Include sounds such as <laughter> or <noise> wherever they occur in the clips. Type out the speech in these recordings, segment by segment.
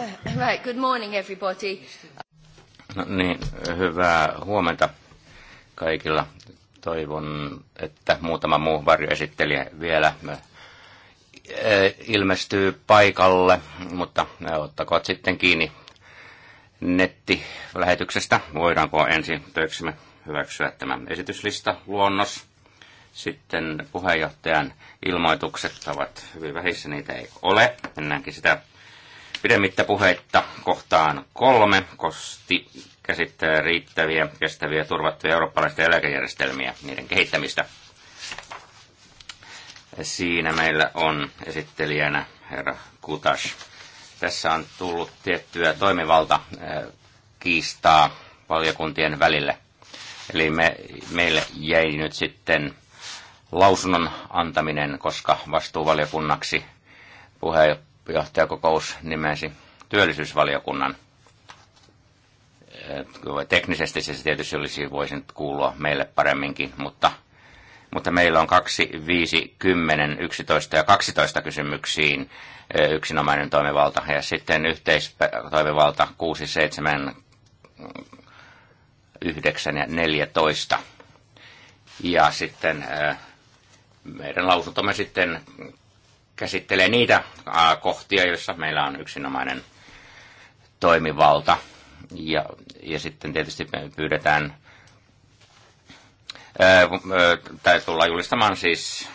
Uh, right, good morning everybody. No niin, hyvää huomenta kaikilla. Toivon, että muutama muu varjoesittelijä vielä äh, ilmestyy paikalle, mutta äh, ottakoot sitten kiinni nettilähetyksestä. Voidaanko ensin töiksemme hyväksyä tämä esityslista, luonnos. Sitten puheenjohtajan ilmoitukset ovat hyvin vähissä, niitä ei ole. Mennäänkin sitä Pidemmittä puheitta kohtaan kolme kosti käsittää riittäviä, kestäviä, turvattuja eurooppalaisia eläkejärjestelmiä, niiden kehittämistä. Siinä meillä on esittelijänä herra Kutas. Tässä on tullut tiettyä toimivalta eh, kiistaa valiokuntien välille. Eli me, meille jäi nyt sitten lausunnon antaminen, koska vastuuvaliokunnaksi puheenjohtaja johtajakokous nimesi työllisyysvaliokunnan. Teknisesti se tietysti olisi voisinut kuulua meille paremminkin, mutta, mutta meillä on 2, 5, 10, 11 ja 12 kysymyksiin e, yksinomainen toimivalta ja sitten yhteistoimivalta 6, 7, 9 ja 14. Ja sitten e, meidän lausuntomme sitten käsittelee niitä kohtia, joissa meillä on yksinomainen toimivalta. Ja, ja sitten tietysti pyydetään tai tulla julistamaan siis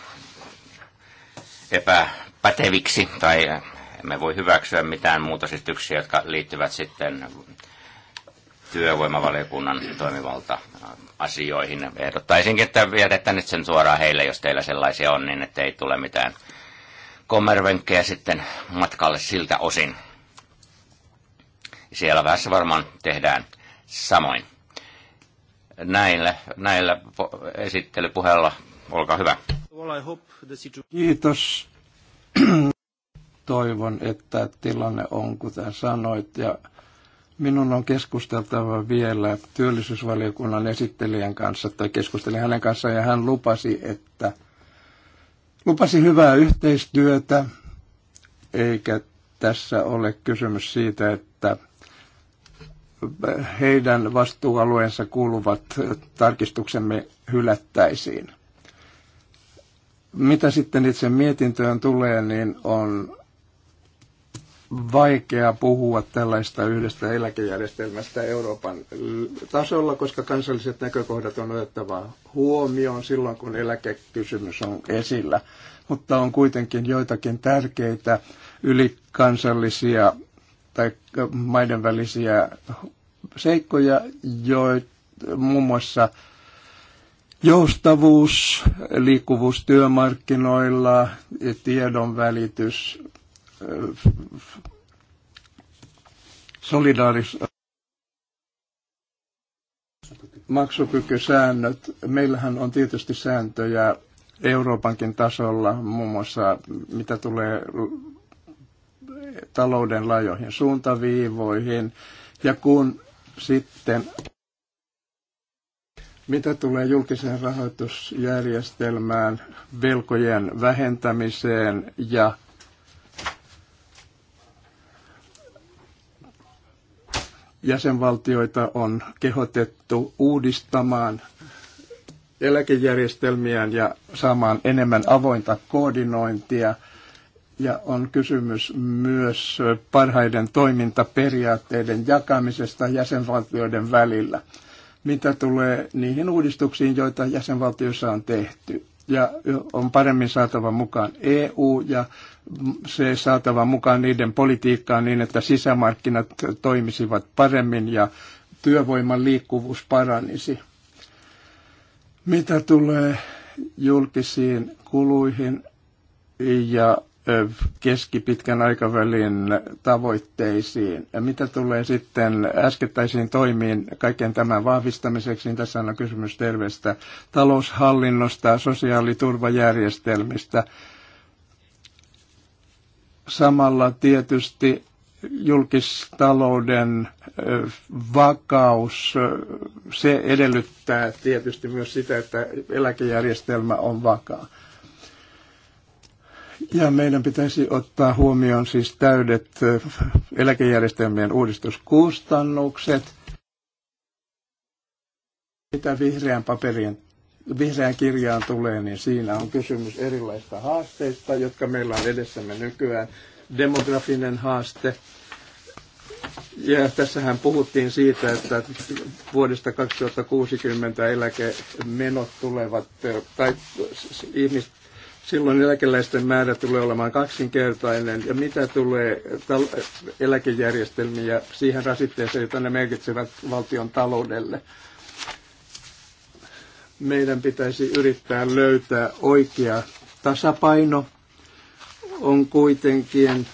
epäpäteviksi tai emme voi hyväksyä mitään muutosesityksiä, jotka liittyvät sitten työvoimavaliokunnan toimivalta asioihin. Ehdottaisinkin, että jätetään nyt sen suoraan heille, jos teillä sellaisia on, niin ettei tule mitään kommervenkkejä sitten matkalle siltä osin. Siellä väessä varmaan tehdään samoin. Näillä, näillä esittelypuheella, olkaa hyvä. Kiitos. Toivon, että tilanne on kuten sanoit. Ja minun on keskusteltava vielä työllisyysvaliokunnan esittelijän kanssa, tai keskustelin hänen kanssaan, ja hän lupasi, että – lupasi hyvää yhteistyötä, eikä tässä ole kysymys siitä, että heidän vastuualueensa kuuluvat tarkistuksemme hylättäisiin. Mitä sitten itse mietintöön tulee, niin on vaikea puhua tällaista yhdestä eläkejärjestelmästä Euroopan tasolla, koska kansalliset näkökohdat on otettava huomioon silloin, kun eläkekysymys on esillä. Mutta on kuitenkin joitakin tärkeitä ylikansallisia tai maiden välisiä seikkoja, joita muun muassa joustavuus, liikkuvuus työmarkkinoilla, tiedon välitys, solidaaris maksukykysäännöt. Meillähän on tietysti sääntöjä Euroopankin tasolla, muun muassa mitä tulee talouden lajoihin, suuntaviivoihin. Ja kun sitten, mitä tulee julkiseen rahoitusjärjestelmään, velkojen vähentämiseen ja jäsenvaltioita on kehotettu uudistamaan eläkejärjestelmiään ja saamaan enemmän avointa koordinointia. Ja on kysymys myös parhaiden toimintaperiaatteiden jakamisesta jäsenvaltioiden välillä, mitä tulee niihin uudistuksiin, joita jäsenvaltioissa on tehty. Ja on paremmin saatava mukaan EU ja se saatava mukaan niiden politiikkaan niin, että sisämarkkinat toimisivat paremmin ja työvoiman liikkuvuus paranisi. Mitä tulee julkisiin kuluihin ja keskipitkän aikavälin tavoitteisiin. Ja mitä tulee sitten äskettäisiin toimiin kaiken tämän vahvistamiseksi, niin tässä on kysymys terveestä taloushallinnosta, sosiaaliturvajärjestelmistä, Samalla tietysti julkistalouden vakaus, se edellyttää tietysti myös sitä, että eläkejärjestelmä on vakaa. Ja meidän pitäisi ottaa huomioon siis täydet eläkejärjestelmien uudistuskustannukset, mitä vihreän paperien vihreän kirjaan tulee, niin siinä on kysymys erilaisista haasteista, jotka meillä on edessämme nykyään. Demografinen haaste. Ja tässähän puhuttiin siitä, että vuodesta 2060 eläkemenot tulevat, tai ihmiset silloin eläkeläisten määrä tulee olemaan kaksinkertainen. Ja mitä tulee eläkejärjestelmiin ja siihen rasitteeseen, jota ne merkitsevät valtion taloudelle? meidän pitäisi yrittää löytää oikea tasapaino. On kuitenkin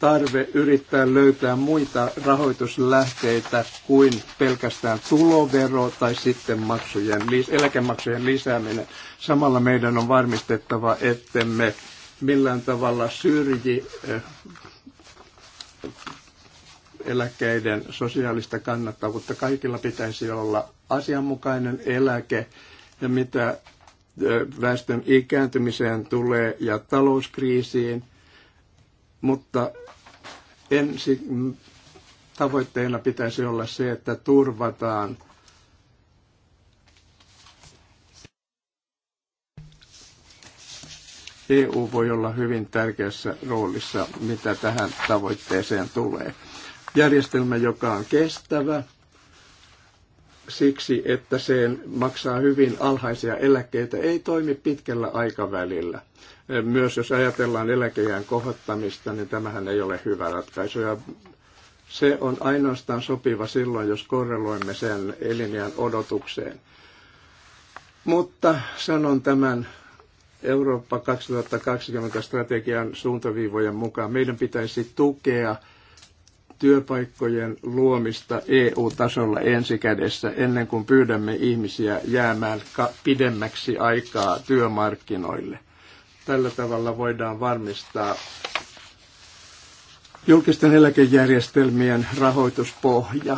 tarve yrittää löytää muita rahoituslähteitä kuin pelkästään tulovero tai sitten maksujen, eläkemaksujen lisääminen. Samalla meidän on varmistettava, ettemme millään tavalla syrji eh, eläkkeiden sosiaalista kannattavuutta. Kaikilla pitäisi olla asianmukainen eläke ja mitä väestön ikääntymiseen tulee ja talouskriisiin, mutta ensi tavoitteena pitäisi olla se, että turvataan EU voi olla hyvin tärkeässä roolissa, mitä tähän tavoitteeseen tulee järjestelmä, joka on kestävä siksi, että se maksaa hyvin alhaisia eläkkeitä, ei toimi pitkällä aikavälillä. Myös jos ajatellaan eläkejään kohottamista, niin tämähän ei ole hyvä ratkaisu. Ja se on ainoastaan sopiva silloin, jos korreloimme sen elinjään odotukseen. Mutta sanon tämän Eurooppa 2020 strategian suuntaviivojen mukaan. Meidän pitäisi tukea – työpaikkojen luomista EU-tasolla ensikädessä ennen kuin pyydämme ihmisiä jäämään pidemmäksi aikaa työmarkkinoille. Tällä tavalla voidaan varmistaa julkisten eläkejärjestelmien rahoituspohja.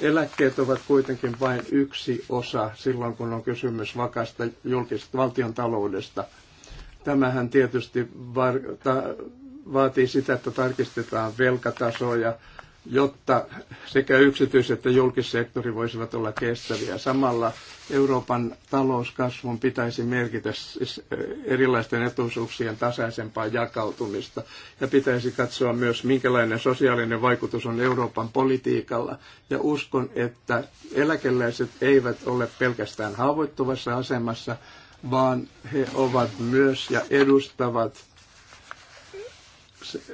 Eläkkeet ovat kuitenkin vain yksi osa silloin, kun on kysymys vakaasta julkisesta valtion taloudesta. Tämähän tietysti var- ta- vaatii sitä, että tarkistetaan velkatasoja, jotta sekä yksityis- että julkissektori voisivat olla kestäviä. Samalla Euroopan talouskasvun pitäisi merkitä siis, eh, erilaisten etuisuuksien tasaisempaa jakautumista ja pitäisi katsoa myös, minkälainen sosiaalinen vaikutus on Euroopan politiikalla. Ja uskon, että eläkeläiset eivät ole pelkästään haavoittuvassa asemassa, vaan he ovat myös ja edustavat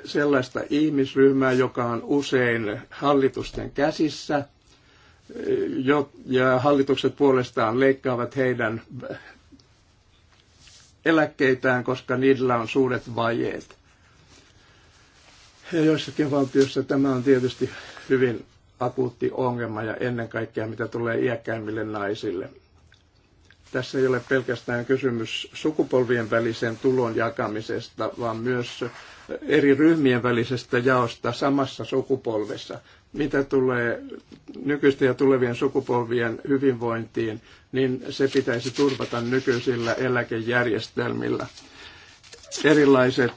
sellaista ihmisryhmää, joka on usein hallitusten käsissä, ja hallitukset puolestaan leikkaavat heidän eläkkeitään, koska niillä on suuret vajeet. Ja joissakin valtioissa tämä on tietysti hyvin akuutti ongelma ja ennen kaikkea mitä tulee iäkkäimmille naisille – tässä ei ole pelkästään kysymys sukupolvien välisen tulon jakamisesta, vaan myös eri ryhmien välisestä jaosta samassa sukupolvessa. Mitä tulee nykyisten ja tulevien sukupolvien hyvinvointiin, niin se pitäisi turvata nykyisillä eläkejärjestelmillä. Erilaiset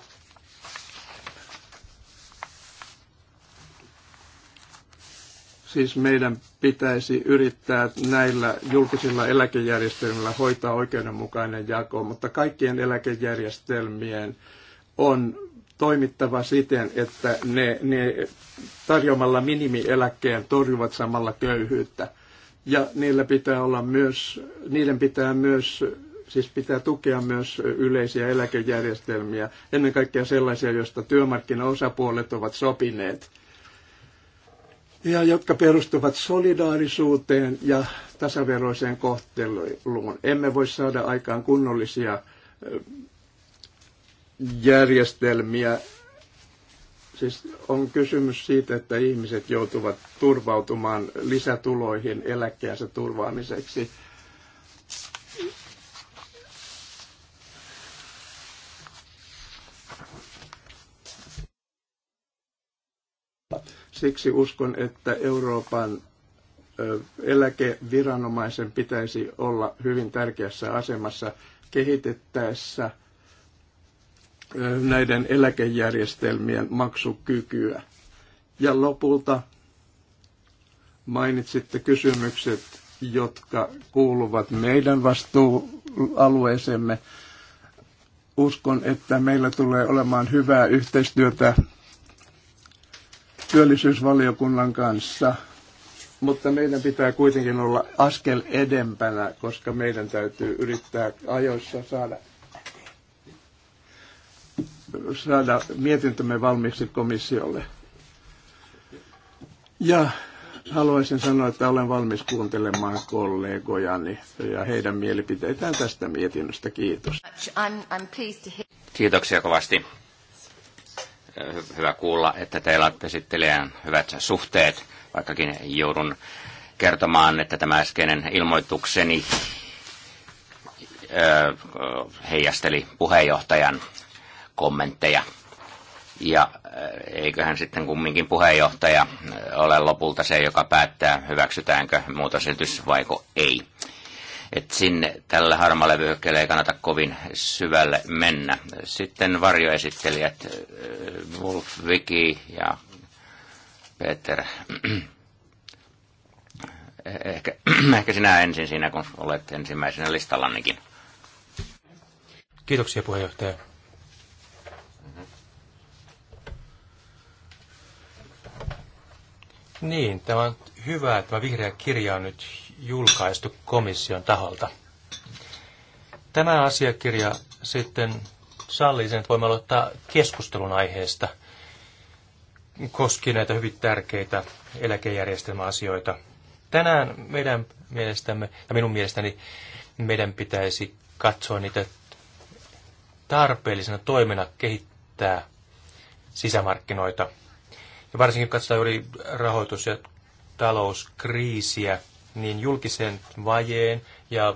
Siis meidän pitäisi yrittää näillä julkisilla eläkejärjestelmillä hoitaa oikeudenmukainen jako, mutta kaikkien eläkejärjestelmien on toimittava siten, että ne, ne tarjoamalla minimieläkkeen torjuvat samalla köyhyyttä. Ja niillä pitää olla myös, niiden pitää myös, siis pitää tukea myös yleisiä eläkejärjestelmiä, ennen kaikkea sellaisia, joista työmarkkinaosapuolet ovat sopineet – ja jotka perustuvat solidaarisuuteen ja tasaveroiseen kohteluun. Emme voi saada aikaan kunnollisia järjestelmiä. Siis on kysymys siitä, että ihmiset joutuvat turvautumaan lisätuloihin eläkkeensä turvaamiseksi – Siksi uskon, että Euroopan eläkeviranomaisen pitäisi olla hyvin tärkeässä asemassa kehitettäessä näiden eläkejärjestelmien maksukykyä. Ja lopulta mainitsitte kysymykset, jotka kuuluvat meidän vastuualueeseemme. Uskon, että meillä tulee olemaan hyvää yhteistyötä työllisyysvaliokunnan kanssa, mutta meidän pitää kuitenkin olla askel edempänä, koska meidän täytyy yrittää ajoissa saada saada mietintömme valmiiksi komissiolle. Ja haluaisin sanoa, että olen valmis kuuntelemaan kollegojani ja heidän mielipiteitään tästä mietinnöstä. Kiitos. Kiitoksia kovasti hyvä kuulla, että teillä on esittelijän hyvät suhteet, vaikkakin joudun kertomaan, että tämä äskeinen ilmoitukseni heijasteli puheenjohtajan kommentteja. Ja eiköhän sitten kumminkin puheenjohtaja ole lopulta se, joka päättää, hyväksytäänkö muutosesitys vaiko ei että sinne tällä harmaalle vyöhykkeelle ei kannata kovin syvälle mennä. Sitten varjoesittelijät äh, Wolf, Viki ja Peter. <clears throat> Ehkä, <clears throat> ehkä sinä ensin siinä, kun olet ensimmäisenä listallannikin. Kiitoksia puheenjohtaja. Mm-hmm. Niin, tämä on hyvä, että tämä vihreä kirja on nyt julkaistu komission taholta. Tämä asiakirja sitten sallii sen, että voimme aloittaa keskustelun aiheesta koskien näitä hyvin tärkeitä eläkejärjestelmäasioita. Tänään meidän mielestämme, ja minun mielestäni meidän pitäisi katsoa niitä tarpeellisena toimena kehittää sisämarkkinoita. Ja varsinkin katsotaan juuri rahoitus- ja talouskriisiä niin julkisen vajeen ja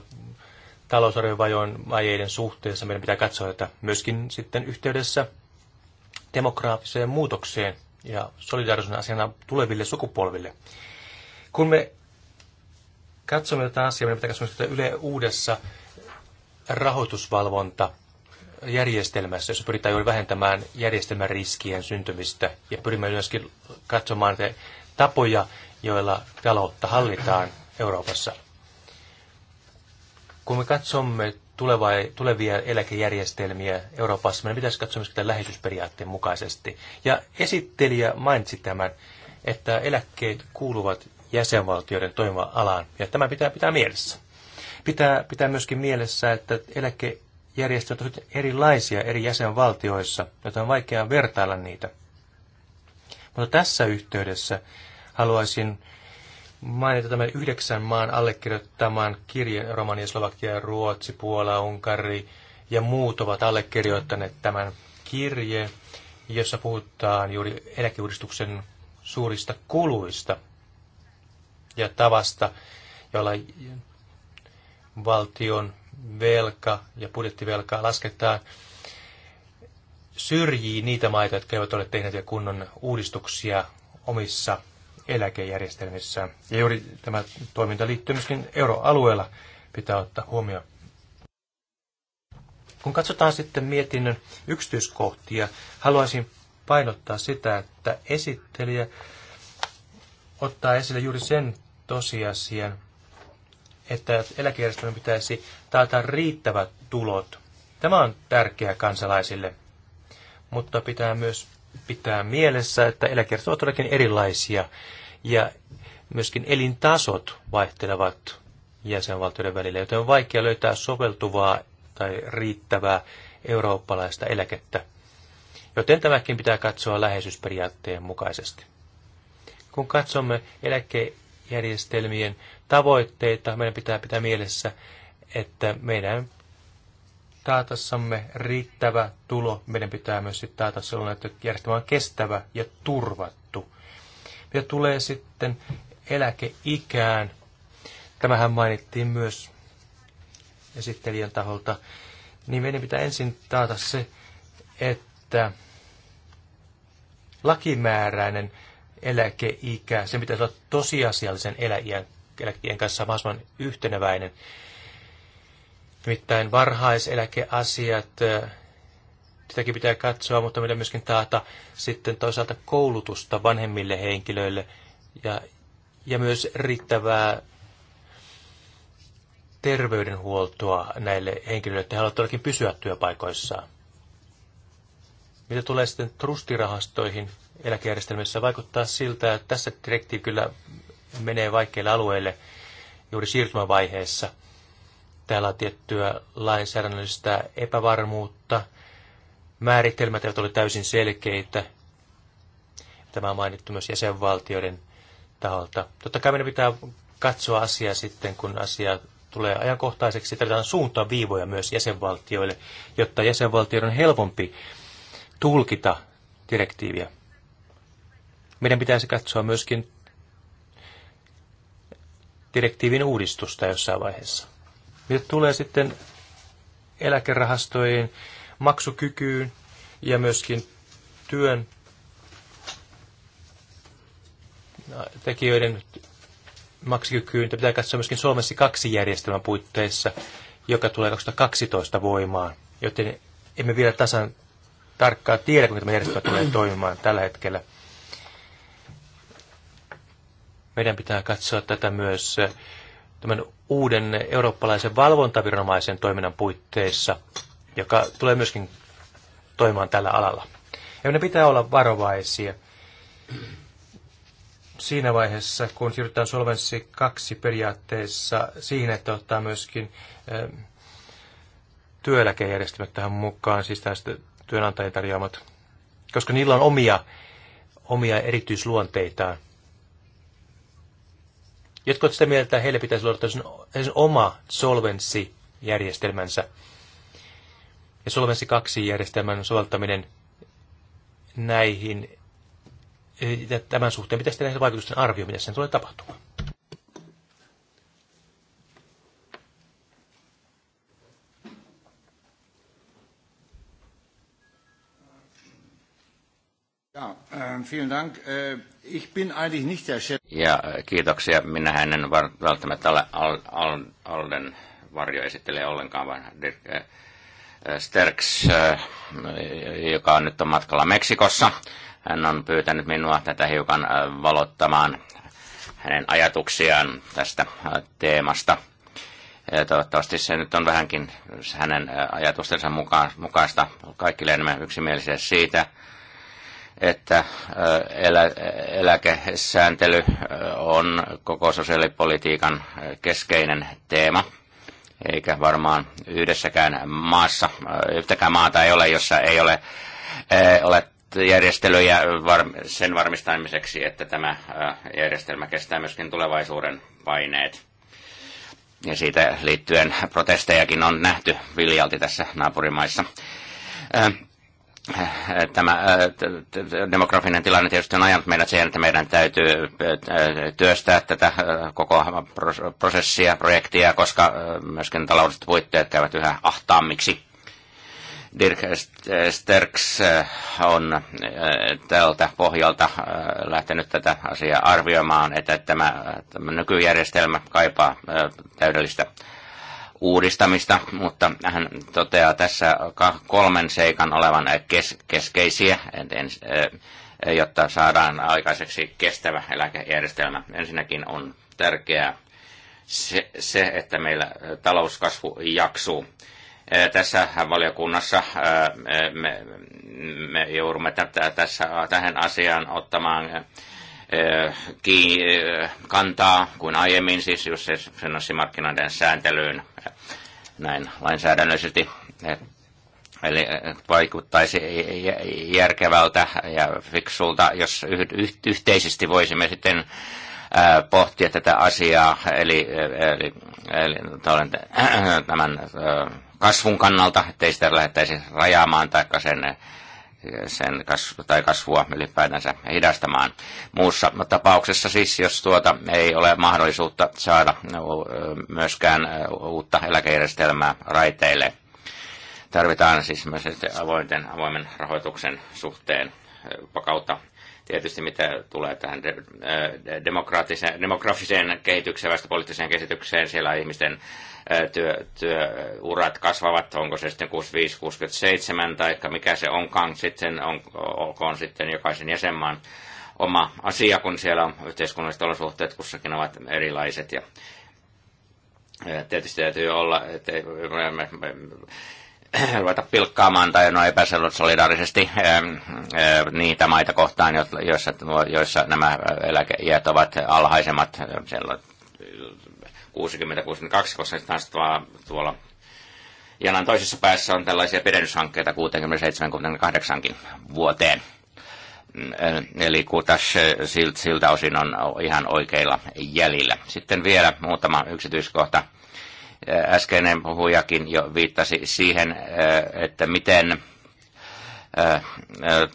talousarviovajojen vajeiden suhteessa meidän pitää katsoa että myöskin sitten yhteydessä demograafiseen muutokseen ja solidaarisuuden asiana tuleville sukupolville. Kun me katsomme tätä asiaa, meidän pitää katsoa tätä Yle uudessa rahoitusvalvonta järjestelmässä, jossa pyritään juuri vähentämään järjestelmän riskien syntymistä ja pyrimme myöskin katsomaan te tapoja, joilla taloutta hallitaan Euroopassa. Kun me katsomme tulevia eläkejärjestelmiä Euroopassa, meidän pitäisi katsoa myöskin tämän läheisyysperiaatteen mukaisesti. Ja esittelijä mainitsi tämän, että eläkkeet kuuluvat jäsenvaltioiden toimialaan. alaan ja tämä pitää pitää mielessä. Pitää, pitää myöskin mielessä, että eläkejärjestelmät ovat erilaisia eri jäsenvaltioissa, joten on vaikea vertailla niitä. Mutta tässä yhteydessä haluaisin mainita tämän yhdeksän maan allekirjoittaman kirjan. Romania, Slovakia, Ruotsi, Puola, Unkari ja muut ovat allekirjoittaneet tämän kirjeen, jossa puhutaan juuri eläkeuudistuksen suurista kuluista ja tavasta, jolla valtion velka ja budjettivelka lasketaan syrjii niitä maita, jotka eivät ole tehneet vielä kunnon uudistuksia omissa eläkejärjestelmissä. Ja juuri tämä toiminta liittyy myöskin euroalueella, pitää ottaa huomioon. Kun katsotaan sitten mietinnön yksityiskohtia, haluaisin painottaa sitä, että esittelijä ottaa esille juuri sen tosiasian, että eläkejärjestelmän pitäisi taata riittävät tulot. Tämä on tärkeää kansalaisille, mutta pitää myös pitää mielessä, että eläkerät ovat todellakin erilaisia ja myöskin elintasot vaihtelevat jäsenvaltioiden välillä, joten on vaikea löytää soveltuvaa tai riittävää eurooppalaista eläkettä. Joten tämäkin pitää katsoa läheisyysperiaatteen mukaisesti. Kun katsomme eläkejärjestelmien tavoitteita, meidän pitää pitää mielessä, että meidän taatassamme riittävä tulo, meidän pitää myös sitten taata sellainen, että järjestelmä on kestävä ja turvattu. Ja tulee sitten eläkeikään. Tämähän mainittiin myös esittelijän taholta. Niin meidän pitää ensin taata se, että lakimääräinen eläkeikä, sen pitäisi olla tosiasiallisen eläkien, eläkien kanssa mahdollisimman yhteneväinen. Nimittäin varhaiseläkeasiat, sitäkin pitää katsoa, mutta meidän myöskin taata sitten toisaalta koulutusta vanhemmille henkilöille ja, ja myös riittävää terveydenhuoltoa näille henkilöille, että he haluavat todellakin pysyä työpaikoissaan. Mitä tulee sitten trustirahastoihin eläkejärjestelmissä, vaikuttaa siltä, että tässä direktiivi kyllä menee vaikeille alueille juuri siirtymävaiheessa – täällä on tiettyä lainsäädännöllistä epävarmuutta. Määritelmät eivät ole täysin selkeitä. Tämä on mainittu myös jäsenvaltioiden taholta. Totta kai meidän pitää katsoa asiaa sitten, kun asia tulee ajankohtaiseksi. Tarvitaan suuntaan viivoja myös jäsenvaltioille, jotta jäsenvaltioiden on helpompi tulkita direktiiviä. Meidän pitäisi katsoa myöskin direktiivin uudistusta jossain vaiheessa. Mitä tulee sitten eläkerahastojen maksukykyyn ja myöskin työn tekijöiden maksukykyyn. Tämä pitää katsoa myöskin Suomessa kaksi järjestelmän puitteissa, joka tulee 2012 voimaan, joten emme vielä tasan tarkkaan tiedä, kuinka tämä järjestelmä tulee toimimaan tällä hetkellä. Meidän pitää katsoa tätä myös tämän uuden eurooppalaisen valvontaviranomaisen toiminnan puitteissa, joka tulee myöskin toimimaan tällä alalla. Ja ne pitää olla varovaisia siinä vaiheessa, kun siirrytään Solvenssi kaksi periaatteessa siihen, että ottaa myöskin eh, työeläkejärjestelmät tähän mukaan, siis tästä työnantajien tarjoamat, koska niillä on omia, omia erityisluonteitaan – Jotkut ovat sitä mieltä, että heille pitäisi luoda sen oma solvenssijärjestelmänsä. Ja solvenssi 2 järjestelmän soveltaminen näihin, eh, tämän suhteen pitäisi tehdä vaikutusten arvio, mitä sen tulee tapahtumaan. Ja kiitoksia. Minä en välttämättä ole Alden varjo esittelee ollenkaan, vaan Dirk äh, äh, Sterks, äh, joka on nyt on matkalla Meksikossa. Hän on pyytänyt minua tätä hiukan valottamaan hänen ajatuksiaan tästä teemasta. Ja toivottavasti se nyt on vähänkin hänen ajatustensa mukaista. Kaikki lennämme yksimielisiä siitä, että äh, elä, eläkesääntely äh, on koko sosiaalipolitiikan äh, keskeinen teema, eikä varmaan yhdessäkään maassa, yhtäkään maata ei ole, jossa ei ole, ole järjestelyjä sen varmistamiseksi, että tämä järjestelmä kestää myöskin tulevaisuuden paineet. Ja siitä liittyen protestejakin on nähty viljalti tässä naapurimaissa tämä äh, demografinen tilanne tietysti on ajanut meidät siihen, että meidän täytyy äh, työstää tätä äh, koko prosessia, projektia, koska myöskin taloudelliset puitteet käyvät yhä ahtaammiksi. Dirk Sterks on tältä pohjalta lähtenyt tätä asiaa arvioimaan, että tämä, tämä nykyjärjestelmä kaipaa täydellistä uudistamista, mutta hän toteaa tässä kolmen seikan olevan kes- keskeisiä, eh, jotta saadaan aikaiseksi kestävä eläkejärjestelmä. Ensinnäkin on tärkeää se, se että meillä talouskasvu jaksuu. Eh, tässä valiokunnassa eh, me, me joudumme tätä, tässä, tähän asiaan ottamaan kantaa kuin aiemmin, siis just se finanssimarkkinoiden sääntelyyn näin lainsäädännöllisesti. Eli eh, vaikuttaisi järkevältä ja fiksulta, jos yhteisesti voisimme sitten eh, pohtia tätä asiaa, eli, eh, eli, eli tämän kasvun kannalta, ettei sitä lähettäisi rajaamaan taikka sen sen kasvu, tai kasvua ylipäätänsä hidastamaan. Muussa tapauksessa siis, jos tuota ei ole mahdollisuutta saada myöskään uutta eläkejärjestelmää raiteille, tarvitaan siis myös avointen, avoimen rahoituksen suhteen vakautta. Tietysti mitä tulee tähän äh, demokraattiseen, demografiseen kehitykseen, vasta poliittiseen kehitykseen, siellä ihmisten äh, työ, työurat kasvavat, onko se sitten 65, 67 tai mikä se onkaan sitten, on, olkoon sitten jokaisen jäsenmaan oma asia, kun siellä on yhteiskunnalliset olosuhteet kussakin ovat erilaiset ja äh, tietysti täytyy olla, että <clears throat> ruveta pilkkaamaan tai no solidaarisesti niitä maita kohtaan, joissa, joissa nämä eläkeiät ovat alhaisemmat, siellä 60-62, koska taas tuolla janan toisessa päässä on tällaisia pidennyshankkeita 67-68 vuoteen. Mm, eli kutas siltä osin on ihan oikeilla jäljillä. Sitten vielä muutama yksityiskohta Äskeinen puhujakin jo viittasi siihen, että miten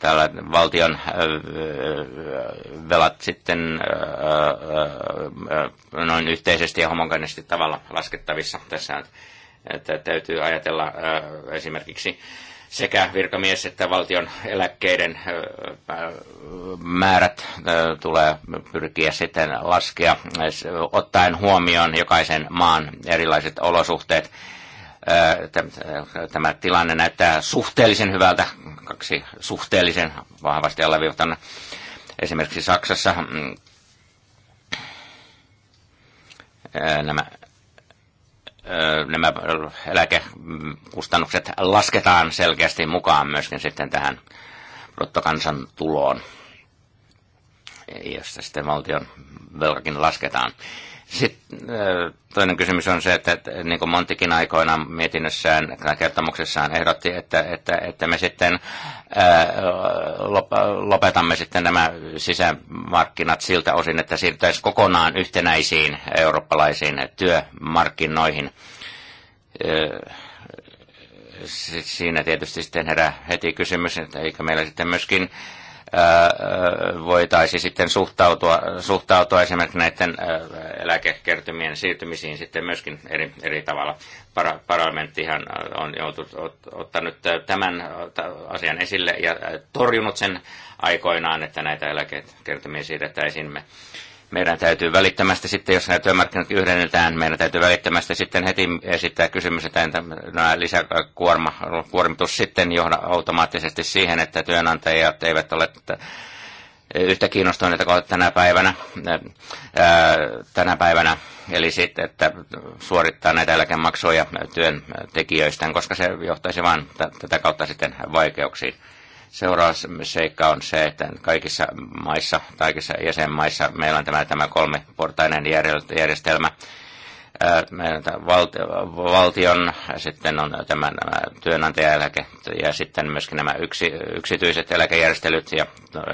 tällä valtion velat sitten noin yhteisesti ja homogeneisesti tavalla laskettavissa. Tässä että täytyy ajatella esimerkiksi sekä virkamies- että valtion eläkkeiden määrät tulee pyrkiä sitten laskea, ottaen huomioon jokaisen maan erilaiset olosuhteet. Tämä tilanne näyttää suhteellisen hyvältä, kaksi suhteellisen vahvasti alleviivataan. Esimerkiksi Saksassa mm, nämä nämä eläkekustannukset lasketaan selkeästi mukaan myöskin sitten tähän bruttokansantuloon, josta sitten valtion velkakin lasketaan. Sitten toinen kysymys on se, että, että niin kuin Montikin aikoina mietinnössään tai kertomuksessaan ehdotti, että, että, että me sitten ää, lopetamme sitten nämä sisämarkkinat siltä osin, että siirtäisiin kokonaan yhtenäisiin eurooppalaisiin työmarkkinoihin. Siinä tietysti sitten herää heti kysymys, että eikö meillä sitten myöskin ää, voitaisiin sitten suhtautua, suhtautua esimerkiksi näiden eläkekertymien siirtymisiin sitten myöskin eri, eri tavalla. Para, parlamenttihan on joutunut ottanut tämän asian esille ja torjunut sen aikoinaan, että näitä eläkekertymiä siirrettäisiin. Me meidän täytyy välittömästi sitten, jos nämä työmarkkinat yhdennetään, meidän täytyy välittömästi sitten heti esittää kysymys, että entä nämä lisäkuormitus sitten johda automaattisesti siihen, että työnantajat eivät ole yhtä kiinnostuneita kuin tänä päivänä, tänä päivänä. Eli sitten, että suorittaa näitä eläkemaksuja työntekijöistä, koska se johtaisi vain tätä kautta sitten vaikeuksiin. Seuraava seikka on se, että kaikissa maissa, kaikissa jäsenmaissa meillä on tämä, tämä kolmiportainen järjestelmä. Valtion, sitten on tämä työnantajaeläke ja sitten myöskin nämä yksi, yksityiset eläkejärjestelyt ja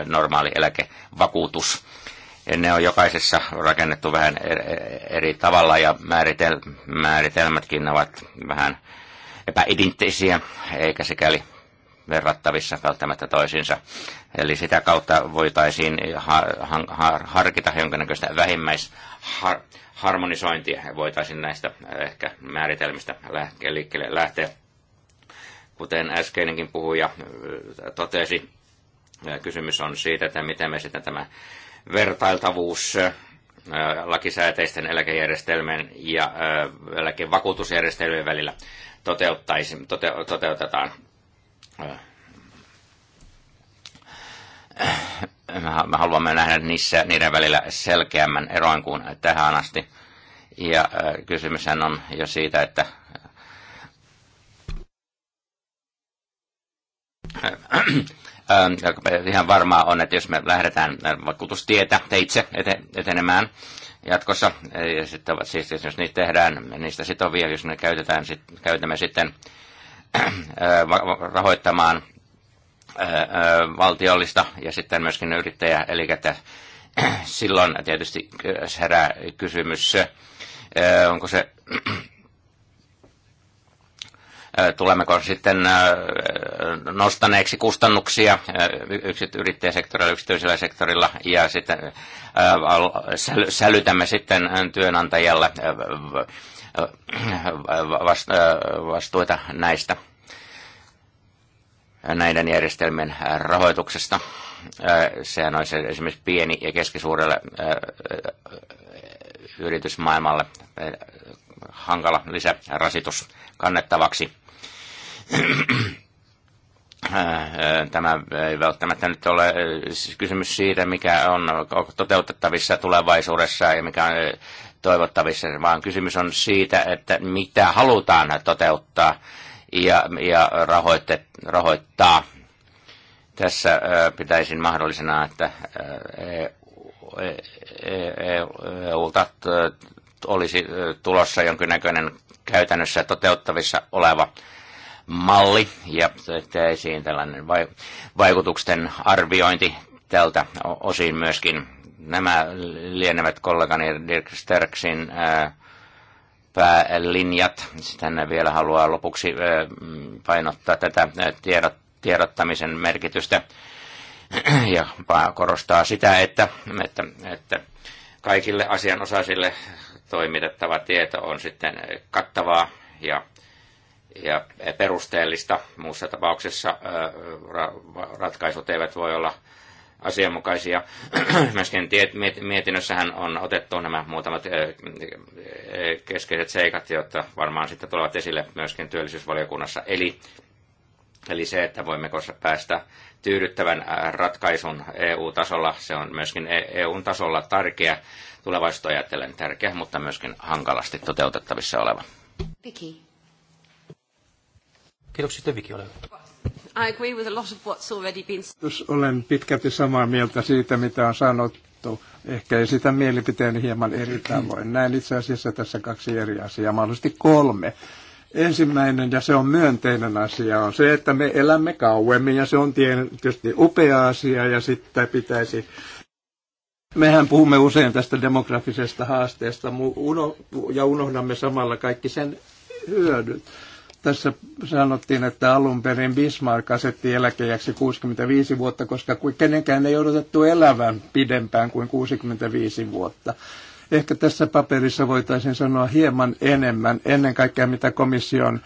normaali eläkevakuutus. Ja ne on jokaisessa rakennettu vähän er-, er-, eri tavalla ja määritel, määritelmätkin ovat vähän epäidenttisiä, eikä sikäli verrattavissa välttämättä toisiinsa. Eli sitä kautta voitaisiin harkita jonkinnäköistä vähimmäisharmonisointia voitaisiin näistä äh, ehkä määritelmistä lähteä, liikkeelle lähteä. Kuten äskeinenkin puhuja äh, totesi, äh, kysymys on siitä, että miten me sitten tämä vertailtavuus lakisääteisten eläkejärjestelmien ja eläkevakuutusjärjestelmien välillä toteuttaisi, tote, toteutetaan Äh. Äh, me haluamme nähdä niissä, niiden välillä selkeämmän eroin kuin tähän asti. Ja äh, kysymyshän on jo siitä, että ihan varmaa on, että jos me lähdetään vakuutustietä teitse etenemään jatkossa, ja sitten, siis jos niitä tehdään, niistä sitovia, jos ne käytetään, sit, käytämme sitten Äh, rahoittamaan äh, äh, valtiollista ja sitten myöskin yrittäjä. Eli silloin tietysti herää kysymys, onko se, tulemmeko sitten nostaneeksi kustannuksia yrittäjäsektorilla, yksityisellä sektorilla ja sitten sälytämme sitten työnantajalle Äh, äh, vastuuta näistä näiden järjestelmien rahoituksesta. Äh, sehän olisi esimerkiksi pieni- ja keskisuurelle yritysmaailmalle hankala lisärasitus kannettavaksi. Tämä ei välttämättä nyt ole siis kysymys siitä, mikä on toteutettavissa tulevaisuudessa ja mikä on toivottavissa, vaan kysymys on siitä, että mitä halutaan toteuttaa ja, ja rahoitte, rahoittaa. Tässä äh, pitäisin mahdollisena, että äh, e-, e-, e-, EUlta äh, olisi tulossa jonkinnäköinen käytännössä toteuttavissa oleva malli ja tehtäisiin tällainen vaikutusten arviointi tältä osin myöskin Nämä lienevät kollegani Dirk Sterksin päälinjat. Sitten vielä haluaa lopuksi painottaa tätä tiedottamisen merkitystä <clears throat> ja korostaa sitä, että, että, että kaikille asianosaisille toimitettava tieto on sitten kattavaa ja, ja perusteellista. Muussa tapauksessa ratkaisut eivät voi olla asianmukaisia. <clears throat> Myöskin mietinnössähän on otettu nämä muutamat keskeiset seikat, jotka varmaan sitten tulevat esille myöskin työllisyysvaliokunnassa. Eli, eli se, että voimmeko päästä tyydyttävän ratkaisun EU-tasolla, se on myöskin EU-tasolla e tärkeä, tulevaisuutta ajatellen tärkeä, mutta myöskin hankalasti toteutettavissa oleva. Viki. Kiitoksia, Viki, ole hyvä. I agree with a lot of what's already been... Olen pitkälti samaa mieltä siitä, mitä on sanottu. Ehkä esitän mielipiteeni hieman eri tavoin. <clears throat> Näin itse asiassa tässä kaksi eri asiaa, mahdollisesti kolme. Ensimmäinen, ja se on myönteinen asia, on se, että me elämme kauemmin, ja se on tietysti upea asia, ja sitten pitäisi Mehän puhumme usein tästä demografisesta haasteesta ja unohdamme samalla kaikki sen hyödyt tässä sanottiin, että alun perin Bismarck asetti eläkejäksi 65 vuotta, koska kenenkään ei odotettu elävän pidempään kuin 65 vuotta. Ehkä tässä paperissa voitaisiin sanoa hieman enemmän, ennen kaikkea mitä komission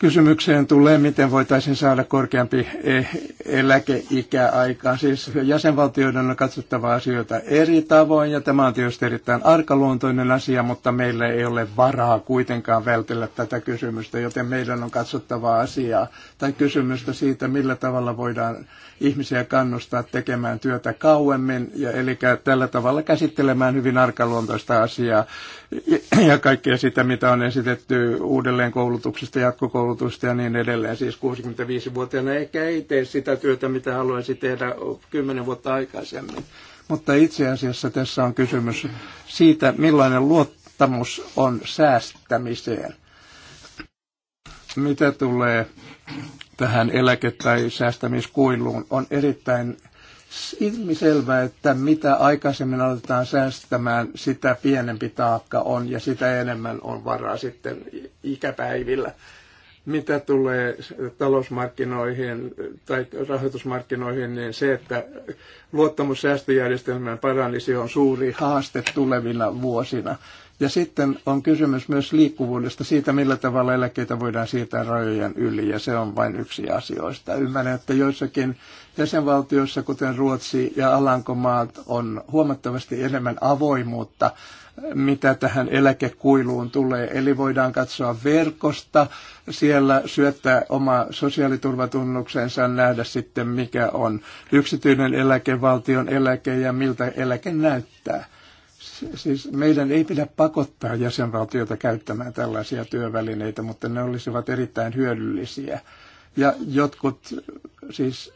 kysymykseen tulee, miten voitaisiin saada korkeampi e, eläkeikä aikaan. Siis jäsenvaltioiden on katsottava asioita eri tavoin, ja tämä on tietysti erittäin arkaluontoinen asia, mutta meillä ei ole varaa kuitenkaan vältellä tätä kysymystä, joten meidän on katsottava asiaa tai kysymystä siitä, millä tavalla voidaan ihmisiä kannustaa tekemään työtä kauemmin ja eli tällä tavalla käsittelemään hyvin arkaluontoista asiaa ja kaikkea sitä, mitä on esitetty uudelleen koulutuksesta, jatkokoulutusta ja niin edelleen. Siis 65-vuotiaana ehkä ei tee sitä työtä, mitä haluaisi tehdä 10 vuotta aikaisemmin. Mutta itse asiassa tässä on kysymys siitä, millainen luottamus on säästämiseen. Mitä tulee tähän eläke- tai säästämiskuiluun. On erittäin ilmiselvää, että mitä aikaisemmin aletaan säästämään, sitä pienempi taakka on ja sitä enemmän on varaa sitten ikäpäivillä. Mitä tulee talousmarkkinoihin tai rahoitusmarkkinoihin, niin se, että luottamus säästöjärjestelmään paranisi on suuri haaste tulevina vuosina. Ja sitten on kysymys myös liikkuvuudesta siitä, millä tavalla eläkkeitä voidaan siirtää rajojen yli, ja se on vain yksi asioista. Ymmärrän, että joissakin jäsenvaltioissa, kuten Ruotsi ja Alankomaat, on huomattavasti enemmän avoimuutta, mitä tähän eläkekuiluun tulee. Eli voidaan katsoa verkosta, siellä syöttää oma sosiaaliturvatunnuksensa, nähdä sitten mikä on yksityinen eläke, valtion eläke ja miltä eläke näyttää Siis meidän ei pidä pakottaa jäsenvaltioita käyttämään tällaisia työvälineitä, mutta ne olisivat erittäin hyödyllisiä. Ja jotkut, siis,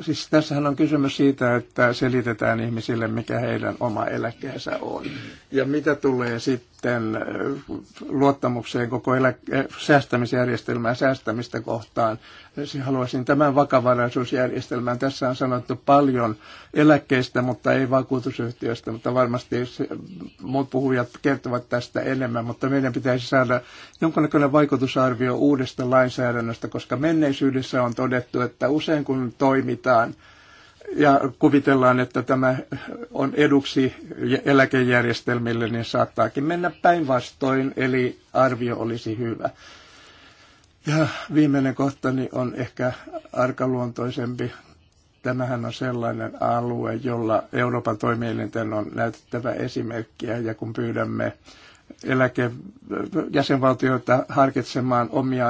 siis tässähän on kysymys siitä, että selitetään ihmisille, mikä heidän oma eläkkeensä on. Ja mitä tulee sitten ihmisten äh, luottamukseen koko elä- äh, säästämisjärjestelmää säästämistä kohtaan. Siis haluaisin tämän vakavaraisuusjärjestelmän. Tässä on sanottu paljon eläkkeistä, mutta ei vakuutusyhtiöstä, mutta varmasti muut puhujat kertovat tästä enemmän, mutta meidän pitäisi saada jonkunnäköinen vaikutusarvio uudesta lainsäädännöstä, koska menneisyydessä on todettu, että usein kun toimitaan, ja kuvitellaan, että tämä on eduksi eläkejärjestelmille, niin saattaakin mennä päinvastoin, eli arvio olisi hyvä. Ja viimeinen kohtani niin on ehkä arkaluontoisempi. Tämähän on sellainen alue, jolla Euroopan toimielinten on näytettävä esimerkkiä, ja kun pyydämme eläkejäsenvaltioita harkitsemaan omia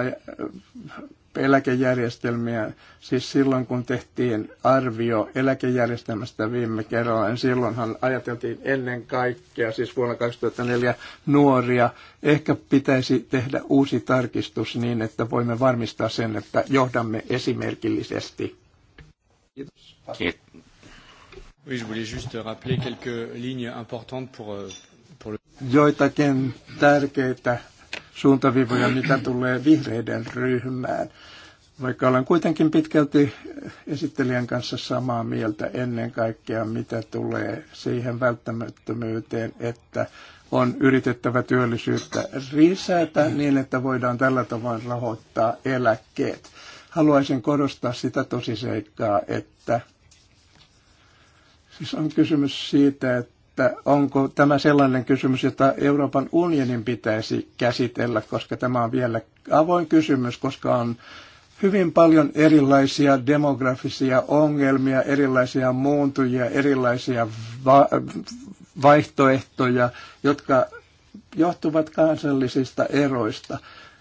eläkejärjestelmiä, siis silloin kun tehtiin arvio eläkejärjestelmästä viime kerralla, niin silloinhan ajateltiin ennen kaikkea, siis vuonna 2004 nuoria, ehkä pitäisi tehdä uusi tarkistus niin, että voimme varmistaa sen, että johdamme esimerkillisesti. Kiitos. Oui, je voulais juste rappeler quelques lignes importantes pour, euh, pour le... Joitakin tärkeitä suuntaviivoja, mitä tulee vihreiden ryhmään. Vaikka olen kuitenkin pitkälti esittelijän kanssa samaa mieltä ennen kaikkea, mitä tulee siihen välttämättömyyteen, että on yritettävä työllisyyttä lisätä niin, että voidaan tällä tavoin rahoittaa eläkkeet. Haluaisin korostaa sitä tosiseikkaa, että siis on kysymys siitä, että että onko tämä sellainen kysymys, jota Euroopan unionin pitäisi käsitellä, koska tämä on vielä avoin kysymys, koska on hyvin paljon erilaisia demografisia ongelmia, erilaisia muuntujia, erilaisia va- vaihtoehtoja, jotka johtuvat kansallisista eroista.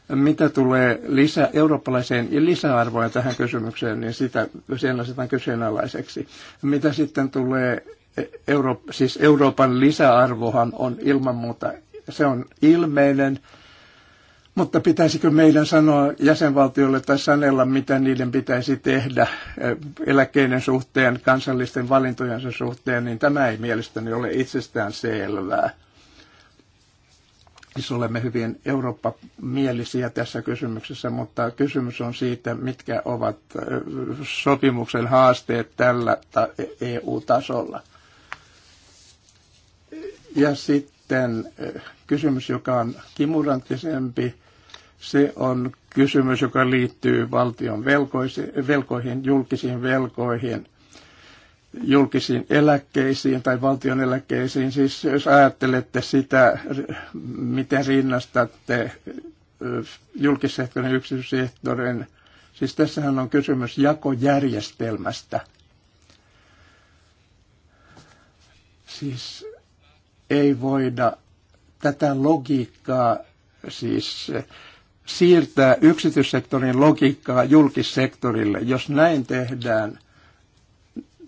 Mitä tulee lisä, eurooppalaiseen lisäarvoon tähän kysymykseen, niin sitä sen asetan kyseenalaiseksi. Mitä sitten tulee Euro, siis Euroopan lisäarvohan on ilman muuta, se on ilmeinen, mutta pitäisikö meidän sanoa jäsenvaltiolle tai sanella, mitä niiden pitäisi tehdä eläkkeiden suhteen, kansallisten valintojensa suhteen, niin tämä ei mielestäni ole itsestään selvää. Siis olemme hyvin Eurooppa-mielisiä tässä kysymyksessä, mutta kysymys on siitä, mitkä ovat sopimuksen haasteet tällä EU-tasolla. E ja sitten eh, kysymys, joka on kimurantisempi, se on kysymys, joka liittyy valtion velkoihin, julkisiin velkoihin, julkisiin eläkkeisiin tai valtion eläkkeisiin. Siis jos ajattelette sitä, miten rinnastatte eh, julkissektorin ja yksityissektorin, siis tässähän on kysymys jakojärjestelmästä. Siis ei voida tätä logiikkaa siis siirtää yksityissektorin logiikkaa julkissektorille. Jos näin tehdään,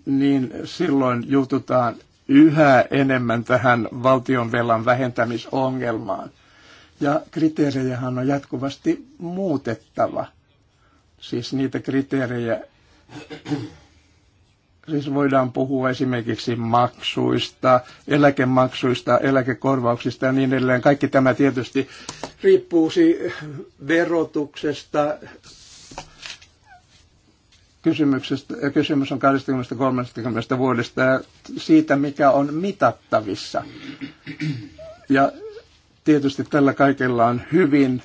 niin silloin jututaan yhä enemmän tähän valtionvelan vähentämisongelmaan. Ja kriteerejähän on jatkuvasti muutettava. Siis niitä kriteerejä, siis voidaan puhua esimerkiksi maksuista, eläkemaksuista, eläkekorvauksista ja niin edelleen. Kaikki tämä tietysti riippuu verotuksesta. Kysymyksestä, kysymys on 20-30 vuodesta ja siitä, mikä on mitattavissa. Ja tietysti tällä kaikella on hyvin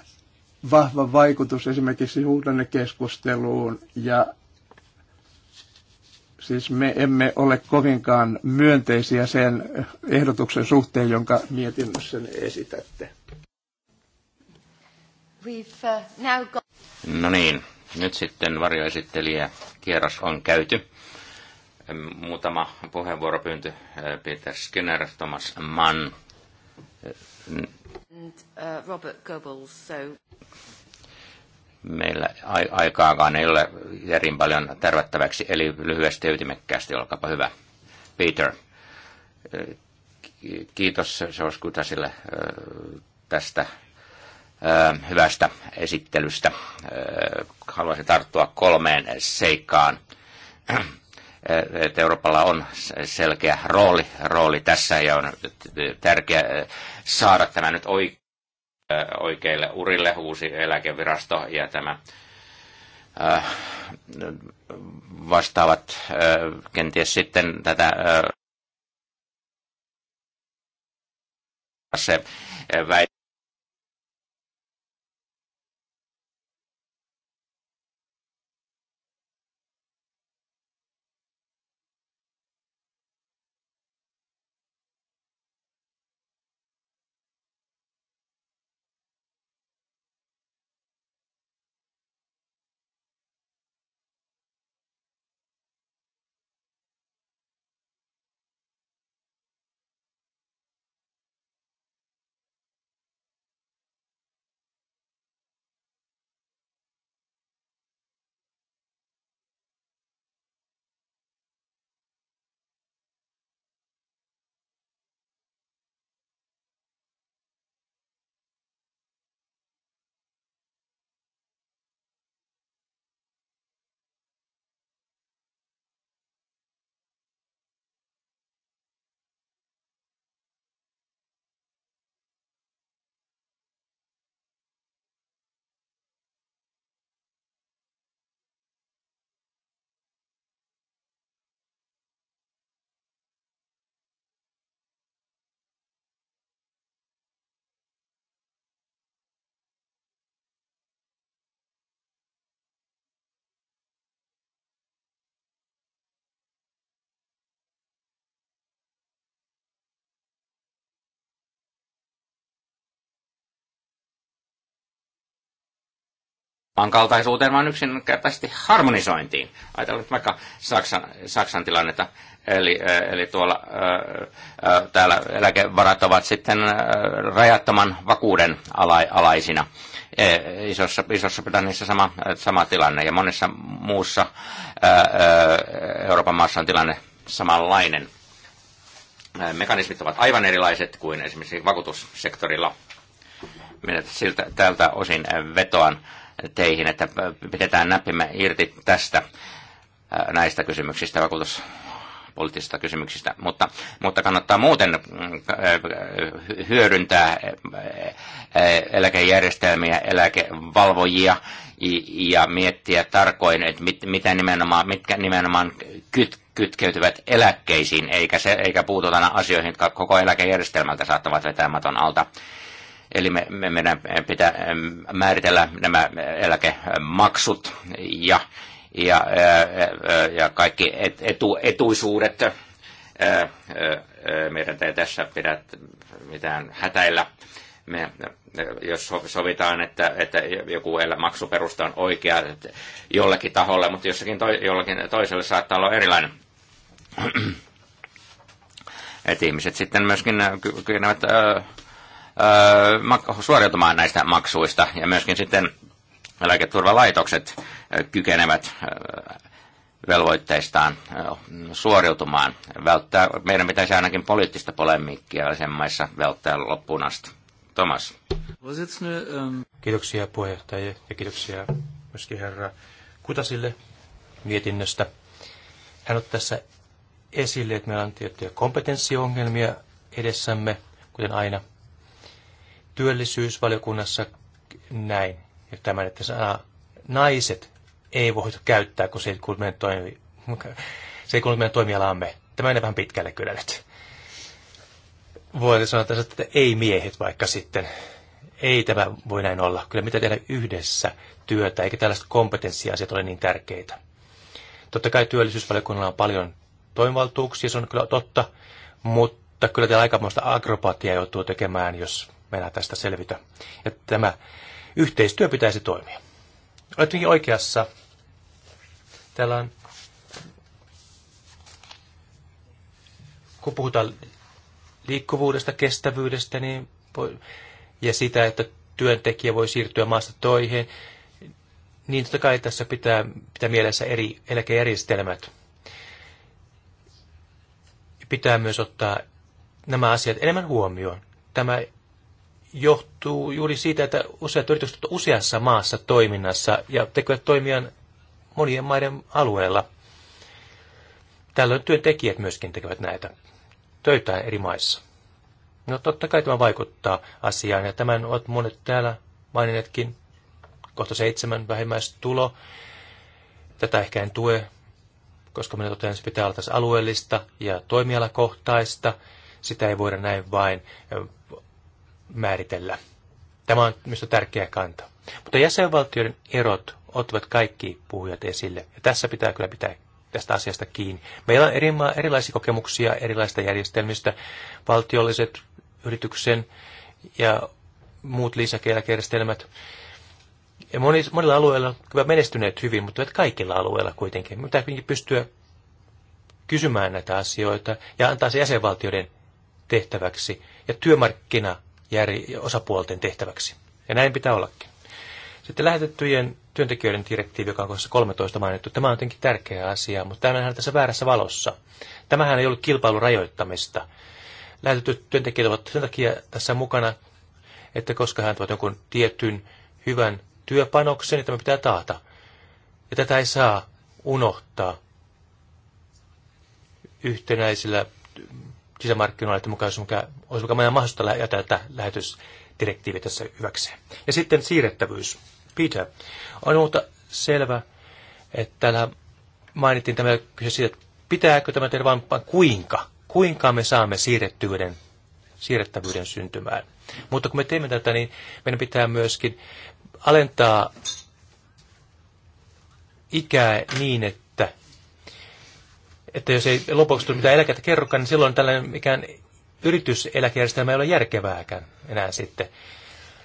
vahva vaikutus esimerkiksi suhdannekeskusteluun ja Siis me emme ole kovinkaan myönteisiä sen ehdotuksen suhteen, jonka mietinnössä esitätte. Uh, no niin, nyt sitten varjoesittelijä kierros on käyty. Muutama puheenvuoropyyntö. Äh, Peter Skinner, Thomas Mann. Äh, And, uh, Robert Goebbels, so meillä aikaakaan ei ole järin paljon tärvättäväksi, eli lyhyesti ja ytimekkäästi, olkaapa hyvä. Peter, äh, kiitos Souskutasille äh, tästä äh, hyvästä esittelystä. Haluaisin tarttua kolmeen seikkaan. Euroopalla on selkeä rooli, rooli tässä ja on tärkeää saada tämä nyt oikein oikeille urille uusi eläkevirasto ja tämä vastaavat kenties sitten tätä se väit samankaltaisuuteen, vaan yksinkertaisesti harmonisointiin. Ajatellaan nyt vaikka Saksan, Saksan tilannetta. Eli, eli tuolla ää, täällä eläkevarat ovat sitten rajattoman vakuuden ala, alaisina. E, isossa, isossa Britanniassa sama, sama tilanne ja monessa muussa ää, Euroopan maassa on tilanne samanlainen. Mekanismit ovat aivan erilaiset kuin esimerkiksi vakuutussektorilla. Minä siltä, tältä osin vetoan teihin, että pidetään näppimme irti tästä äh, näistä kysymyksistä, vakuutuspoliittisista kysymyksistä, mutta, mutta kannattaa muuten äh, hyödyntää äh, eläkejärjestelmiä, eläkevalvojia ja miettiä tarkoin, että mit, mitä nimenomaan, mitkä nimenomaan kyt, kytkeytyvät eläkkeisiin, eikä, se, eikä puututa asioihin, jotka koko eläkejärjestelmältä saattavat vetää maton alta. Eli me, me, meidän pitää määritellä nämä eläkemaksut ja, ja, ja kaikki etu, etuisuudet. Meidän ei tässä pidä mitään hätäillä. Me, jos sovitaan, että, että joku maksuperusta on oikea jollekin taholle, mutta jossakin to, jollakin toiselle saattaa olla erilainen <clears throat> että ihmiset sitten myöskin kykenevät Öö, suoriutumaan näistä maksuista ja myöskin sitten eläketurvalaitokset kykenevät velvoitteistaan suoriutumaan. Välttää, meidän pitäisi ainakin poliittista polemiikkia maissa välttää loppuun asti. Tomas. Ähm, kiitoksia puheenjohtaja ja kiitoksia myöskin herra Kutasille mietinnöstä. Hän on tässä esille, että meillä on tiettyjä kompetenssiongelmia edessämme, kuten aina – työllisyysvaliokunnassa näin, ja tämän, että sana naiset ei voi käyttää, kun se ei kuulu meidän, toimi, kuulu meidän toimialaamme. Tämä menee vähän pitkälle kyllä nyt. Voi sanoa tässä, että ei miehet vaikka sitten. Ei tämä voi näin olla. Kyllä mitä tehdä yhdessä työtä, eikä tällaiset kompetenssiasiat ole niin tärkeitä. Totta kai työllisyysvaliokunnalla on paljon toimivaltuuksia, se on kyllä totta, mutta kyllä täällä aikamoista agropatiaa joutuu tekemään, jos meillä tästä selvitä. Ja tämä yhteistyö pitäisi toimia. Olettekin oikeassa. Täällä on, kun puhutaan liikkuvuudesta, kestävyydestä niin voi, ja sitä, että työntekijä voi siirtyä maasta toihin, niin totta kai tässä pitää, pitää mielessä eri eläkejärjestelmät. Pitää myös ottaa nämä asiat enemmän huomioon. Tämä johtuu juuri siitä, että useat yritykset ovat useassa maassa toiminnassa ja tekevät toimia monien maiden alueella. Tällöin työntekijät myöskin tekevät näitä töitä eri maissa. No totta kai tämä vaikuttaa asiaan ja tämän ovat monet täällä maininneetkin. Kohta seitsemän vähimmäistulo. Tätä ehkä en tue, koska minä totean, että se pitää olla tässä alueellista ja toimialakohtaista. Sitä ei voida näin vain määritellä. Tämä on myös tärkeä kanta. Mutta jäsenvaltioiden erot ottavat kaikki puhujat esille. Ja tässä pitää kyllä pitää tästä asiasta kiinni. Meillä on eri, erilaisia kokemuksia erilaisista järjestelmistä, valtiolliset yrityksen ja muut lisäkeeläkejärjestelmät. Ja moni, monilla alueilla kyllä menestyneet hyvin, mutta kaikilla alueilla kuitenkin. Me pitää kuitenkin pystyä kysymään näitä asioita ja antaa se jäsenvaltioiden tehtäväksi. Ja työmarkkina osapuolten tehtäväksi. Ja näin pitää ollakin. Sitten lähetettyjen työntekijöiden direktiivi, joka on kohdassa 13 mainittu, tämä on jotenkin tärkeä asia, mutta tämä on tässä väärässä valossa. Tämähän ei ollut kilpailun rajoittamista. Lähetetyt työntekijät ovat sen takia tässä mukana, että koska hän tuovat jonkun tietyn hyvän työpanoksen, niin tämä pitää taata. Ja tätä ei saa unohtaa yhtenäisillä sisämarkkinoilla, että mukaan olisi mukaan mahdollista jätä lähetysdirektiivi tässä hyväkseen. Ja sitten siirrettävyys. Peter, on muuta selvä, että täällä mainittiin tämä kyse siitä, että pitääkö tämä tehdä vaan, kuinka, kuinka me saamme siirrettyyden, siirrettävyyden syntymään. Mutta kun me teemme tätä, niin meidän pitää myöskin alentaa ikää niin, että että jos ei lopuksi tule mitään eläkettä kerrokaan, niin silloin tällainen mikään yrityseläkejärjestelmä ei ole järkevääkään enää sitten.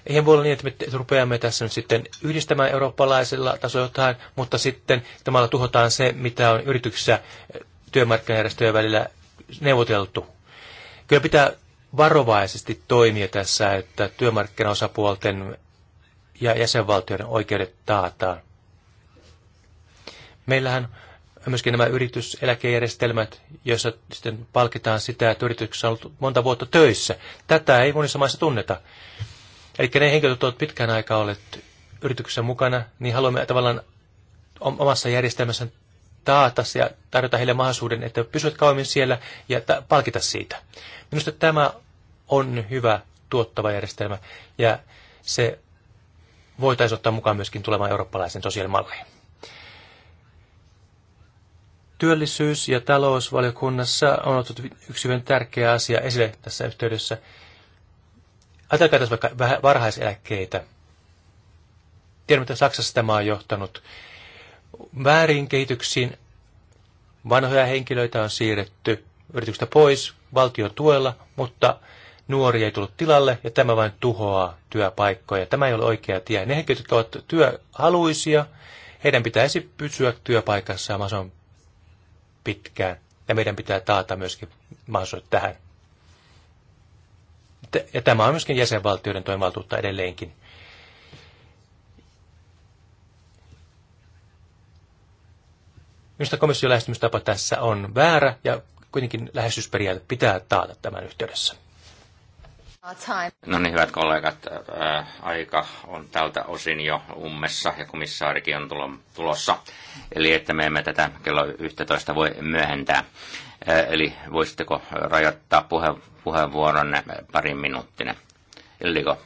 Eihän voi olla niin, että me rupeamme tässä nyt sitten yhdistämään eurooppalaisilla tasoilla, jotain, mutta sitten tämä tuhotaan se, mitä on yrityksissä eh, työmarkkinajärjestöjen välillä neuvoteltu. Kyllä pitää varovaisesti toimia tässä, että työmarkkinaosapuolten ja jäsenvaltioiden oikeudet taataan. Meillähän ja myöskin nämä yrityseläkejärjestelmät, joissa sitten palkitaan sitä, että yrityksessä on ollut monta vuotta töissä. Tätä ei monissa maissa tunneta. Eli ne henkilöt ovat pitkään aikaa olleet yrityksessä mukana, niin haluamme tavallaan omassa järjestelmässä taata ja tarjota heille mahdollisuuden, että pysyvät kauemmin siellä ja palkita siitä. Minusta tämä on hyvä tuottava järjestelmä ja se voitaisiin ottaa mukaan myöskin tulemaan eurooppalaisen sosiaalimalliin. Työllisyys- ja talousvaliokunnassa on otettu yksi hyvin tärkeä asia esille tässä yhteydessä. Ajatelkaa tässä vaikka vähän varhaiseläkkeitä. Tiedämme, että Saksassa tämä on johtanut väärin kehityksiin. Vanhoja henkilöitä on siirretty yrityksestä pois valtion tuella, mutta nuori ei tullut tilalle ja tämä vain tuhoaa työpaikkoja. Tämä ei ole oikea tie. Ne henkilöt, jotka ovat työhaluisia, heidän pitäisi pysyä työpaikassa ja se on pitkään. Ja meidän pitää taata myöskin mahdollisuudet tähän. Ja tämä on myöskin jäsenvaltioiden toimivaltuutta edelleenkin. Minusta komission lähestymistapa tässä on väärä ja kuitenkin lähestysperiaate pitää taata tämän yhteydessä. No niin, hyvät kollegat, äh, aika on tältä osin jo ummessa ja komissaarikin on tulossa. Eli että me emme tätä kello 11 voi myöhentää. Äh, eli voisitteko rajoittaa puhe, puheenvuoronne parin minuuttina? Illiko?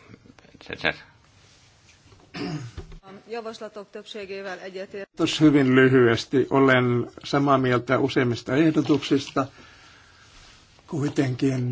hyvin lyhyesti. Olen samaa mieltä useimmista ehdotuksista. Kuitenkin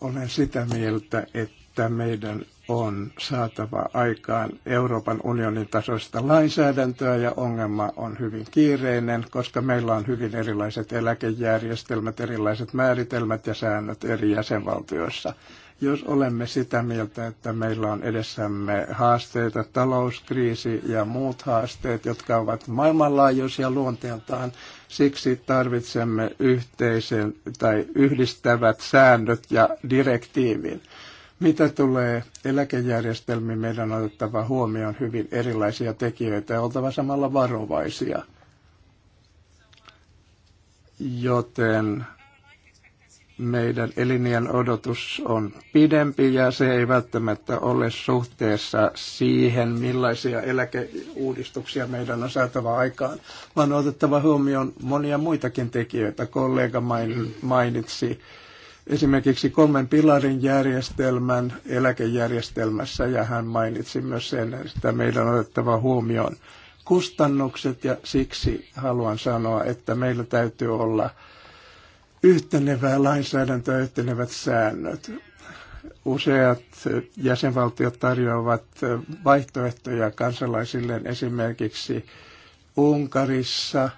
olen sitä mieltä, että meidän on saatava aikaan Euroopan unionin tasoista lainsäädäntöä ja ongelma on hyvin kiireinen, koska meillä on hyvin erilaiset eläkejärjestelmät, erilaiset määritelmät ja säännöt eri jäsenvaltioissa. Jos olemme sitä mieltä, että meillä on edessämme haasteita, talouskriisi ja muut haasteet, jotka ovat maailmanlaajuisia luonteeltaan, Siksi tarvitsemme yhteisen tai yhdistävät säännöt ja direktiivin. Mitä tulee eläkejärjestelmiin, meidän on otettava huomioon hyvin erilaisia tekijöitä ja oltava samalla varovaisia. Joten meidän elinien odotus on pidempi ja se ei välttämättä ole suhteessa siihen, millaisia eläkeuudistuksia meidän on saatava aikaan, vaan on otettava huomioon monia muitakin tekijöitä. Kollega mainitsi esimerkiksi kolmen pilarin järjestelmän eläkejärjestelmässä ja hän mainitsi myös sen, että meidän on otettava huomioon kustannukset ja siksi haluan sanoa, että meillä täytyy olla – yhtenevää lainsäädäntöä, yhtenevät säännöt. Useat jäsenvaltiot tarjoavat vaihtoehtoja kansalaisilleen esimerkiksi Unkarissa.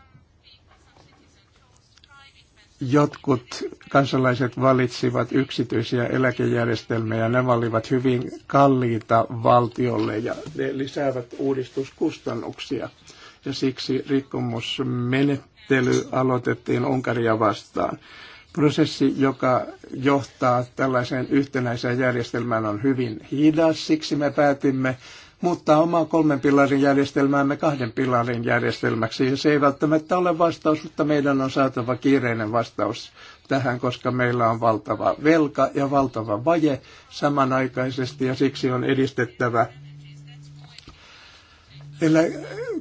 Jotkut kansalaiset valitsivat yksityisiä eläkejärjestelmiä. ja ne valivat hyvin kalliita valtiolle ja ne lisäävät uudistuskustannuksia. Ja siksi rikkomusmenettely menettely aloitettiin Unkaria vastaan. Prosessi, joka johtaa tällaiseen yhtenäiseen järjestelmään, on hyvin hidas, siksi me päätimme muuttaa omaa kolmen pilarin järjestelmäämme kahden pilarin järjestelmäksi. Ja se ei välttämättä ole vastaus, mutta meidän on saatava kiireinen vastaus tähän, koska meillä on valtava velka ja valtava vaje samanaikaisesti ja siksi on edistettävä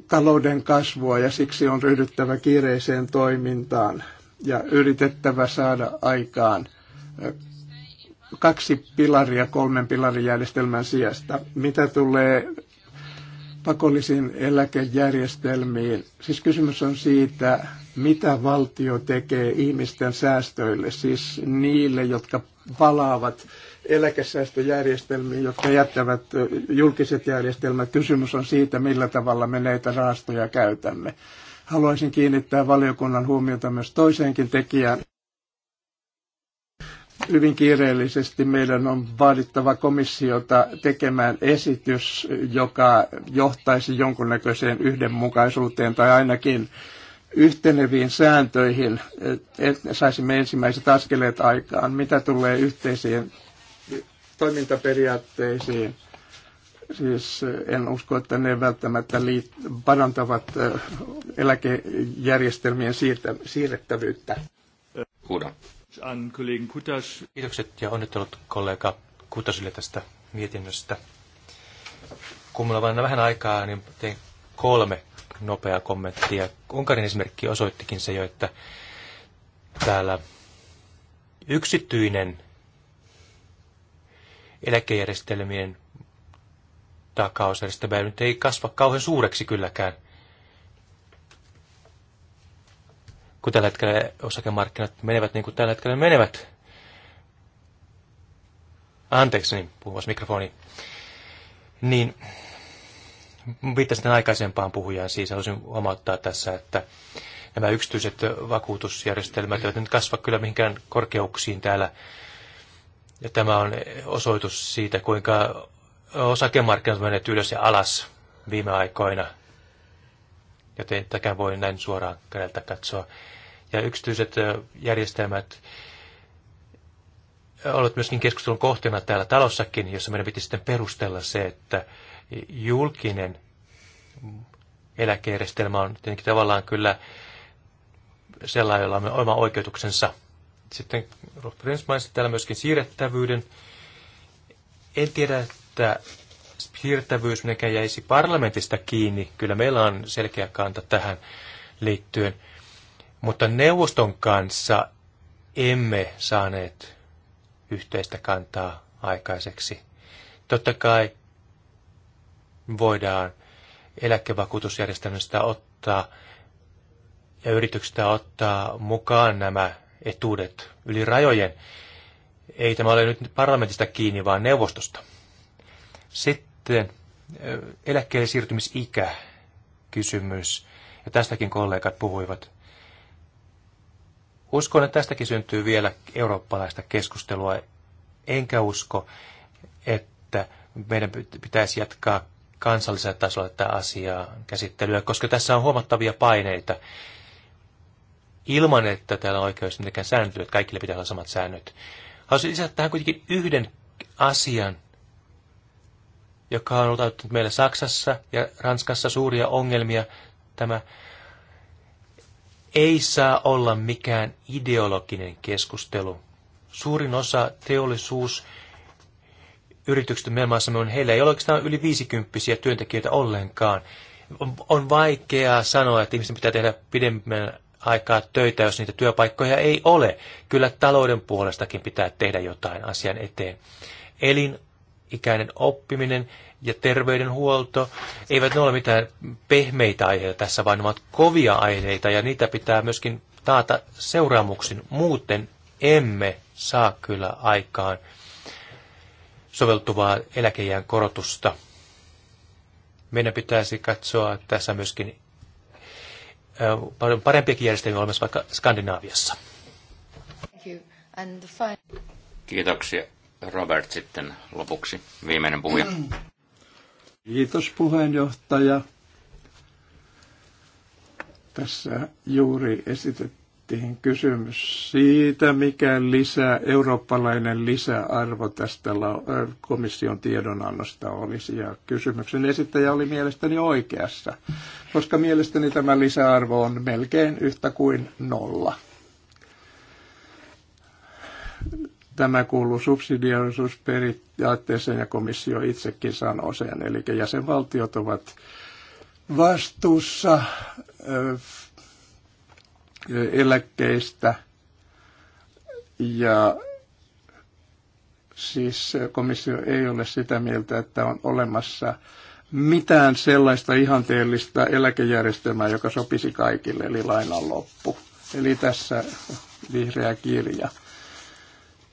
talouden kasvua ja siksi on ryhdyttävä kiireiseen toimintaan ja yritettävä saada aikaan kaksi pilaria kolmen pilarin järjestelmän sijasta. Mitä tulee pakollisiin eläkejärjestelmiin, siis kysymys on siitä, mitä valtio tekee ihmisten säästöille, siis niille, jotka palaavat eläkesäästöjärjestelmiin, jotka jättävät julkiset järjestelmät. Kysymys on siitä, millä tavalla me näitä rahastoja käytämme. Haluaisin kiinnittää valiokunnan huomiota myös toiseenkin tekijään. Hyvin kiireellisesti meidän on vaadittava komissiota tekemään esitys, joka johtaisi jonkunnäköiseen yhdenmukaisuuteen tai ainakin yhteneviin sääntöihin, että saisimme ensimmäiset askeleet aikaan, mitä tulee yhteiseen toimintaperiaatteisiin. Siis en usko, että ne välttämättä liit- parantavat eläkejärjestelmien siirtä- siirrettävyyttä. Huuda. Kiitokset ja onnittelut kollega Kutasille tästä mietinnöstä. Kun minulla on vähän aikaa, niin teen kolme nopeaa kommenttia. Unkarin esimerkki osoittikin se jo, että täällä yksityinen eläkejärjestelmien takausjärjestelmä nyt ei kasva kauhean suureksi kylläkään. Kun tällä hetkellä osakemarkkinat menevät niin kuin tällä hetkellä menevät. Anteeksi, niin puhuvas mikrofoni. Niin, viittasin aikaisempaan puhujaan, siis haluaisin huomauttaa tässä, että nämä yksityiset vakuutusjärjestelmät eivät nyt kasva kyllä mihinkään korkeuksiin täällä ja tämä on osoitus siitä, kuinka osakemarkkinat menet ylös ja alas viime aikoina. Joten tätä voi näin suoraan kädeltä katsoa. Ja yksityiset järjestelmät ovat myöskin keskustelun kohteena täällä talossakin, jossa meidän piti sitten perustella se, että julkinen eläkejärjestelmä on tietenkin tavallaan kyllä sellainen, jolla on oma oikeutuksensa – sitten Rohperins mainitsi täällä myöskin siirrettävyyden. En tiedä, että siirrettävyys mikä jäisi parlamentista kiinni. Kyllä meillä on selkeä kanta tähän liittyen. Mutta neuvoston kanssa emme saaneet yhteistä kantaa aikaiseksi. Totta kai voidaan eläkevakuutusjärjestelmästä ottaa ja yrityksestä ottaa mukaan nämä etuudet yli rajojen. Ei tämä ole nyt parlamentista kiinni, vaan neuvostosta. Sitten eläkkeelle siirtymisikä kysymys, ja tästäkin kollegat puhuivat. Uskon, että tästäkin syntyy vielä eurooppalaista keskustelua, enkä usko, että meidän pitäisi jatkaa kansallisella tasolla tätä asiaa käsittelyä, koska tässä on huomattavia paineita ilman, että täällä on mitenkään sääntöjä, että kaikille pitää olla samat säännöt. Haluaisin lisätä tähän kuitenkin yhden asian, joka on ollut meillä Saksassa ja Ranskassa suuria ongelmia. Tämä ei saa olla mikään ideologinen keskustelu. Suurin osa teollisuus yritykset meidän maassamme on, heillä ei ole oikeastaan yli 50 työntekijöitä ollenkaan. On, on vaikeaa sanoa, että ihmisten pitää tehdä pidemmän aikaa töitä, jos niitä työpaikkoja ei ole. Kyllä talouden puolestakin pitää tehdä jotain asian eteen. Elinikäinen oppiminen ja terveydenhuolto eivät ne ole mitään pehmeitä aiheita tässä, vaan ne ovat kovia aiheita ja niitä pitää myöskin taata seuraamuksin. Muuten emme saa kyllä aikaan soveltuvaa eläkejään korotusta. Meidän pitäisi katsoa tässä myöskin paljon parempiakin järjestelmiä olemassa vaikka Skandinaaviassa. Kiitoksia. Robert sitten lopuksi, viimeinen puhuja. Kiitos puheenjohtaja. Tässä juuri esitetty esitettiin kysymys siitä, mikä lisää, eurooppalainen lisäarvo tästä äh, komission tiedonannosta olisi. Ja kysymyksen esittäjä oli mielestäni oikeassa, koska mielestäni tämä lisäarvo on melkein yhtä kuin nolla. Tämä kuuluu subsidiarisuusperiaatteeseen ja komissio itsekin sanoo sen, eli jäsenvaltiot ovat vastuussa äh, eläkkeistä ja siis komissio ei ole sitä mieltä, että on olemassa mitään sellaista ihanteellista eläkejärjestelmää, joka sopisi kaikille, eli lainan loppu. Eli tässä vihreä kirja.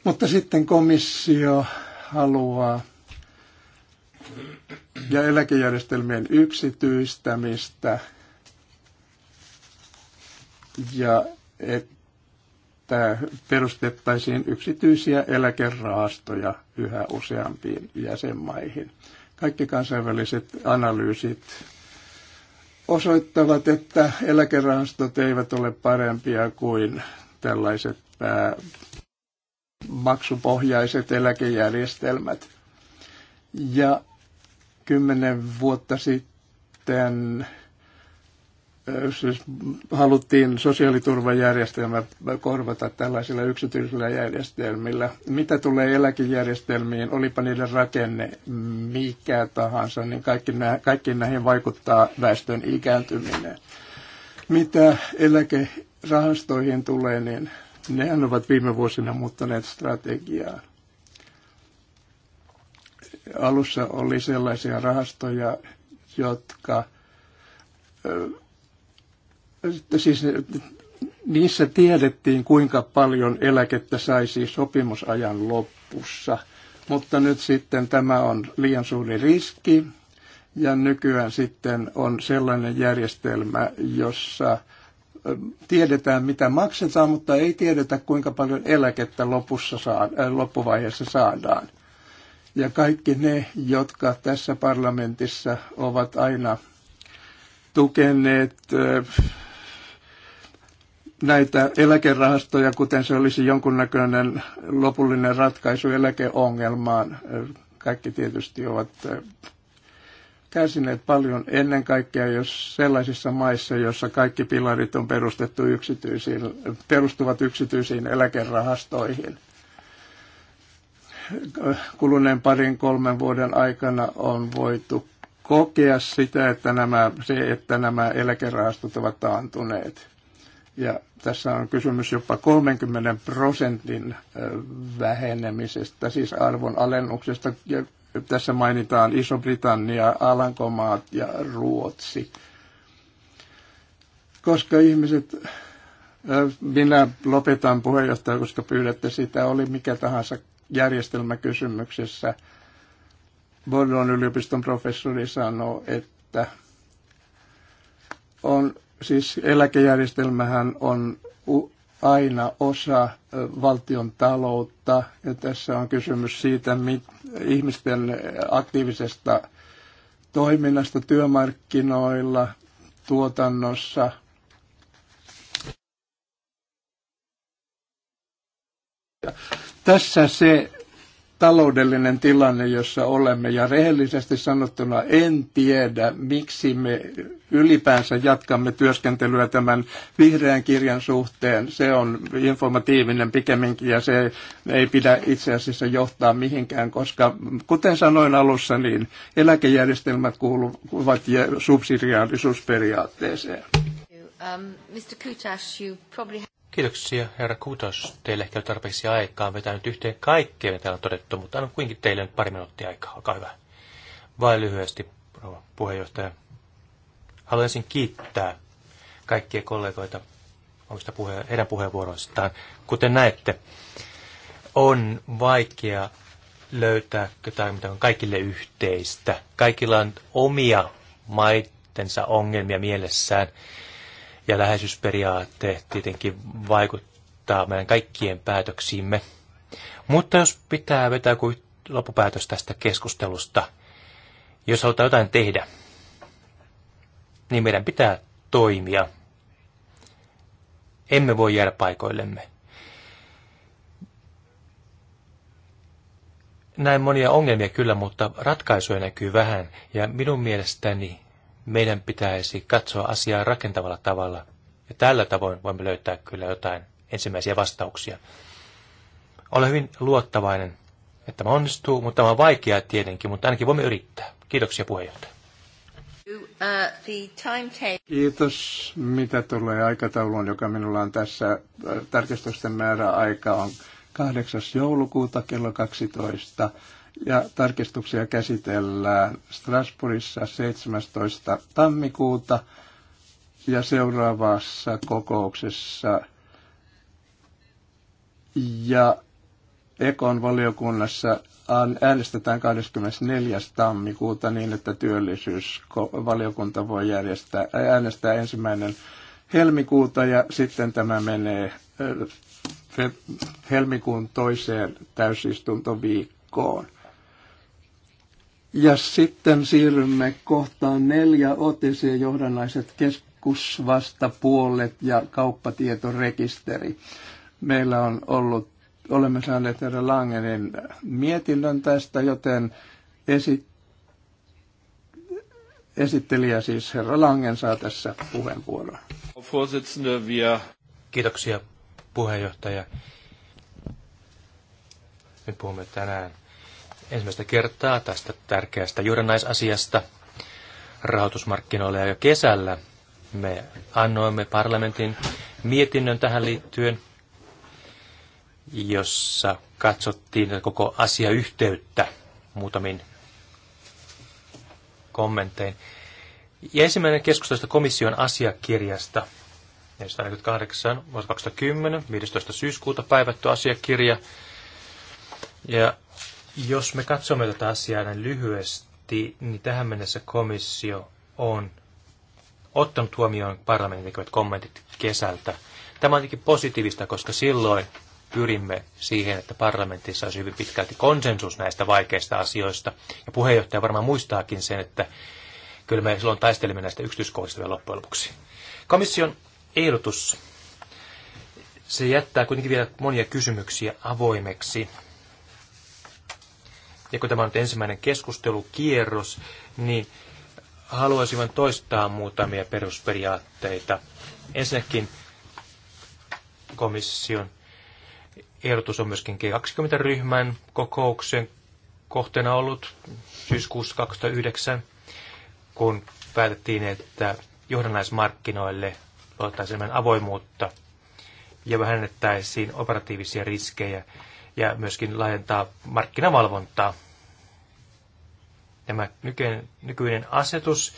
Mutta sitten komissio haluaa ja eläkejärjestelmien yksityistämistä ja että perustettaisiin yksityisiä eläkerahastoja yhä useampiin jäsenmaihin. Kaikki kansainväliset analyysit osoittavat, että eläkerahastot eivät ole parempia kuin tällaiset maksupohjaiset eläkejärjestelmät. Ja kymmenen vuotta sitten Siis haluttiin sosiaaliturvajärjestelmä korvata tällaisilla yksityisillä järjestelmillä. Mitä tulee eläkejärjestelmiin, olipa niiden rakenne mikä tahansa, niin kaikki, nä- kaikkiin näihin vaikuttaa väestön ikääntyminen. Mitä eläkerahastoihin tulee, niin nehän ovat viime vuosina muuttaneet strategiaa. Alussa oli sellaisia rahastoja, jotka siis niissä tiedettiin, kuinka paljon eläkettä saisi sopimusajan loppussa. Mutta nyt sitten tämä on liian suuri riski. Ja nykyään sitten on sellainen järjestelmä, jossa tiedetään, mitä maksetaan, mutta ei tiedetä, kuinka paljon eläkettä lopussa saa, loppuvaiheessa saadaan. Ja kaikki ne, jotka tässä parlamentissa ovat aina tukeneet näitä eläkerahastoja, kuten se olisi jonkunnäköinen lopullinen ratkaisu eläkeongelmaan. Kaikki tietysti ovat kärsineet paljon ennen kaikkea, jos sellaisissa maissa, joissa kaikki pilarit on perustettu yksityisiin, perustuvat yksityisiin eläkerahastoihin. Kuluneen parin kolmen vuoden aikana on voitu kokea sitä, että nämä, se, että nämä eläkerahastot ovat taantuneet. Ja tässä on kysymys jopa 30 prosentin vähenemisestä, siis arvon alennuksesta. Ja tässä mainitaan Iso-Britannia, Alankomaat ja Ruotsi. Koska ihmiset, minä lopetan puheenjohtaja, koska pyydätte sitä, oli mikä tahansa järjestelmäkysymyksessä. Bordeaux yliopiston professori sanoi, että on Siis eläkejärjestelmähän on aina osa valtion taloutta ja tässä on kysymys siitä mit, ihmisten aktiivisesta toiminnasta työmarkkinoilla, tuotannossa. Tässä se taloudellinen tilanne, jossa olemme. Ja rehellisesti sanottuna en tiedä, miksi me ylipäänsä jatkamme työskentelyä tämän vihreän kirjan suhteen. Se on informatiivinen pikemminkin ja se ei pidä itse asiassa johtaa mihinkään, koska kuten sanoin alussa, niin eläkejärjestelmät kuuluvat subsidiaalisuusperiaatteeseen. Um, Mr. Kutash, you probably... Kiitoksia, herra Kutos. Teille ehkä tarpeeksi aikaa vetää nyt yhteen kaikkea, mitä täällä on todettu, mutta annan kuitenkin teille nyt pari minuuttia aikaa. Olkaa hyvä. Vain lyhyesti, rouva puheenjohtaja. Haluaisin kiittää kaikkia kollegoita omista puhe- heidän puheenvuoroistaan. Kuten näette, on vaikea löytää jotain, mitä on kaikille yhteistä. Kaikilla on omia maittensa ongelmia mielessään. Ja läheisyysperiaatteet tietenkin vaikuttaa meidän kaikkien päätöksiimme. Mutta jos pitää vetää kuin loppupäätös tästä keskustelusta, jos halutaan jotain tehdä, niin meidän pitää toimia. Emme voi jäädä paikoillemme. Näin monia ongelmia kyllä, mutta ratkaisuja näkyy vähän. Ja minun mielestäni meidän pitäisi katsoa asiaa rakentavalla tavalla. Ja tällä tavoin voimme löytää kyllä jotain ensimmäisiä vastauksia. Olen hyvin luottavainen, että tämä onnistuu, mutta tämä on vaikeaa tietenkin, mutta ainakin voimme yrittää. Kiitoksia puheenjohtaja. Kiitos. Mitä tulee aikatauluun, joka minulla on tässä tarkistusten määrä aika on 8. joulukuuta kello 12 ja tarkistuksia käsitellään Strasbourgissa 17. tammikuuta ja seuraavassa kokouksessa ja Ekon valiokunnassa äänestetään 24. tammikuuta niin, että työllisyysvaliokunta voi järjestää, äänestää ensimmäinen helmikuuta ja sitten tämä menee helmikuun toiseen täysistuntoviikkoon. Ja sitten siirrymme kohtaan neljä otisia johdannaiset keskusvastapuolet ja kauppatietorekisteri. Meillä on ollut, olemme saaneet herra Langenin mietinnön tästä, joten esi, esittelijä siis herra Langen saa tässä puheenvuoron. Kiitoksia puheenjohtaja. Me puhumme tänään ensimmäistä kertaa tästä tärkeästä johdannaisasiasta rahoitusmarkkinoille. Ja jo kesällä me annoimme parlamentin mietinnön tähän liittyen, jossa katsottiin koko yhteyttä muutamin kommentein. Ja ensimmäinen keskustelusta komission asiakirjasta, 48 vuosi 2010, 15. syyskuuta päivätty asiakirja. Ja jos me katsomme tätä asiaa näin lyhyesti, niin tähän mennessä komissio on ottanut huomioon parlamentin tekevät kommentit kesältä. Tämä on tietenkin positiivista, koska silloin pyrimme siihen, että parlamentissa olisi hyvin pitkälti konsensus näistä vaikeista asioista. Ja puheenjohtaja varmaan muistaakin sen, että kyllä me silloin taistelimme näistä yksityiskohdista vielä loppujen lopuksi. Komission ehdotus, se jättää kuitenkin vielä monia kysymyksiä avoimeksi ja kun tämä on nyt ensimmäinen keskustelukierros, niin haluaisin vain toistaa muutamia perusperiaatteita. Ensinnäkin komission ehdotus on myöskin G20-ryhmän kokouksen kohteena ollut syyskuussa 2009, kun päätettiin, että johdannaismarkkinoille luottaisiin avoimuutta ja vähennettäisiin operatiivisia riskejä ja myöskin laajentaa markkinavalvontaa. Tämä nykyinen asetus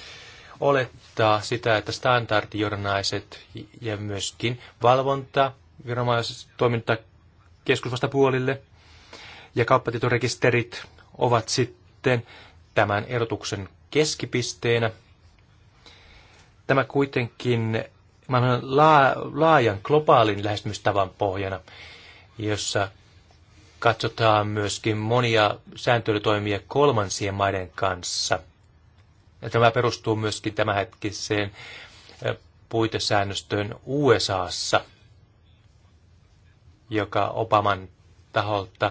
olettaa sitä, että standardijohdannaiset ja myöskin valvonta vasta puolille. ja kauppatietorekisterit ovat sitten tämän erotuksen keskipisteenä. Tämä kuitenkin laajan globaalin lähestymistavan pohjana, jossa katsotaan myöskin monia sääntelytoimia kolmansien maiden kanssa. Ja tämä perustuu myöskin tämänhetkiseen puitesäännöstöön USAssa, joka Obaman taholta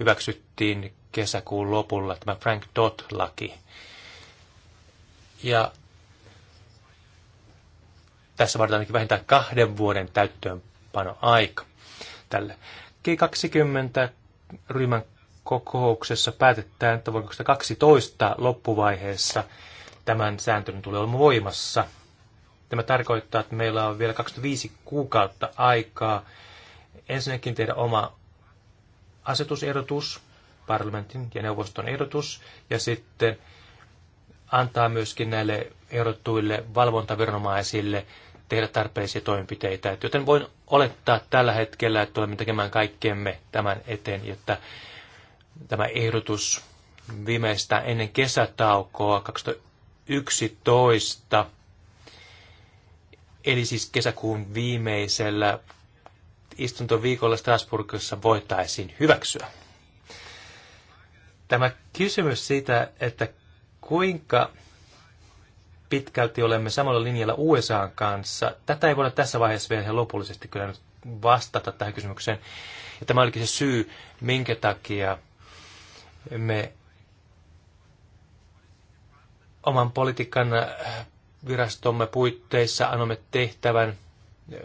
hyväksyttiin kesäkuun lopulla, tämä Frank Dodd-laki. Ja tässä vaaditaan vähintään kahden vuoden täyttöönpanoaika tälle. G20-ryhmän kokouksessa päätetään, että vuonna 2012 loppuvaiheessa tämän sääntelyn tulee olemaan voimassa. Tämä tarkoittaa, että meillä on vielä 25 kuukautta aikaa ensinnäkin tehdä oma asetusehdotus, parlamentin ja neuvoston ehdotus, ja sitten antaa myöskin näille ehdottuille valvontaviranomaisille tehdä tarpeellisia toimenpiteitä. Joten voin olettaa tällä hetkellä, että tulemme tekemään kaikkemme tämän eteen, jotta tämä ehdotus viimeistään ennen kesätaukoa 2011, eli siis kesäkuun viimeisellä istuntoviikolla Strasbourgissa voitaisiin hyväksyä. Tämä kysymys siitä, että kuinka pitkälti olemme samalla linjalla USA kanssa. Tätä ei voida tässä vaiheessa vielä ihan lopullisesti kyllä nyt vastata tähän kysymykseen. Ja tämä olikin se syy, minkä takia me oman politiikan äh, virastomme puitteissa annamme tehtävän äh,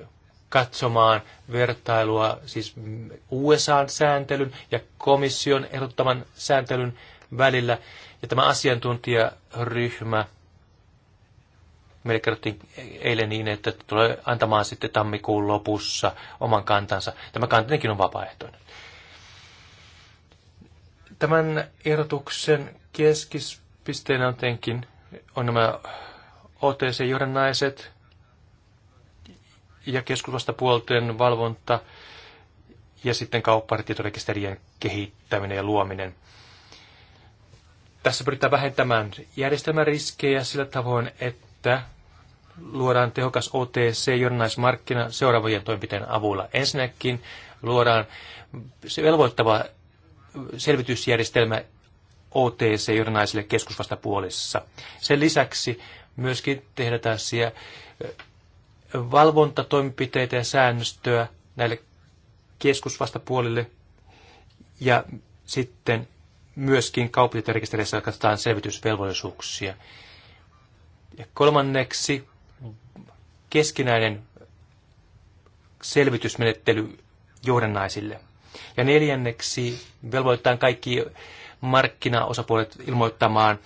katsomaan vertailua siis mm, USA-sääntelyn ja komission erottaman sääntelyn välillä. Ja tämä asiantuntijaryhmä Meille kerrottiin eilen niin, että tulee antamaan sitten tammikuun lopussa oman kantansa. Tämä kantanenkin on vapaaehtoinen. Tämän ehdotuksen keskispisteenä on tietenkin on nämä OTC-johdannaiset ja keskusvastapuolten valvonta ja sitten kaupparitietorekisterien kehittäminen ja luominen. Tässä pyritään vähentämään järjestelmäriskejä sillä tavoin, että luodaan tehokas otc jonnaismarkkina seuraavien toimenpiteiden avulla. Ensinnäkin luodaan se velvoittava selvitysjärjestelmä otc jonnaisille keskusvastapuolissa. Sen lisäksi myöskin tehdään tällaisia valvontatoimenpiteitä ja säännöstöä näille keskusvastapuolille ja sitten myöskin kaupallisissa katsotaan selvitysvelvollisuuksia. Ja kolmanneksi keskinäinen selvitysmenettely johdannaisille. Ja neljänneksi velvoitetaan kaikki markkinaosapuolet ilmoittamaan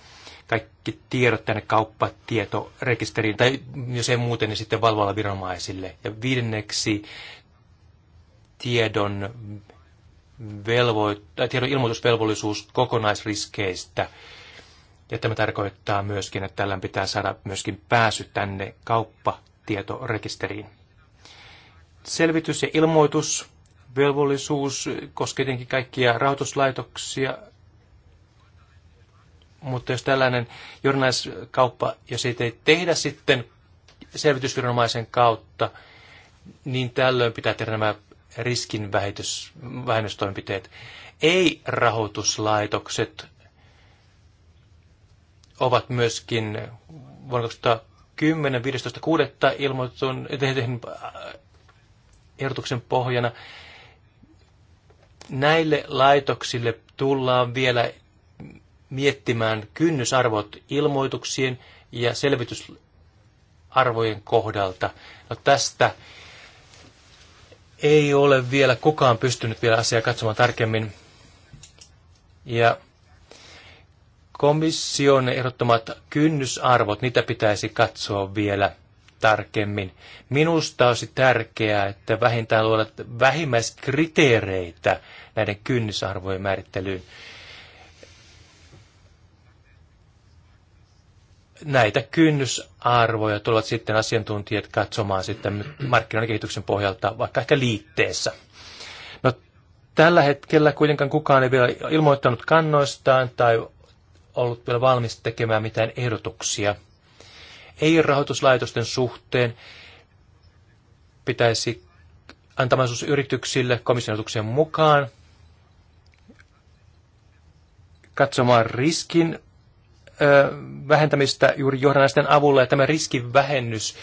kaikki tiedot tänne kauppatietorekisteriin, tai jos ei muuten, niin sitten valvoilla viranomaisille. Ja viidenneksi tiedon, velvoit tai tiedon ilmoitusvelvollisuus kokonaisriskeistä. Ja tämä tarkoittaa myöskin, että tällä pitää saada myöskin pääsy tänne kauppa tietorekisteriin. Selvitys- ja velvollisuus koskee tietenkin kaikkia rahoituslaitoksia, mutta jos tällainen jornaiskauppa, jos siitä ei tehdä sitten selvitysviranomaisen kautta, niin tällöin pitää tehdä nämä riskin vähitys, vähennystoimenpiteet. Ei rahoituslaitokset ovat myöskin vuonna 10.15.6. ilmoitun tehdyn ehdotuksen pohjana. Näille laitoksille tullaan vielä miettimään kynnysarvot ilmoituksien ja selvitysarvojen kohdalta. No tästä ei ole vielä kukaan pystynyt vielä asiaa katsomaan tarkemmin. Ja komission ehdottomat kynnysarvot, niitä pitäisi katsoa vielä tarkemmin. Minusta olisi tärkeää, että vähintään luoda vähimmäiskriteereitä näiden kynnysarvojen määrittelyyn. Näitä kynnysarvoja tulevat sitten asiantuntijat katsomaan sitten markkinoiden kehityksen pohjalta, vaikka ehkä liitteessä. No, tällä hetkellä kuitenkaan kukaan ei vielä ilmoittanut kannoistaan tai ollut vielä valmis tekemään mitään ehdotuksia. Ei rahoituslaitosten suhteen pitäisi antamaisuus yrityksille komission mukaan katsomaan riskin ö, vähentämistä juuri johdannaisten avulla ja tämä riskin vähennys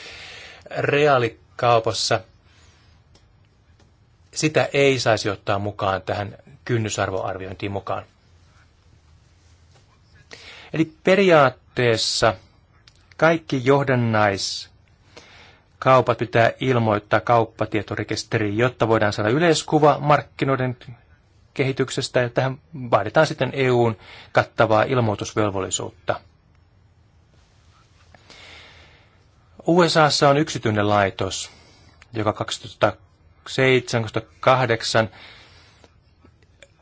reaalikaupassa, sitä ei saisi ottaa mukaan tähän kynnysarvoarviointiin mukaan. Eli periaatteessa kaikki johdannais kaupat pitää ilmoittaa kauppatietorekisteriin, jotta voidaan saada yleiskuva markkinoiden kehityksestä, ja tähän vaaditaan sitten EUn kattavaa ilmoitusvelvollisuutta. USAssa on yksityinen laitos, joka 2007-2008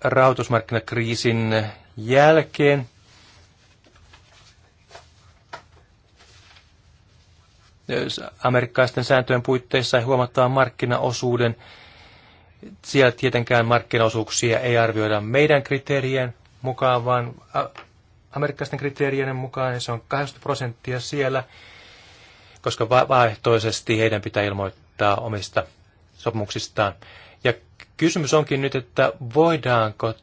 rautusmarkkinakriisin jälkeen amerikkaisten sääntöjen puitteissa ei huomattavan markkinaosuuden. Siellä tietenkään markkinaosuuksia ei arvioida meidän kriteerien mukaan, vaan amerikkaisten kriteerien mukaan se on 80 prosenttia siellä, koska vaihtoisesti heidän pitää ilmoittaa omista sopimuksistaan. Ja kysymys onkin nyt, että voidaanko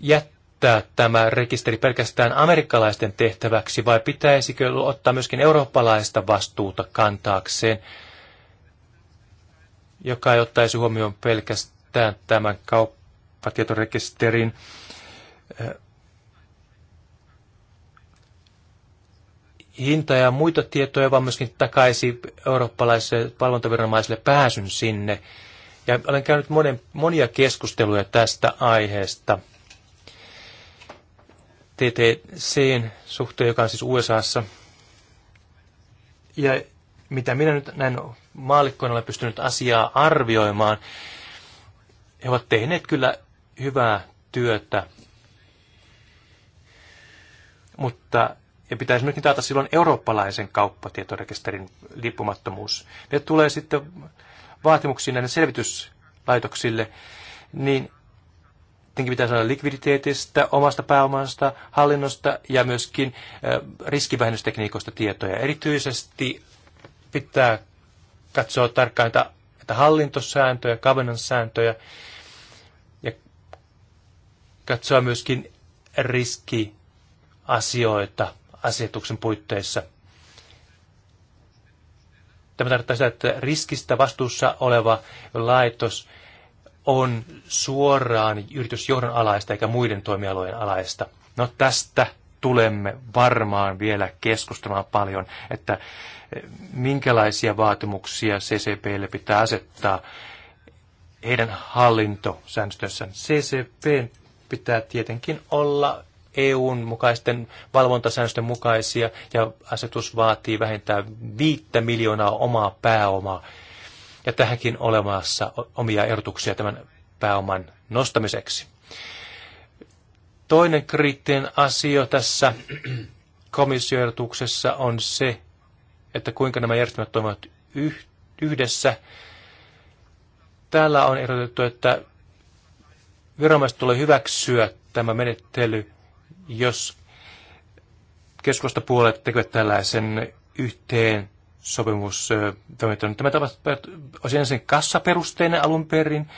jättää jättää tämä rekisteri pelkästään amerikkalaisten tehtäväksi vai pitäisikö ottaa myöskin eurooppalaista vastuuta kantaakseen, joka ei ottaisi huomioon pelkästään tämän kauppatietorekisterin eh, hinta ja muita tietoja, vaan myöskin takaisin eurooppalaisille valvontaviranomaisille pääsyn sinne. Ja olen käynyt monen, monia keskusteluja tästä aiheesta TTCn suhteen, joka on siis USAssa. Ja mitä minä nyt näin maallikkoina olen pystynyt asiaa arvioimaan, he ovat tehneet kyllä hyvää työtä. Mutta ja pitäisi myöskin taata silloin eurooppalaisen kauppatietorekisterin liippumattomuus. Ne tulee sitten vaatimuksiin näille selvityslaitoksille, niin tietenkin pitää saada likviditeetistä, omasta pääomasta, hallinnosta ja myöskin riskivähennystekniikoista tietoja. Erityisesti pitää katsoa tarkkaan että, että hallintosääntöjä, governance-sääntöjä ja katsoa myöskin riskiasioita asetuksen puitteissa. Tämä tarkoittaa sitä, että riskistä vastuussa oleva laitos – on suoraan yritysjohdon alaista eikä muiden toimialojen alaista. No tästä tulemme varmaan vielä keskustelemaan paljon, että eh, minkälaisia vaatimuksia CCPlle pitää asettaa heidän hallintosäännöstössään. CCP pitää tietenkin olla EUn mukaisten valvontasäännösten mukaisia ja asetus vaatii vähintään viittä miljoonaa omaa pääomaa ja tähänkin olemassa omia erotuksia tämän pääoman nostamiseksi. Toinen kriittinen asia tässä <clears throat> komissioehdotuksessa on se, että kuinka nämä järjestelmät toimivat yhdessä. Täällä on ehdotettu, että viranomaiset tulee hyväksyä tämä menettely, jos keskustapuolet tekevät tällaisen yhteen sopimus toimittanut. Tämä olisi ensin kassaperusteinen alun perin,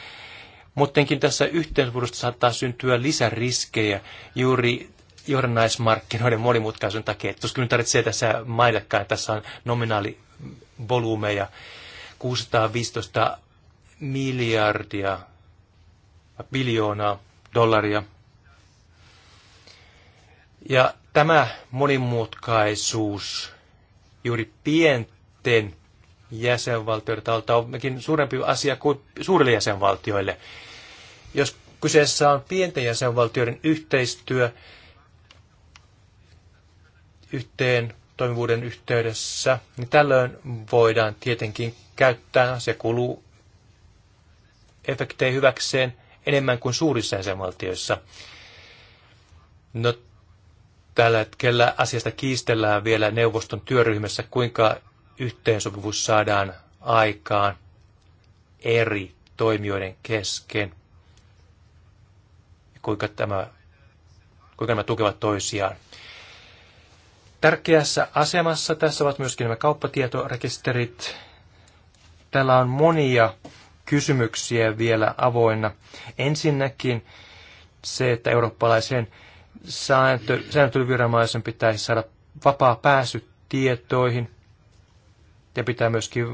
muttenkin tässä yhteenvuorosta saattaa syntyä lisäriskejä juuri johdannaismarkkinoiden monimutkaisuuden takia. Tuskin tarvitsee tässä mainitakaan, tässä on nominaalivolyymeja 615 miljardia, biljoonaa dollaria. Ja tämä monimutkaisuus juuri pienten jäsenvaltioiden taholta on suurempi asia kuin suurille jäsenvaltioille. Jos kyseessä on pienten jäsenvaltioiden yhteistyö yhteen toimivuuden yhteydessä, niin tällöin voidaan tietenkin käyttää kuluu efektejä hyväkseen enemmän kuin suurissa jäsenvaltioissa. No, Tällä hetkellä asiasta kiistellään vielä neuvoston työryhmässä, kuinka yhteensopivuus saadaan aikaan eri toimijoiden kesken ja kuinka, tämä, kuinka nämä tukevat toisiaan. Tärkeässä asemassa tässä ovat myöskin nämä kauppatietorekisterit. Täällä on monia kysymyksiä vielä avoinna. Ensinnäkin se, että eurooppalaiseen sääntö, sääntelyviranomaisen pitäisi saada vapaa pääsy tietoihin ja pitää myöskin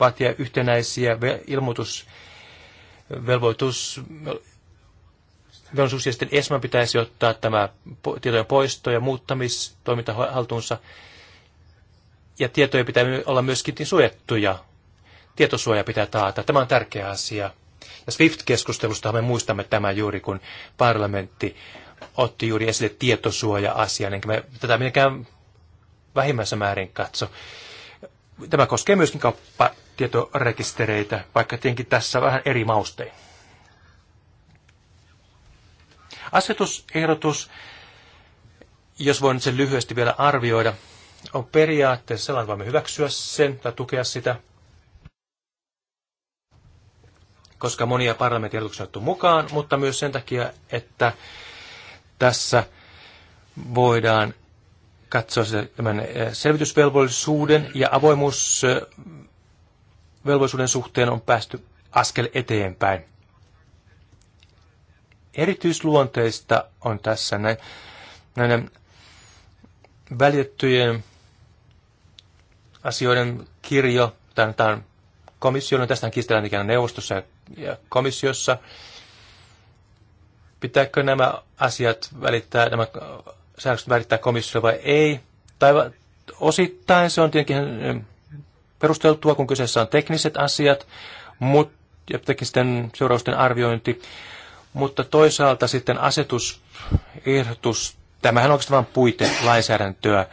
vaatia yhtenäisiä ilmoitusvelvoitus velvollisuus ja sitten ESMA pitäisi ottaa tämä tietojen poisto- ja muuttamistoiminta haltuunsa. Ja tietoja pitää olla myöskin suojattuja. Tietosuoja pitää taata. Tämä on tärkeä asia. SWIFT-keskustelusta me muistamme tämän juuri, kun parlamentti otti juuri esille tietosuoja-asian, enkä me tätä mitenkään vähimmässä määrin katso. Tämä koskee myöskin kauppatietorekistereitä, vaikka tietenkin tässä vähän eri maustein. Asetusehdotus, jos voin sen lyhyesti vielä arvioida, on periaatteessa sellainen, voimme hyväksyä sen tai tukea sitä – koska monia parlamentin ehdotuksia on otettu mukaan, mutta myös sen takia, että tässä voidaan katsoa tämän eh, selvitysvelvollisuuden ja avoimuusvelvollisuuden suhteen on päästy askel eteenpäin. Erityisluonteista on tässä näin, näiden välitettyjen asioiden kirjo, tämä on komission, tästä kiistellään ikään neuvostossa ja ja komissiossa. Pitääkö nämä asiat välittää, nämä säännökset välittää komissiolle vai ei? Tai osittain se on tietenkin eh, perusteltua, kun kyseessä on tekniset asiat, mutta ja sitten seurausten arviointi, mutta toisaalta sitten ehdotus, tämähän on oikeastaan vain lainsäädäntöä.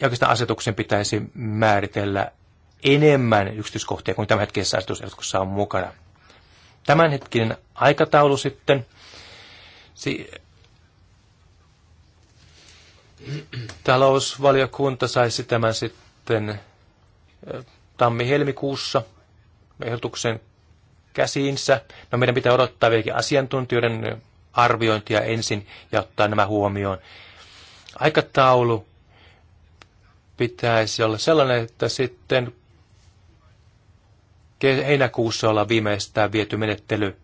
ja oikeastaan asetuksen pitäisi määritellä enemmän yksityiskohtia kuin tämänhetkisessä asetusehdotuksessa on mukana. Tämänhetkinen aikataulu sitten. Si- Talousvaliokunta saisi tämän sitten tammi-helmikuussa ehdotuksen käsiinsä. No meidän pitää odottaa vieläkin asiantuntijoiden arviointia ensin ja ottaa nämä huomioon. Aikataulu pitäisi olla sellainen, että sitten heinäkuussa ollaan viimeistään viety menettely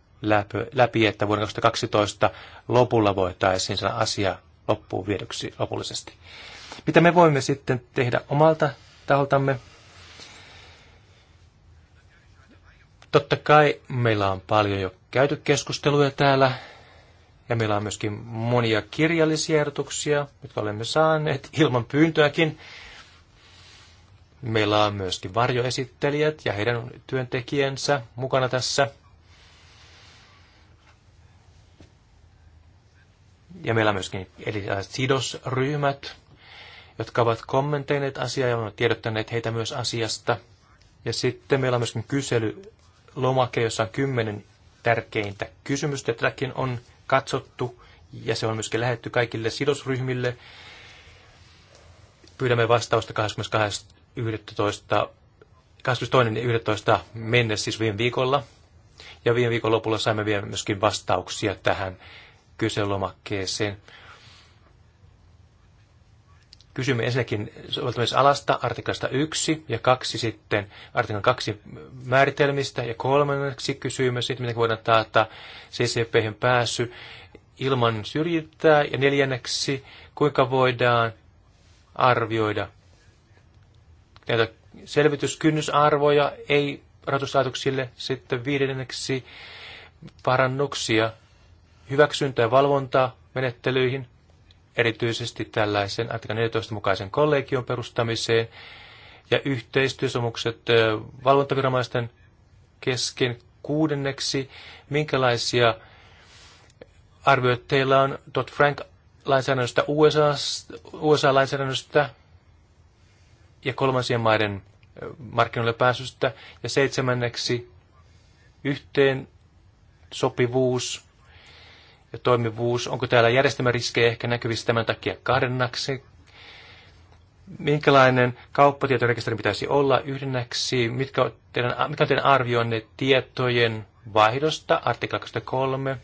läpi, että vuoden 2012 lopulla voitaisiin saada asia loppuun viedyksi lopullisesti. Mitä me voimme sitten tehdä omalta taholtamme? Totta kai meillä on paljon jo käyty keskusteluja täällä ja meillä on myöskin monia kirjallisia ehdotuksia, jotka olemme saaneet ilman pyyntöäkin. Meillä on myöskin varjoesittelijät ja heidän työntekijänsä mukana tässä. Ja meillä on myöskin erilaiset sidosryhmät, jotka ovat kommentoineet asiaa ja ovat tiedottaneet heitä myös asiasta. Ja sitten meillä on myöskin kyselylomake, jossa on kymmenen tärkeintä kysymystä. Tätäkin on katsottu ja se on myöskin lähetty kaikille sidosryhmille. Pyydämme vastausta 28 11, 22. 11. mennessä, siis viime viikolla. Ja viime viikon lopulla saimme vielä myöskin vastauksia tähän kyselomakkeeseen. Kysymme ensinnäkin soveltamisalasta, artiklasta 1 ja 2 sitten, artiklan 2 määritelmistä ja kolmanneksi kysymme sitten, miten voidaan taata CCP pääsy ilman syrjintää ja neljänneksi, kuinka voidaan arvioida näitä selvityskynnysarvoja ei rahoituslaitoksille sitten viidenneksi parannuksia hyväksyntä- ja valvontaa menettelyihin, erityisesti tällaisen artikan 14 mukaisen kollegion perustamiseen ja yhteistyösomukset valvontaviranomaisten kesken kuudenneksi, minkälaisia arvioit teillä on Dodd-Frank-lainsäädännöstä USA-lainsäädännöstä, ja kolmansien maiden markkinoille pääsystä. Ja seitsemänneksi yhteen sopivuus ja toimivuus. Onko täällä järjestelmäriskejä ehkä näkyvissä tämän takia kahdennaksi? Minkälainen kauppatietorekisteri pitäisi olla yhdennäksi? Mitkä on teidän, mitkä on teidän arvioinne tietojen vaihdosta? Artikla 23,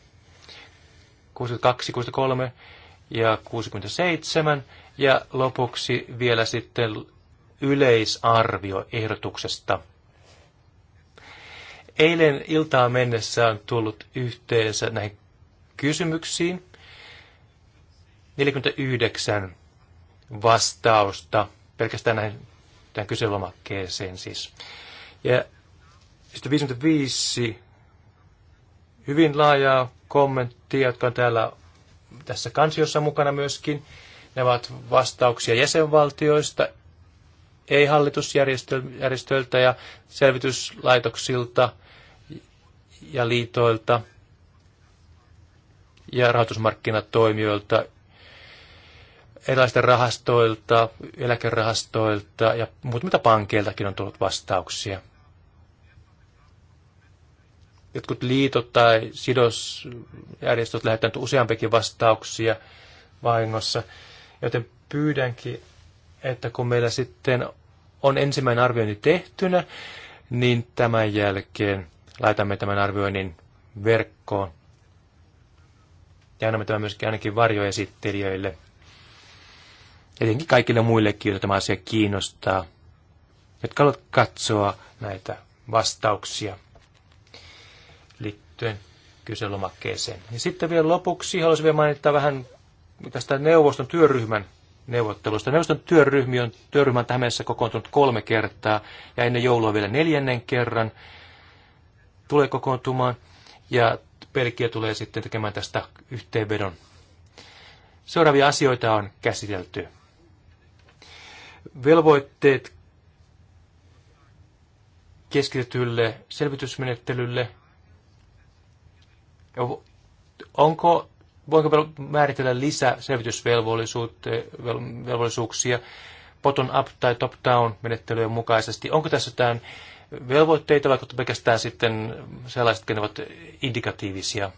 62, 63 ja 67. Ja lopuksi vielä sitten yleisarvio ehdotuksesta. Eilen iltaa mennessä on tullut yhteensä näihin kysymyksiin 49 vastausta pelkästään näihin, tämän kyselylomakkeeseen siis. Ja sitten 55 hyvin laajaa kommenttia, jotka on täällä tässä kansiossa mukana myöskin. Ne ovat vastauksia jäsenvaltioista, ei-hallitusjärjestöiltä ja selvityslaitoksilta ja liitoilta ja rahoitusmarkkinatoimijoilta, erilaisilta rahastoilta, eläkerahastoilta ja muutamilta pankeiltakin on tullut vastauksia. Jotkut liitot tai sidosjärjestöt lähettävät useampikin vastauksia vahingossa, joten pyydänkin, että kun meillä sitten on ensimmäinen arviointi tehtynä, niin tämän jälkeen laitamme tämän arvioinnin verkkoon. Ja annamme tämän myöskin ainakin varjoesittelijöille. Etenkin kaikille muillekin, joita tämä asia kiinnostaa, jotka haluat katsoa näitä vastauksia liittyen kyselomakkeeseen. Ja sitten vielä lopuksi haluaisin vielä mainita vähän tästä neuvoston työryhmän neuvottelusta. Neuvoston työryhmä on, työryhmän tämässä tähän mennessä kokoontunut kolme kertaa ja ennen joulua vielä neljännen kerran tulee kokoontumaan ja Pelkiä tulee sitten tekemään tästä yhteenvedon. Seuraavia asioita on käsitelty. Velvoitteet keskitetylle selvitysmenettelylle. Onko voinko määritellä lisää selvitysvelvollisuuksia bottom up tai top down menettelyjen mukaisesti? Onko tässä jotain velvoitteita vai pelkästään sitten sellaiset, jotka ovat indikatiivisia?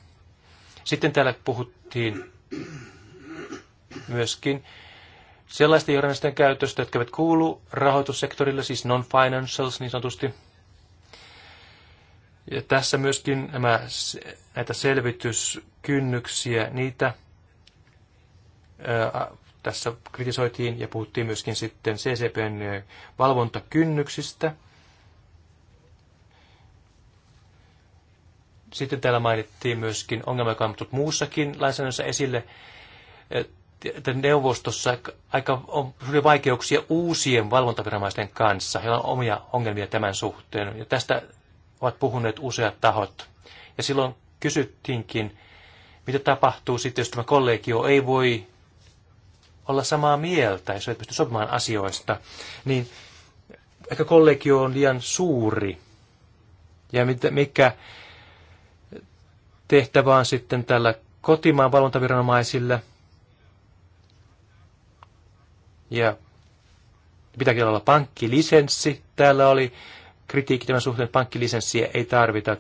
Sitten täällä puhuttiin myöskin sellaisten johdannisten käytöstä, jotka eivät kuulu rahoitussektorille, siis non-financials niin sanotusti, ja tässä myöskin nämä, näitä selvityskynnyksiä, niitä ää, tässä kritisoitiin ja puhuttiin myöskin sitten CCPn valvontakynnyksistä. Sitten täällä mainittiin myöskin ongelma, joka on muussakin lainsäädännössä esille, että neuvostossa aika on suuria vaikeuksia uusien valvontaviranomaisten kanssa. Heillä on omia ongelmia tämän suhteen. Ja tästä ovat puhuneet useat tahot. Ja silloin kysyttiinkin, mitä tapahtuu sitten, jos tämä kollegio ei voi olla samaa mieltä, jos ei pysty sopimaan asioista, niin ehkä kollegio on liian suuri. Ja mit, mikä tehtävä on sitten tällä kotimaan valvontaviranomaisille? Ja pitääkin olla pankkilisenssi. Täällä oli kritiikki tämän suhteen, että pankkilisenssiä ei tarvita,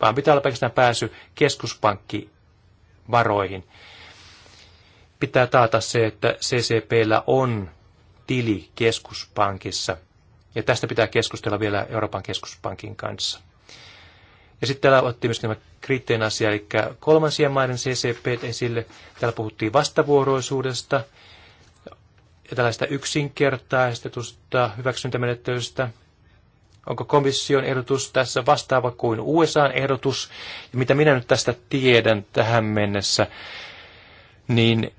vaan pitää olla pelkästään pääsy keskuspankkivaroihin. Pitää taata se, että CCPllä on tili keskuspankissa. Ja tästä pitää keskustella vielä Euroopan keskuspankin kanssa. Ja sitten täällä otti myöskin tämä kriitteen asia, eli kolmansien maiden CCP esille. Täällä puhuttiin vastavuoroisuudesta ja tällaista yksinkertaistetusta hyväksyntämenettelystä – Onko komission ehdotus tässä vastaava kuin usa ehdotus? Ja mitä minä nyt tästä tiedän tähän mennessä, niin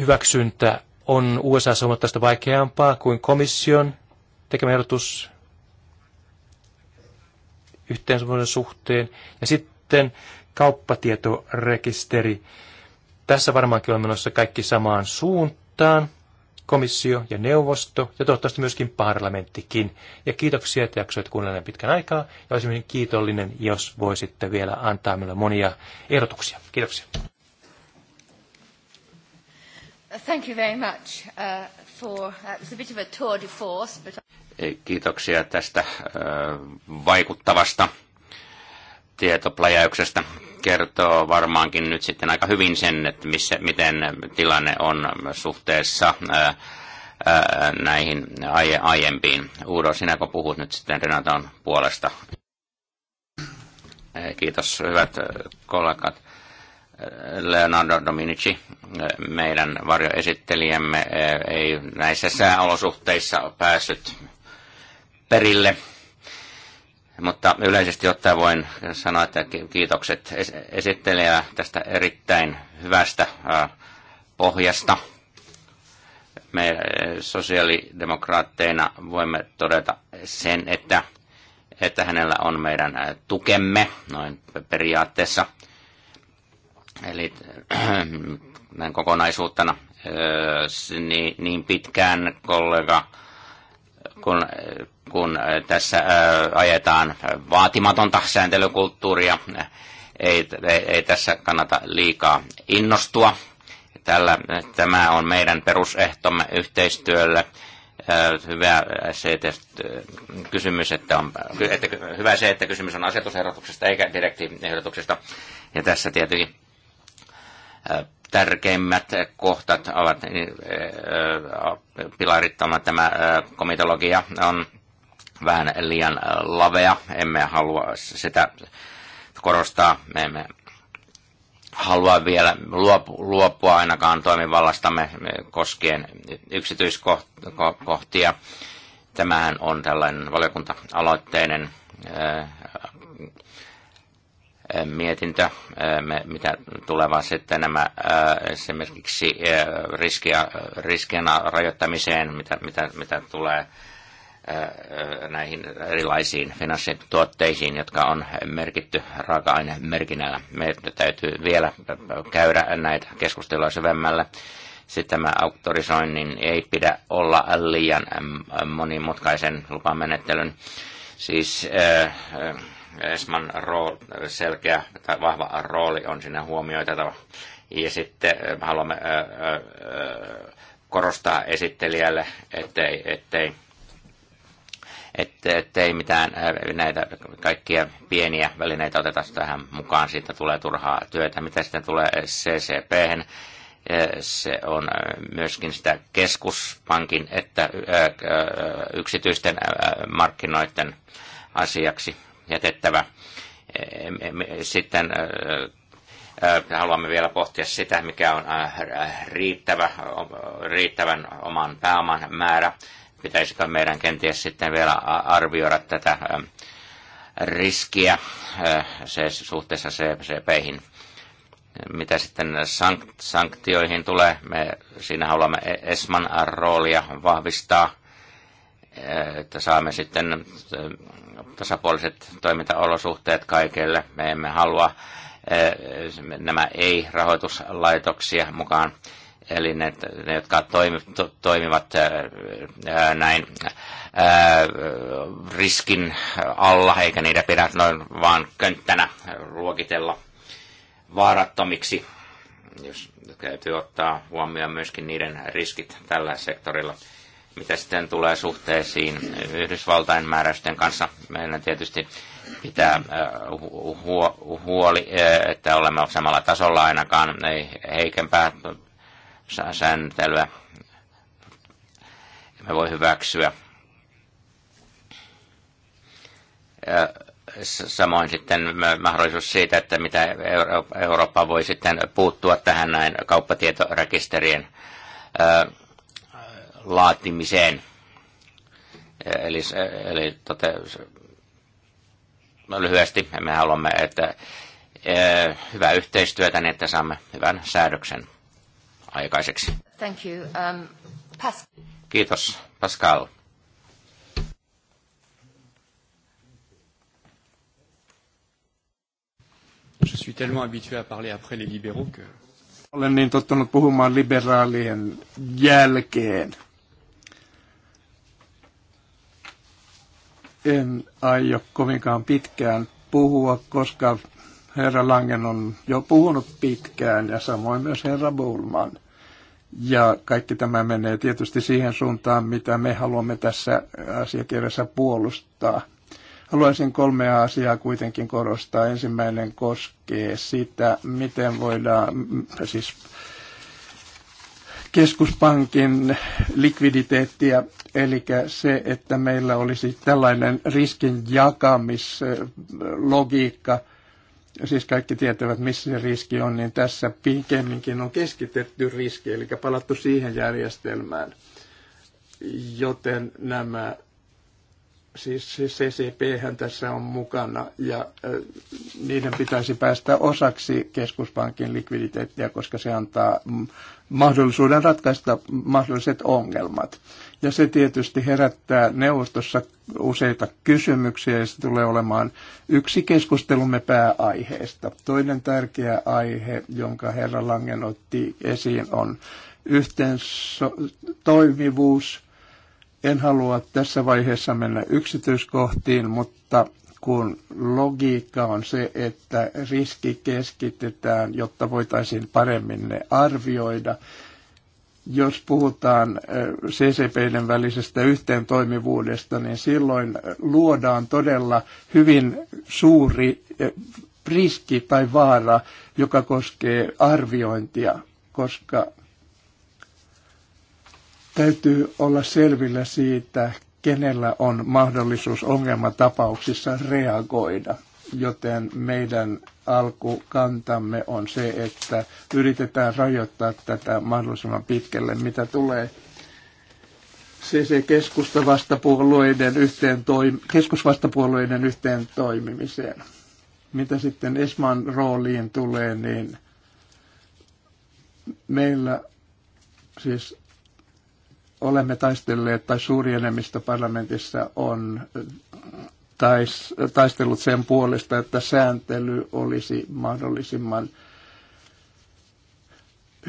hyväksyntä on USA huomattavasti vaikeampaa kuin komission tekemä ehdotus yhteensopimuuden suhteen. Ja sitten kauppatietorekisteri. Tässä varmaankin on menossa kaikki samaan suuntaan komissio ja neuvosto ja toivottavasti myöskin parlamenttikin. Ja kiitoksia, että jaksoit kuunnella pitkän aikaa ja olisin kiitollinen, jos voisitte vielä antaa meille monia ehdotuksia. Kiitoksia. Thank you very much uh, for uh, a bit of a tour de force, but... Kiitoksia tästä uh, vaikuttavasta tietopläjäyksestä kertoo varmaankin nyt sitten aika hyvin sen, että missä, miten tilanne on suhteessa ää, ää, näihin aie, aiempiin. Uudo, kun puhut nyt sitten Renaton puolesta? Kiitos hyvät kollegat. Leonardo Dominici, meidän varjoesittelijämme, ei näissä sääolosuhteissa päässyt perille mutta yleisesti ottaen voin sanoa, että kiitokset esittelijää tästä erittäin hyvästä pohjasta. Me sosiaalidemokraatteina voimme todeta sen, että, että hänellä on meidän tukemme noin periaatteessa. Eli <clears throat> näin kokonaisuutena niin, niin pitkään kollega kun, kun tässä ajetaan vaatimatonta sääntelykulttuuria. Ei, ei, ei tässä kannata liikaa innostua. Tällä, tämä on meidän perusehtomme yhteistyölle hyvä se, että kysymys, että on, että, hyvä se, että kysymys on asetusehdotuksesta eikä direktiiviehdotuksesta. Ja tässä tietysti tärkeimmät kohtat ovat pilarittoma tämä komitologia on vähän liian lavea. Emme halua sitä korostaa. Me emme halua vielä luopua ainakaan toimivallastamme koskien yksityiskohtia. Tämähän on tällainen valiokunta-aloitteinen mietintö, mitä tulevaa sitten nämä esimerkiksi riskiä, riskienä rajoittamiseen, mitä, mitä, mitä tulee näihin erilaisiin finanssituotteisiin, jotka on merkitty raaka-ainemerkinnällä. Meidän täytyy vielä käydä näitä keskusteluja syvemmälle. Sitten tämä auktorisoinnin ei pidä olla liian monimutkaisen lupamenettelyn. Siis äh, ESMAn rool, selkeä tai vahva rooli on sinne huomioitava. Ja sitten eh, haluamme eh, eh, korostaa esittelijälle, ettei, ettei, ettei mitään näitä kaikkia pieniä välineitä oteta tähän mukaan. Siitä tulee turhaa työtä. Mitä sitten tulee ccp -hän? se on myöskin sitä keskuspankin että yksityisten markkinoiden asiaksi jätettävä. Sitten haluamme vielä pohtia sitä, mikä on riittävä, riittävän oman pääoman määrä. Pitäisikö meidän kenties sitten vielä arvioida tätä riskiä se, suhteessa CPCPihin? Mitä sitten sanktioihin tulee? Me siinä haluamme e-, ESMAN roolia vahvistaa – että saamme sitten tasapuoliset toimintaolosuhteet kaikille. Me emme halua nämä ei-rahoituslaitoksia mukaan. Eli ne, ne jotka toimi, to, toimivat näin riskin alla, eikä niitä pidä noin vaan könttänä ruokitella vaarattomiksi, jos täytyy ottaa huomioon myöskin niiden riskit tällä sektorilla mitä sitten tulee suhteisiin Yhdysvaltain määräysten kanssa, meidän tietysti pitää äh, huoli, äh, että olemme samalla tasolla ainakaan, ei heikempää sääntelyä me voi hyväksyä. Äh, samoin sitten mahdollisuus siitä, että mitä Eurooppa voi sitten puuttua tähän näin kauppatietorekisterien laatimiseen. Eli, eli tote, no lyhyesti me haluamme, että e, hyvää yhteistyötä, niin että saamme hyvän säädöksen aikaiseksi. Thank you. Um, Pas- Kiitos, Pascal. Je suis tellement habitué à parler après les libéraux que... Olen niin tottunut puhumaan liberaalien jälkeen. en aio kovinkaan pitkään puhua, koska herra Langen on jo puhunut pitkään ja samoin myös herra Bullman. Ja kaikki tämä menee tietysti siihen suuntaan, mitä me haluamme tässä asiakirjassa puolustaa. Haluaisin kolmea asiaa kuitenkin korostaa. Ensimmäinen koskee sitä, miten voidaan, siis keskuspankin likviditeettiä, eli se, että meillä olisi tällainen riskin jakamislogiikka, siis kaikki tietävät, missä se riski on, niin tässä pikemminkin on keskitetty riski, eli palattu siihen järjestelmään. Joten nämä siis, siis CCP tässä on mukana ja niiden pitäisi päästä osaksi keskuspankin likviditeettiä, koska se antaa mahdollisuuden ratkaista mahdolliset ongelmat. Ja se tietysti herättää neuvostossa useita kysymyksiä ja se tulee olemaan yksi keskustelumme pääaiheesta. Toinen tärkeä aihe, jonka herra Langen otti esiin, on yhteen toimivuus en halua tässä vaiheessa mennä yksityiskohtiin, mutta kun logiikka on se, että riski keskitetään, jotta voitaisiin paremmin ne arvioida. Jos puhutaan äh, CCPiden välisestä yhteen toimivuudesta, niin silloin äh, luodaan todella hyvin suuri äh, riski tai vaara, joka koskee arviointia, koska Täytyy olla selvillä siitä, kenellä on mahdollisuus ongelmatapauksissa reagoida. Joten meidän alkukantamme on se, että yritetään rajoittaa tätä mahdollisimman pitkälle, mitä tulee CC-keskusta vastapuolueiden yhteen toim- keskusvastapuolueiden yhteen toimimiseen. Mitä sitten Esman rooliin tulee, niin meillä siis olemme taistelleet, tai suuri enemmistö parlamentissa on tais, taistellut sen puolesta, että sääntely olisi mahdollisimman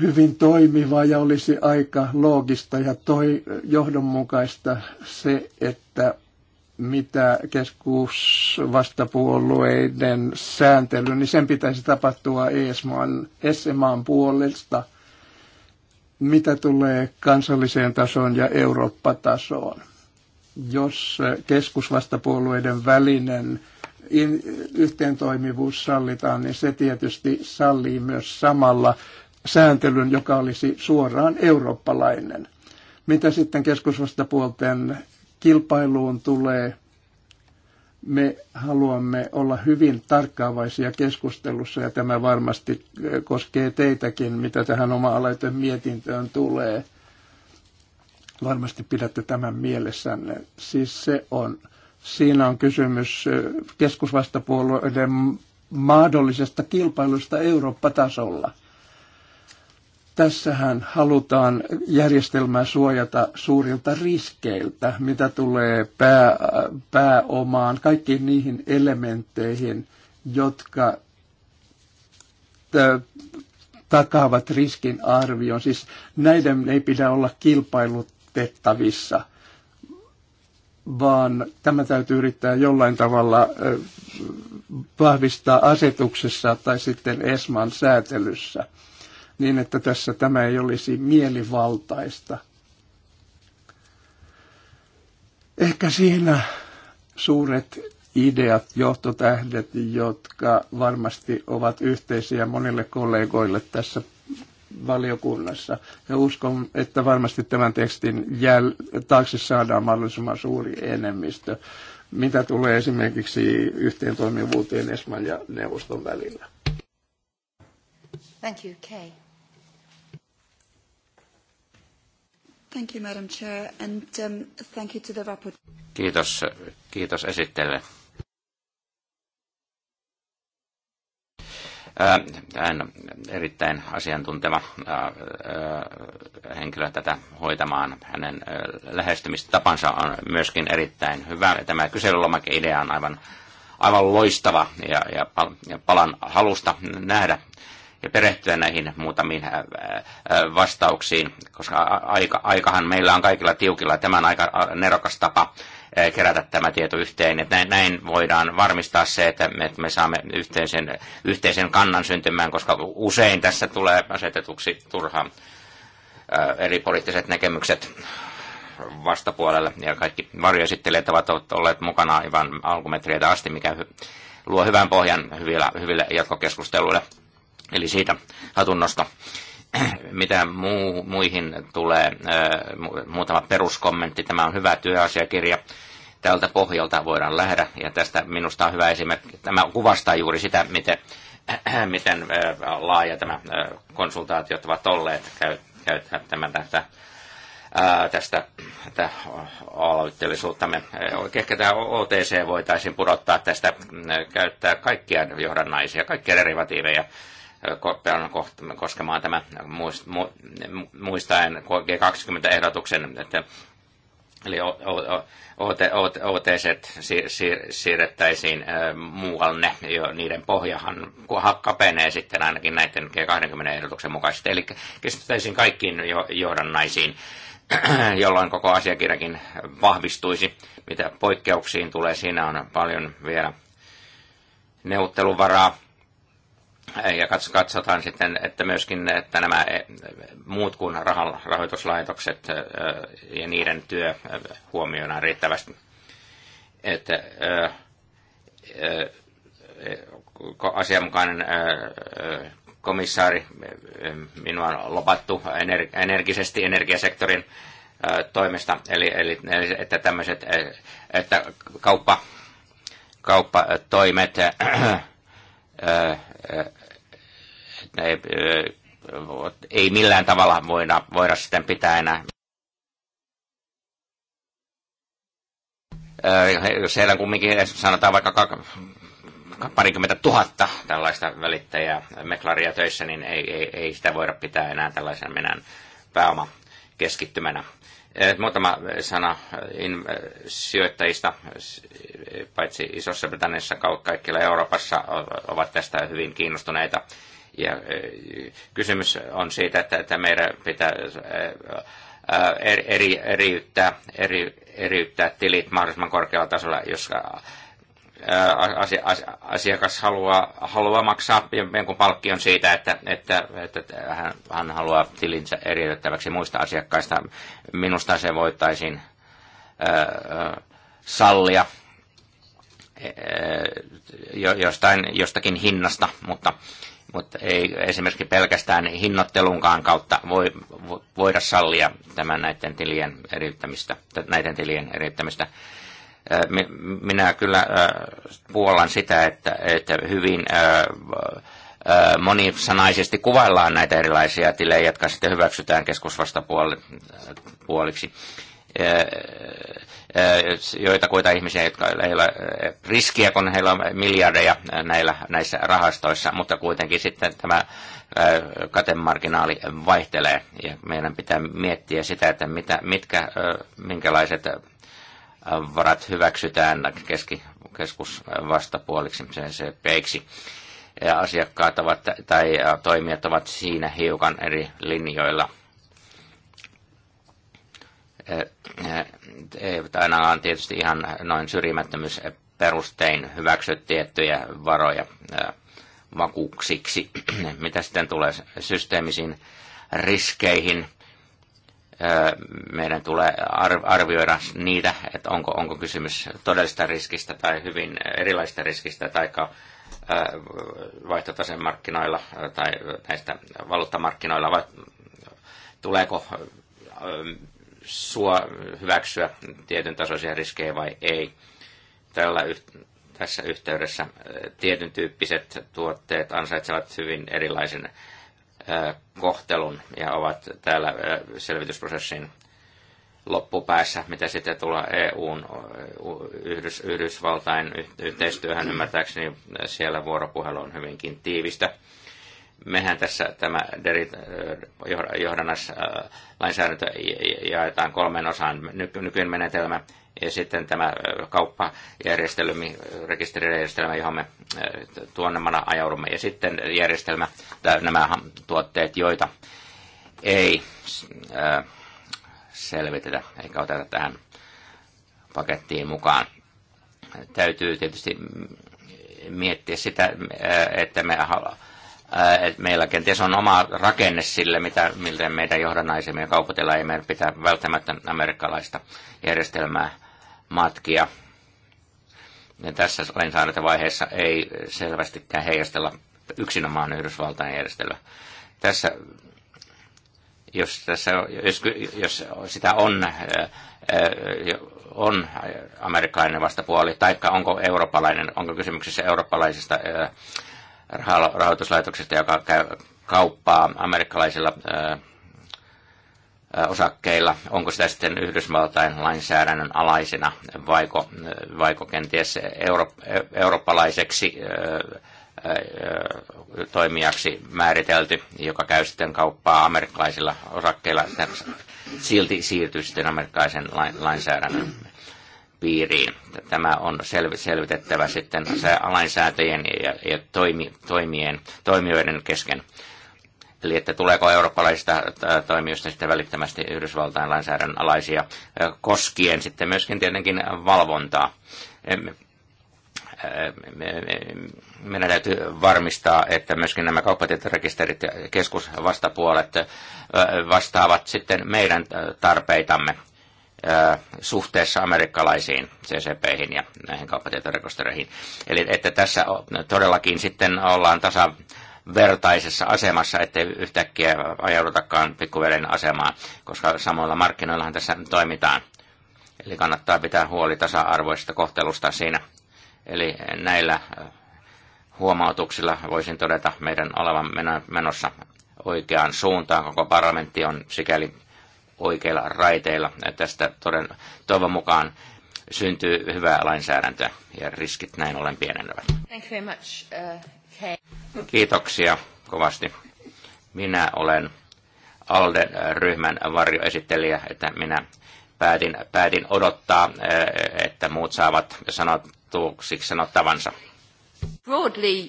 hyvin toimiva ja olisi aika loogista ja toi, johdonmukaista se, että mitä keskusvastapuolueiden sääntely, niin sen pitäisi tapahtua ESMAan, SMAan puolesta – mitä tulee kansalliseen tasoon ja Eurooppa-tasoon. Jos keskusvastapuolueiden välinen yhteentoimivuus sallitaan, niin se tietysti sallii myös samalla sääntelyn, joka olisi suoraan eurooppalainen. Mitä sitten keskusvastapuolten kilpailuun tulee, me haluamme olla hyvin tarkkaavaisia keskustelussa ja tämä varmasti eh, koskee teitäkin, mitä tähän oma-aloite mietintöön tulee. Varmasti pidätte tämän mielessänne. Siis se on, siinä on kysymys eh, keskusvastapuolueiden mahdollisesta kilpailusta Eurooppa-tasolla – Tässähän halutaan järjestelmää suojata suurilta riskeiltä, mitä tulee pää, pääomaan, kaikkiin niihin elementteihin, jotka takaavat riskin arvion. Siis näiden ei pidä olla kilpailutettavissa, vaan tämä täytyy yrittää jollain tavalla vahvistaa asetuksessa tai sitten ESMAn säätelyssä niin että tässä tämä ei olisi mielivaltaista. Ehkä siinä suuret ideat, johtotähdet, jotka varmasti ovat yhteisiä monille kollegoille tässä valiokunnassa. Ja uskon, että varmasti tämän tekstin jäl- taakse saadaan mahdollisimman suuri enemmistö, mitä tulee esimerkiksi yhteen toimivuuteen Esman ja neuvoston välillä. Thank you, Kay. Thank you, Madam Chair, and um, thank you to the Kiitos, kiitos esittelijälle. hän erittäin asiantunteva henkilö tätä hoitamaan. Hänen lähestymistapansa on myöskin erittäin hyvä. Tämä kyselylomake-idea on aivan, aivan loistava ja, ja, ja palan halusta nähdä ja perehtyä näihin muutamiin äh, äh, vastauksiin, koska aika, aikahan meillä on kaikilla tiukilla. Tämä aika nerokas tapa äh, kerätä tämä tieto yhteen. Että näin, näin voidaan varmistaa se, että me, että me saamme yhteisen, yhteisen kannan syntymään, koska usein tässä tulee asetetuksi turha eri poliittiset näkemykset vastapuolelle. Ja kaikki varjoesittelijät ovat olleet mukana aivan alkumetreitä asti, mikä luo hyvän pohjan hyvillä, hyville jatkokeskusteluille. Eli siitä hatunnosta, mitä muu, muihin tulee, muutama peruskommentti. Tämä on hyvä työasiakirja. Tältä pohjalta voidaan lähdä, ja tästä minusta on hyvä esimerkki. Tämä kuvastaa juuri sitä, miten, <clears throat> miten laaja tämä konsultaatiot ovat olleet käyttämään tästä tästä, tästä aloitteellisuuttamme. Ehkä tämä OTC voitaisiin pudottaa tästä, käyttää kaikkia johdannaisia, kaikkia derivatiiveja koskemaan tämä muistaen G20-ehdotuksen, että eli OTC siirrettäisiin muualle, jo niiden pohjahan kapenee sitten ainakin näiden G20-ehdotuksen mukaisesti, eli keskittäisiin kaikkiin johdannaisiin <clears throat> jolloin koko asiakirjakin vahvistuisi. Mitä poikkeuksiin tulee, siinä on paljon vielä neuvotteluvaraa ja katsotaan sitten, että myöskin että nämä e, muut kuin rahoituslaitokset ja niiden työ huomioidaan riittävästi. Että, e, asianmukainen komissaari, minua on lopattu energisesti energiasektorin toimesta, eli, eli että tämmöiset, että kauppa, kauppatoimet, ei, ei millään tavalla voida, voida sitten pitää enää. Jos heillä kumminkin sanotaan vaikka parikymmentä tuhatta tällaista välittäjää, meklaria töissä, niin ei, ei, ei sitä voida pitää enää tällaisen minä pääoma keskittymänä. Eh, muutama eh, sana eh, in, sijoittajista, paitsi Isossa Britanniassa, kaikkialla Euroopassa ovat tästä hyvin kiinnostuneita. Ja kysymys on siitä, että, että meidän pitää eri, eriyttää, eri, eriyttää tilit mahdollisimman korkealla tasolla, jos asiakas haluaa, haluaa maksaa jonkun palkkion siitä, että, että, että hän, hän haluaa tilinsä eriytettäväksi muista asiakkaista. Minusta se voitaisiin ää, sallia jostain, jostakin hinnasta, mutta, mutta ei esimerkiksi pelkästään hinnoittelunkaan kautta voi, voida sallia tämän näiden tilien eriyttämistä, näiden tilien eriyttämistä minä kyllä puolan sitä, että, että hyvin monisanaisesti kuvaillaan näitä erilaisia tilejä, jotka sitten hyväksytään keskusvastapuoliksi. kuita ihmisiä, jotka ei ole riskiä, kun heillä on miljardeja näillä, näissä rahastoissa, mutta kuitenkin sitten tämä katemarginaali vaihtelee ja meidän pitää miettiä sitä, että mitä, mitkä, minkälaiset varat hyväksytään keski, keskusvastapuoliksi, CCP-iksi. Ja asiakkaat ovat, tai toimijat ovat siinä hiukan eri linjoilla. Eivät ainakaan tietysti ihan noin syrjimättömyysperustein hyväksy tiettyjä varoja vakuuksiksi. <clears throat> Mitä sitten tulee systeemisiin riskeihin, meidän tulee arvioida niitä, että onko, onko kysymys todellista riskistä tai hyvin erilaista riskistä tai markkinoilla tai näistä valuuttamarkkinoilla vai tuleeko sua hyväksyä tietyn tasoisia riskejä vai ei. Tällä tässä yhteydessä tietyn tyyppiset tuotteet ansaitsevat hyvin erilaisen kohtelun ja ovat täällä selvitysprosessin loppupäässä, mitä sitten tulee EUn Yhdys, Yhdysvaltain yhteistyöhön ymmärtääkseni siellä vuoropuhelu on hyvinkin tiivistä. Mehän tässä tämä johdannaslainsäädäntö jaetaan kolmeen osaan. nykyinen menetelmä, ja sitten tämä kauppajärjestelmä, rekisterijärjestelmä, johon me tuonnemmana ajaudumme. Ja sitten järjestelmä, nämä tuotteet, joita ei selvitetä eikä oteta tähän pakettiin mukaan. Täytyy tietysti miettiä sitä, että me että meillä kenties on oma rakenne sille, mitä, miltä meidän johdannaisemme ja kaupatella ei meidän pitää välttämättä amerikkalaista järjestelmää matkia. Ja tässä lainsäädäntövaiheessa ei selvästikään heijastella yksinomaan Yhdysvaltain järjestelyä. Tässä, jos, tässä, jos, jos sitä on, eh, eh, on amerikkalainen vastapuoli, taikka onko eurooppalainen, onko kysymyksessä eurooppalaisesta eh, rahoituslaitoksesta, joka käy kauppaa amerikkalaisilla osakkeilla, onko sitä sitten Yhdysvaltain lainsäädännön alaisena vaiko, vaiko kenties euro, eurooppalaiseksi toimijaksi määritelty, joka käy sitten kauppaa amerikkalaisilla osakkeilla, silti siirtyy sitten amerikkalaisen lainsäädännön piiriin. Tämä on sel- selvitettävä sitten lainsäätäjien ja, ja toimi, toimien, toimijoiden kesken Eli että tuleeko eurooppalaisista toimijoista sitten välittömästi Yhdysvaltain lainsäädännön alaisia koskien sitten myöskin tietenkin valvontaa. Meidän täytyy varmistaa, että myöskin nämä kauppatietorekisterit ja keskusvastapuolet vastaavat sitten meidän tarpeitamme suhteessa amerikkalaisiin CCPihin ja näihin kauppatietorekistereihin. Eli että tässä todellakin sitten ollaan tasa vertaisessa asemassa, ettei yhtäkkiä ajaudutakaan pikkuveljen asemaan, koska samoilla markkinoillahan tässä toimitaan. Eli kannattaa pitää huoli tasa-arvoisesta kohtelusta siinä. Eli näillä huomautuksilla voisin todeta meidän olevan menossa oikeaan suuntaan. Koko parlamentti on sikäli oikeilla raiteilla. Tästä toden, toivon mukaan syntyy hyvää lainsäädäntöä ja riskit näin ollen pienenevät. Thank you very much, uh, Kiitoksia kovasti. Minä olen ALDE-ryhmän varjoesittelijä, että minä päätin, päätin odottaa, eh, että muut saavat sanotuksi sanottavansa. Broadly.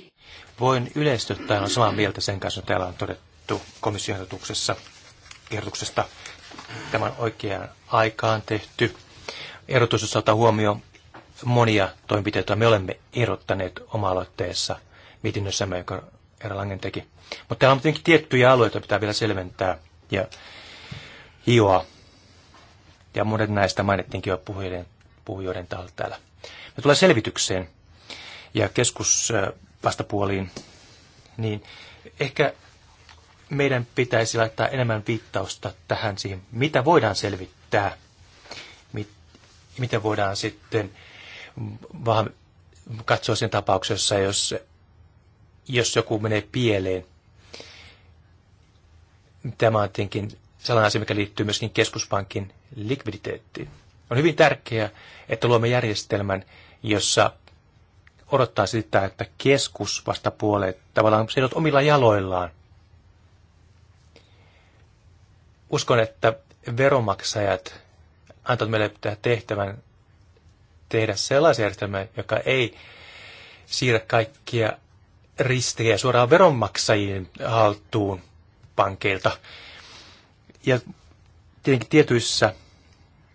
Voin yleisesti ottaen on samaa mieltä sen kanssa, että täällä on todettu komission kertuksesta Tämän oikeaan aikaan tehty. Erotus, jos huomioon monia toimenpiteitä, me olemme erottaneet oma-aloitteessa – mietinnössämme, joka Herra Langen teki. Mutta täällä on tietenkin tiettyjä alueita, pitää vielä selventää ja hioa. Ja monet näistä mainittiinkin jo puhujoiden, puhujoiden taholta täällä. Me tulee selvitykseen ja keskus vastapuoliin, niin ehkä meidän pitäisi laittaa enemmän viittausta tähän siihen, mitä voidaan selvittää, mit, miten voidaan sitten vaan katsoa sen tapauksessa, jos jos joku menee pieleen. Tämä on tietenkin sellainen asia, mikä liittyy myöskin keskuspankin likviditeettiin. On hyvin tärkeää, että luomme järjestelmän, jossa odottaa sitä, että keskus vastapuolet tavallaan seisot omilla jaloillaan. Uskon, että veromaksajat antavat meille tähän tehtävän tehdä sellaisen järjestelmän, joka ei siirrä kaikkia riskejä suoraan veronmaksajien haltuun pankeilta. Ja tietenkin tietyissä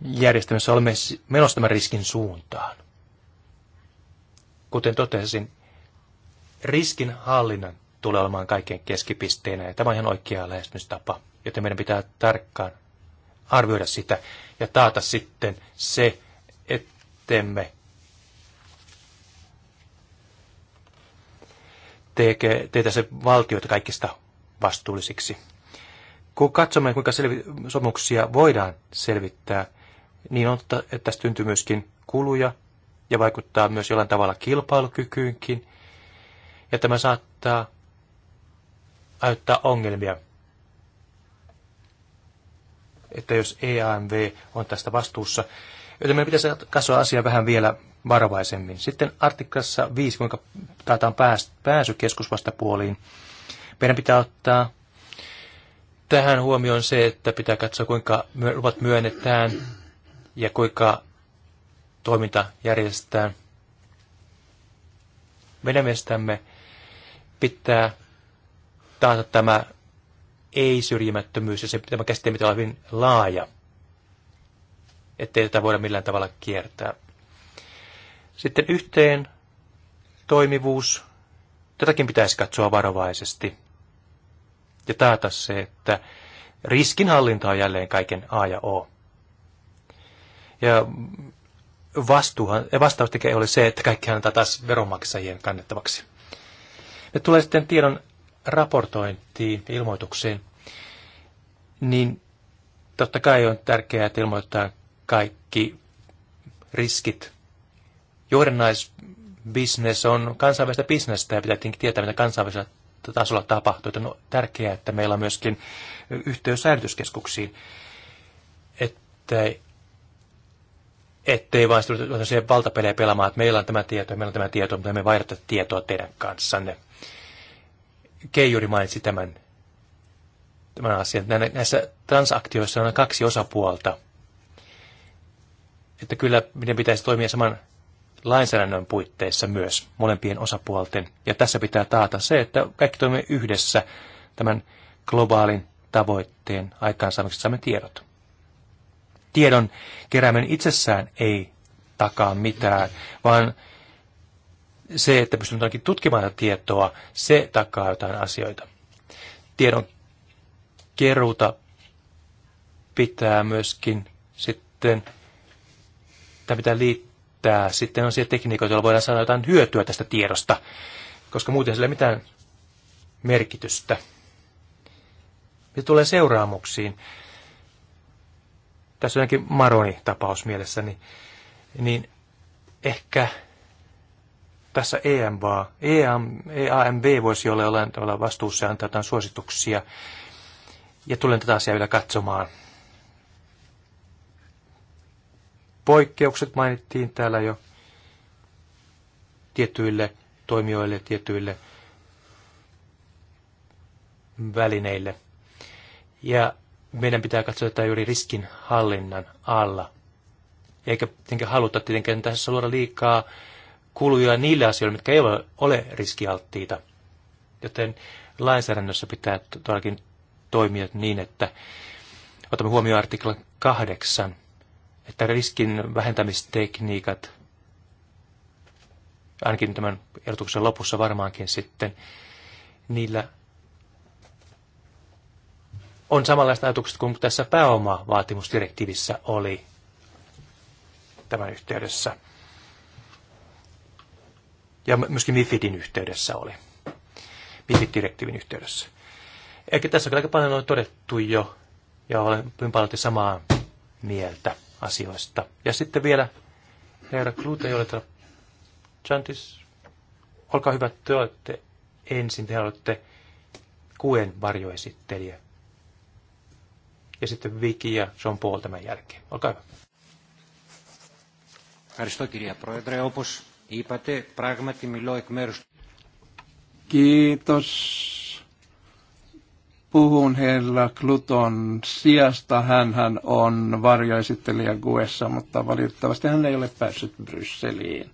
järjestelmissä olemme menossa tämän riskin suuntaan. Kuten totesin, riskin hallinnan tulee olemaan kaiken keskipisteenä ja tämä on ihan oikea lähestymistapa, joten meidän pitää tarkkaan arvioida sitä ja taata sitten se, ettemme teitä se valtioita kaikista vastuullisiksi. Kun katsomme, kuinka selvi- sopimuksia voidaan selvittää, niin on, että tästä syntyy myöskin kuluja ja vaikuttaa myös jollain tavalla kilpailukykyynkin. Ja tämä saattaa aiheuttaa ongelmia. Että jos EAMV on tästä vastuussa, Joten meidän pitäisi katsoa asiaa vähän vielä varovaisemmin. Sitten artiklassa 5, kuinka taataan pääs, pääsy keskusvastapuoliin. Meidän pitää ottaa tähän huomioon se, että pitää katsoa, kuinka luvat myönnetään ja kuinka toiminta järjestetään. Meidän mielestämme pitää taata tämä ei-syrjimättömyys ja se, tämä käsite pitää olla hyvin laaja ettei tätä voida millään tavalla kiertää. Sitten yhteen toimivuus. Tätäkin pitäisi katsoa varovaisesti ja taata se, että riskinhallinta on jälleen kaiken A ja O. Ja vastuuhan, vastaus tekee oli se, että kaikki annetaan taas veronmaksajien kannettavaksi. Me tulee sitten tiedon raportointiin, ilmoitukseen. niin totta kai on tärkeää, että ilmoitetaan kaikki riskit. Johdannaisbisnes on kansainvälistä bisnestä ja pitää tietää, mitä kansainvälisellä tasolla tapahtuu. Että on tärkeää, että meillä on myöskin yhteys säilytyskeskuksiin, ettei, ettei vain siihen valtapelejä pelaamaan, että meillä on tämä tieto ja meillä on tämä tieto, mutta me vaihdata tietoa teidän kanssanne. Keijuri mainitsi tämän, tämän asian. Näissä transaktioissa on kaksi osapuolta – että kyllä niiden pitäisi toimia saman lainsäädännön puitteissa myös molempien osapuolten. Ja tässä pitää taata se, että kaikki toimii yhdessä tämän globaalin tavoitteen aikaansaamiseksi saamme tiedot. Tiedon kerääminen itsessään ei takaa mitään, vaan se, että pystymme tutkimaan tietoa, se takaa jotain asioita. Tiedon keruuta pitää myöskin sitten tämä pitää liittää sitten on siellä tekniikoita, joilla voidaan saada jotain hyötyä tästä tiedosta, koska muuten sillä ei mitään merkitystä. Mitä tulee seuraamuksiin, tässä on Maroni-tapaus mielessäni, niin ehkä tässä EMV, EAM, EAMV voisi olla jollain tavalla vastuussa ja antaa jotain suosituksia. Ja tulen tätä asiaa vielä katsomaan Poikkeukset mainittiin täällä jo tietyille toimijoille, tietyille välineille. Ja meidän pitää katsoa tätä juuri riskin hallinnan alla. Eikä tietenkään haluta tietenkään tässä luoda liikaa kuluja niille asioille, mitkä eivät ole riskialttiita. Joten lainsäädännössä pitää todellakin toimia niin, että otamme huomioon artiklan kahdeksan että riskin vähentämistekniikat, ainakin tämän erotuksen lopussa varmaankin sitten, niillä on samanlaista ajatukset kuin tässä pääomavaatimusdirektiivissä oli tämän yhteydessä. Ja myöskin MIFIDin yhteydessä oli. MIFID-direktiivin yhteydessä. Eli tässä on aika paljon on todettu jo, ja olen paljon samaa mieltä asioista. Ja sitten vielä herra Klute, jolle Chantis, olkaa hyvä, te olette ensin, te olette kuen varjoesittelijä. Ja sitten Viki ja John Paul tämän jälkeen. Olkaa hyvä. Aristokirja, κυρία opus, Όπως είπατε, πράγματι μιλώ Kiitos puhun heillä Kluton sijasta. hän on varjoesittelijä Guessa, mutta valitettavasti hän ei ole päässyt Brysseliin.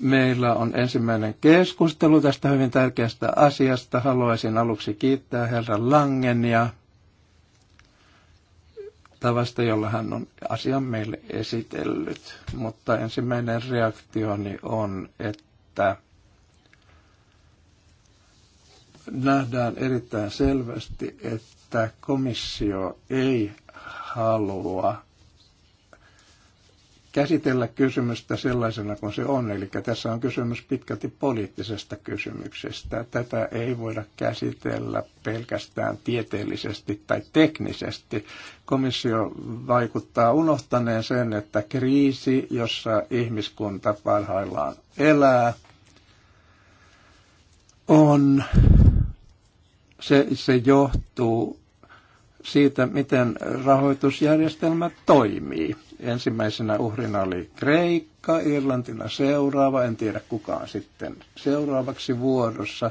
Meillä on ensimmäinen keskustelu tästä hyvin tärkeästä asiasta. Haluaisin aluksi kiittää herra Langen ja tavasta, jolla hän on asian meille esitellyt. Mutta ensimmäinen reaktioni on, että nähdään erittäin selvästi, että komissio ei halua käsitellä kysymystä sellaisena kuin se on. Eli tässä on kysymys pitkälti poliittisesta kysymyksestä. Tätä ei voida käsitellä pelkästään tieteellisesti tai teknisesti. Komissio vaikuttaa unohtaneen sen, että kriisi, jossa ihmiskunta parhaillaan elää, on se, se johtuu siitä, miten rahoitusjärjestelmä toimii. Ensimmäisenä uhrina oli Kreikka, Irlantina seuraava, en tiedä kukaan sitten seuraavaksi vuorossa,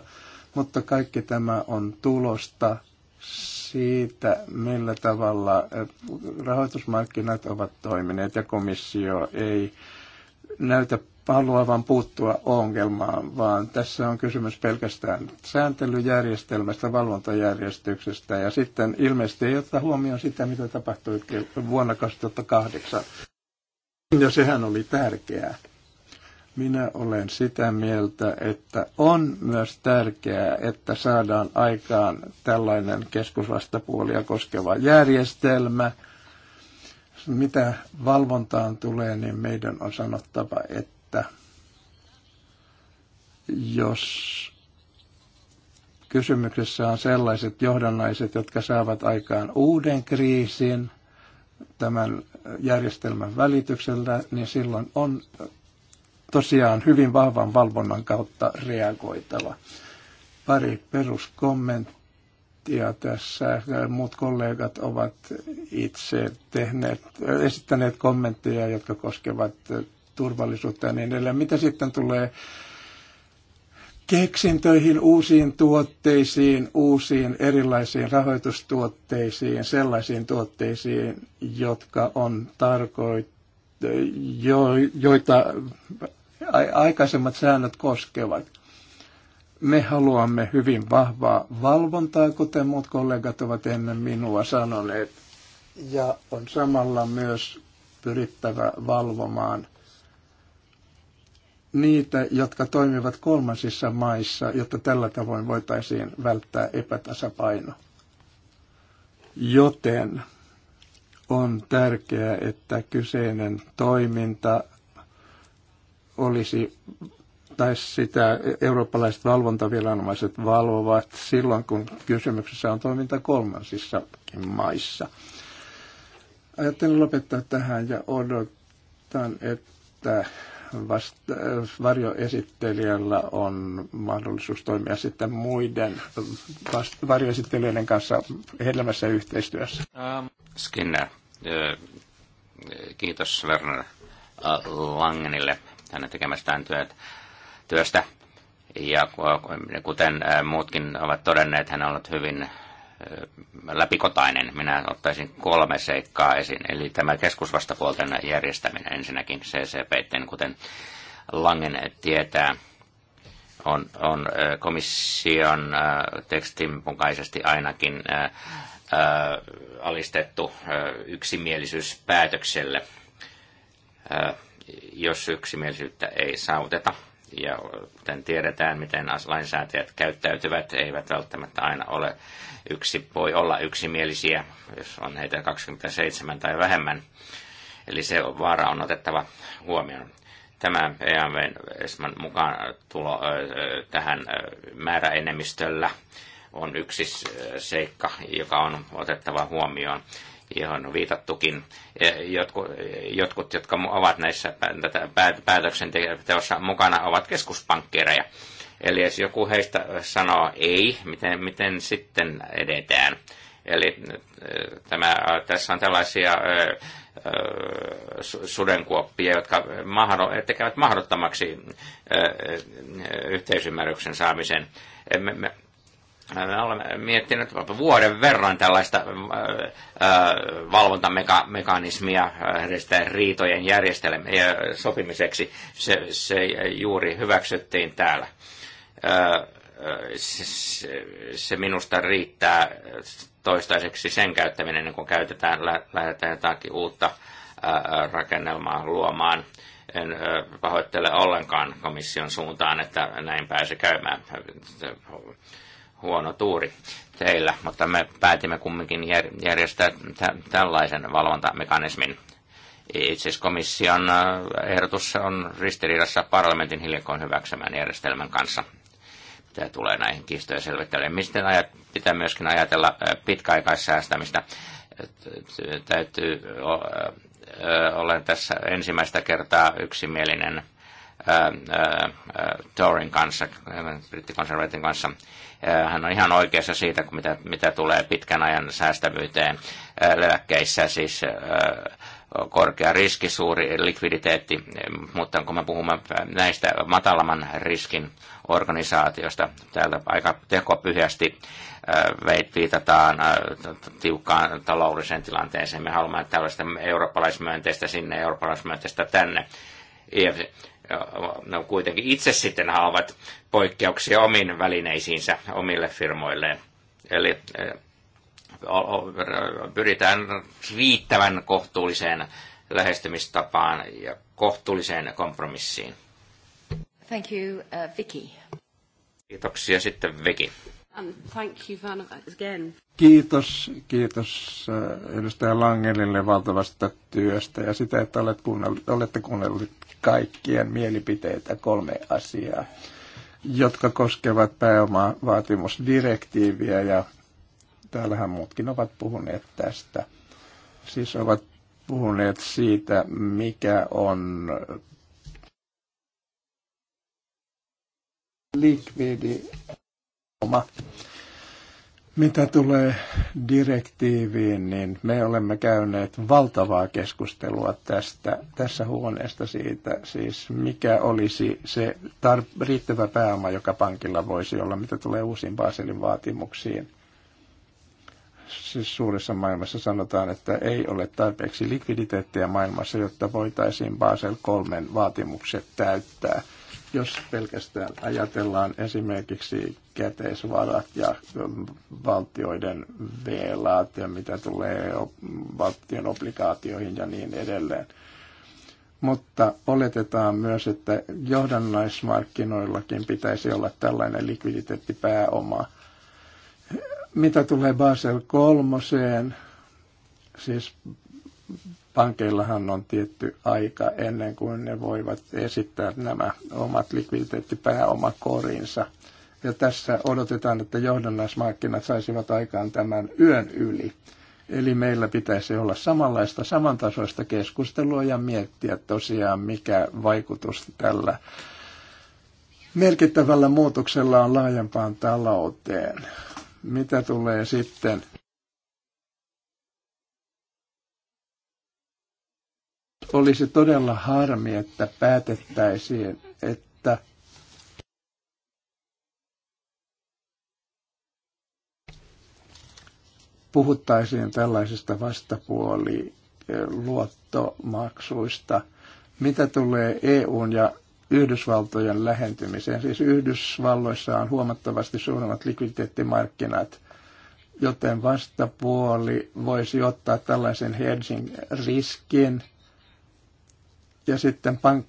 mutta kaikki tämä on tulosta siitä, millä tavalla eh, rahoitusmarkkinat ovat toimineet ja komissio ei näytä haluavan puuttua ongelmaan, vaan tässä on kysymys pelkästään sääntelyjärjestelmästä, valvontajärjestyksestä ja sitten ilmeisesti ei oteta huomioon sitä, mitä tapahtui vuonna 2008. Ja sehän oli tärkeää. Minä olen sitä mieltä, että on myös tärkeää, että saadaan aikaan tällainen keskusvastapuolia koskeva järjestelmä – mitä valvontaan tulee, niin meidän on sanottava, että jos kysymyksessä on sellaiset johdannaiset, jotka saavat aikaan uuden kriisin tämän järjestelmän välityksellä, niin silloin on tosiaan hyvin vahvan valvonnan kautta reagoitava. Pari peruskommenttia ja tässä muut kollegat ovat itse tehneet, esittäneet kommentteja, jotka koskevat turvallisuutta ja niin edelleen. Mitä sitten tulee keksintöihin, uusiin tuotteisiin, uusiin erilaisiin rahoitustuotteisiin, sellaisiin tuotteisiin, jotka on tarkoit, jo, joita aikaisemmat säännöt koskevat. Me haluamme hyvin vahvaa valvontaa, kuten muut kollegat ovat ennen minua sanoneet. Ja on samalla myös pyrittävä valvomaan niitä, jotka toimivat kolmansissa maissa, jotta tällä tavoin voitaisiin välttää epätasapaino. Joten on tärkeää, että kyseinen toiminta olisi valvottaisi sitä eurooppalaiset valvontaviranomaiset valvovat silloin, kun kysymyksessä on toiminta kolmansissakin maissa. Ajattelin lopettaa tähän ja odotan, että vasta- varjoesittelijällä on mahdollisuus toimia sitten muiden vast- varjoesittelijöiden kanssa hedelmässä yhteistyössä. Ähm. Skinner, äh, kiitos Werner äh, Langenille hänen tekemästään työtä työstä. Ja kuten muutkin ovat todenneet, hän on ollut hyvin läpikotainen. Minä ottaisin kolme seikkaa esiin. Eli tämä keskusvastapuolten järjestäminen ensinnäkin CCP, kuten Langen tietää, on, on komission tekstin mukaisesti ainakin alistettu yksimielisyyspäätökselle, jos yksimielisyyttä ei saavuteta ja kuten tiedetään, miten lainsäätäjät käyttäytyvät, eivät välttämättä aina ole yksi, voi olla yksimielisiä, jos on heitä 27 tai vähemmän. Eli se vaara on otettava huomioon. Tämä EAMVn mukaan tulo tähän määräenemmistöllä on yksi äh, seikka, joka on otettava huomioon johon on viitattukin. Jotkut, jotkut jotka ovat näissä päätöksenteossa mukana, ovat keskuspankkeereja. Eli jos joku heistä sanoo ei, miten, miten sitten edetään? Eli äh, tämä, tässä on tällaisia ö, äh, ö, sudenkuoppia, jotka mahdo, tekevät mahdottomaksi ö, yhteisymmärryksen saamisen. Me, me, me olemme miettineet vuoden verran tällaista äh, äh, valvontamekanismia äh, riitojen järjestelmien sopimiseksi. Se, se juuri hyväksyttiin täällä. Se, se minusta riittää toistaiseksi sen käyttäminen, niin kun käytetään, lähdetään jotakin uutta rakennelmaa luomaan en pahoittele ollenkaan komission suuntaan, että näin pääsee käymään huono tuuri teillä, mutta me päätimme kumminkin järjestää tällaisen valvontamekanismin. Itse asiassa komission äh, ehdotus on ristiriidassa parlamentin hiljakoin hyväksymän järjestelmän kanssa Tämä tulee näihin kiistojen selvittelyyn. mistä ajat, pitää myöskin ajatella äh, pitkäaikaissäästämistä? Täytyy äh, olla tässä ensimmäistä kertaa yksimielinen Torin kanssa, brittikonservatin kanssa Äh, hän on ihan oikeassa siitä, mitä, mitä tulee pitkän ajan säästävyyteen äh, lääkkeissä, siis äh, korkea riski, suuri likviditeetti, mutta kun me puhumme näistä matalamman riskin organisaatiosta, täältä aika tekopyhästi viitataan tiukkaan taloudelliseen tilanteeseen. Me haluamme tällaista eurooppalaismyönteistä sinne, eurooppalaismyönteistä tänne no, kuitenkin itse sitten haavat poikkeuksia omiin välineisiinsä, omille firmoilleen. Eli eh, pyritään riittävän kohtuulliseen lähestymistapaan ja kohtuulliseen kompromissiin. Thank you, uh, Vicky. Kiitoksia sitten Vicky. And thank you Van again. Kiitos, kiitos eh, edustaja Langelille valtavasta työstä ja sitä, että olet kuunnellut, olette kuunnellut kaikkien mielipiteitä kolme asiaa, jotka koskevat pääomavaatimusdirektiiviä ja täällähän muutkin ovat puhuneet tästä. Siis ovat puhuneet siitä, mikä on likvidi oma mitä tulee direktiiviin, niin me olemme käyneet valtavaa keskustelua tästä, tässä huoneesta siitä, siis mikä olisi se tar- riittävä pääoma, joka pankilla voisi olla, mitä tulee uusiin Baselin vaatimuksiin. Siis suuressa maailmassa sanotaan, että ei ole tarpeeksi likviditeettiä maailmassa, jotta voitaisiin Basel kolmen vaatimukset täyttää – jos pelkästään ajatellaan esimerkiksi käteisvarat ja mm, valtioiden velat ja mitä tulee valtion obligaatioihin ja niin edelleen. Mutta oletetaan myös, että johdannaismarkkinoillakin pitäisi olla tällainen likviditeettipääoma. Mitä tulee Basel kolmoseen, siis pankeillahan on tietty aika ennen kuin ne voivat esittää nämä omat likviditeettipääomakorinsa. Ja tässä odotetaan, että johdannaismarkkinat saisivat aikaan tämän yön yli. Eli meillä pitäisi olla samanlaista, samantasoista keskustelua ja miettiä tosiaan, mikä vaikutus tällä merkittävällä muutoksella on laajempaan talouteen. Mitä tulee sitten Olisi todella harmi, että päätettäisiin, että puhuttaisiin tällaisista vastapuoliluottomaksuista, mitä tulee EUn ja Yhdysvaltojen lähentymiseen. Siis Yhdysvalloissa on huomattavasti suuremmat likviditeettimarkkinat, joten vastapuoli voisi ottaa tällaisen hedging riskin ja sitten pank-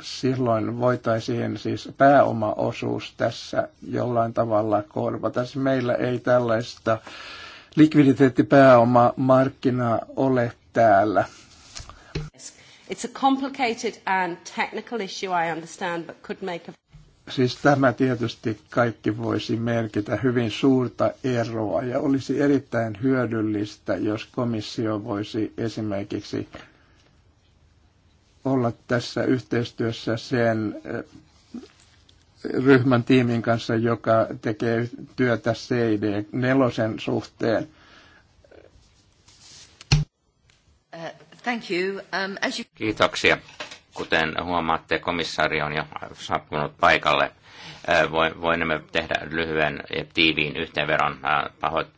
silloin voitaisiin siis pääomaosuus tässä jollain tavalla korvata. Siis meillä ei tällaista likviditeettipääomamarkkinaa ole täällä. It's a complicated and technical issue, I understand, but could make a... Siis tämä tietysti kaikki voisi merkitä hyvin suurta eroa ja olisi erittäin hyödyllistä, jos komissio voisi esimerkiksi olla tässä yhteistyössä sen eh, ryhmän tiimin kanssa, joka tekee työtä CD4 suhteen. Uh, thank you. Um, as you... Kiitoksia. Kuten huomaatte, komissaari on jo saapunut paikalle. Voimme tehdä lyhyen ja tiiviin yhteenveron.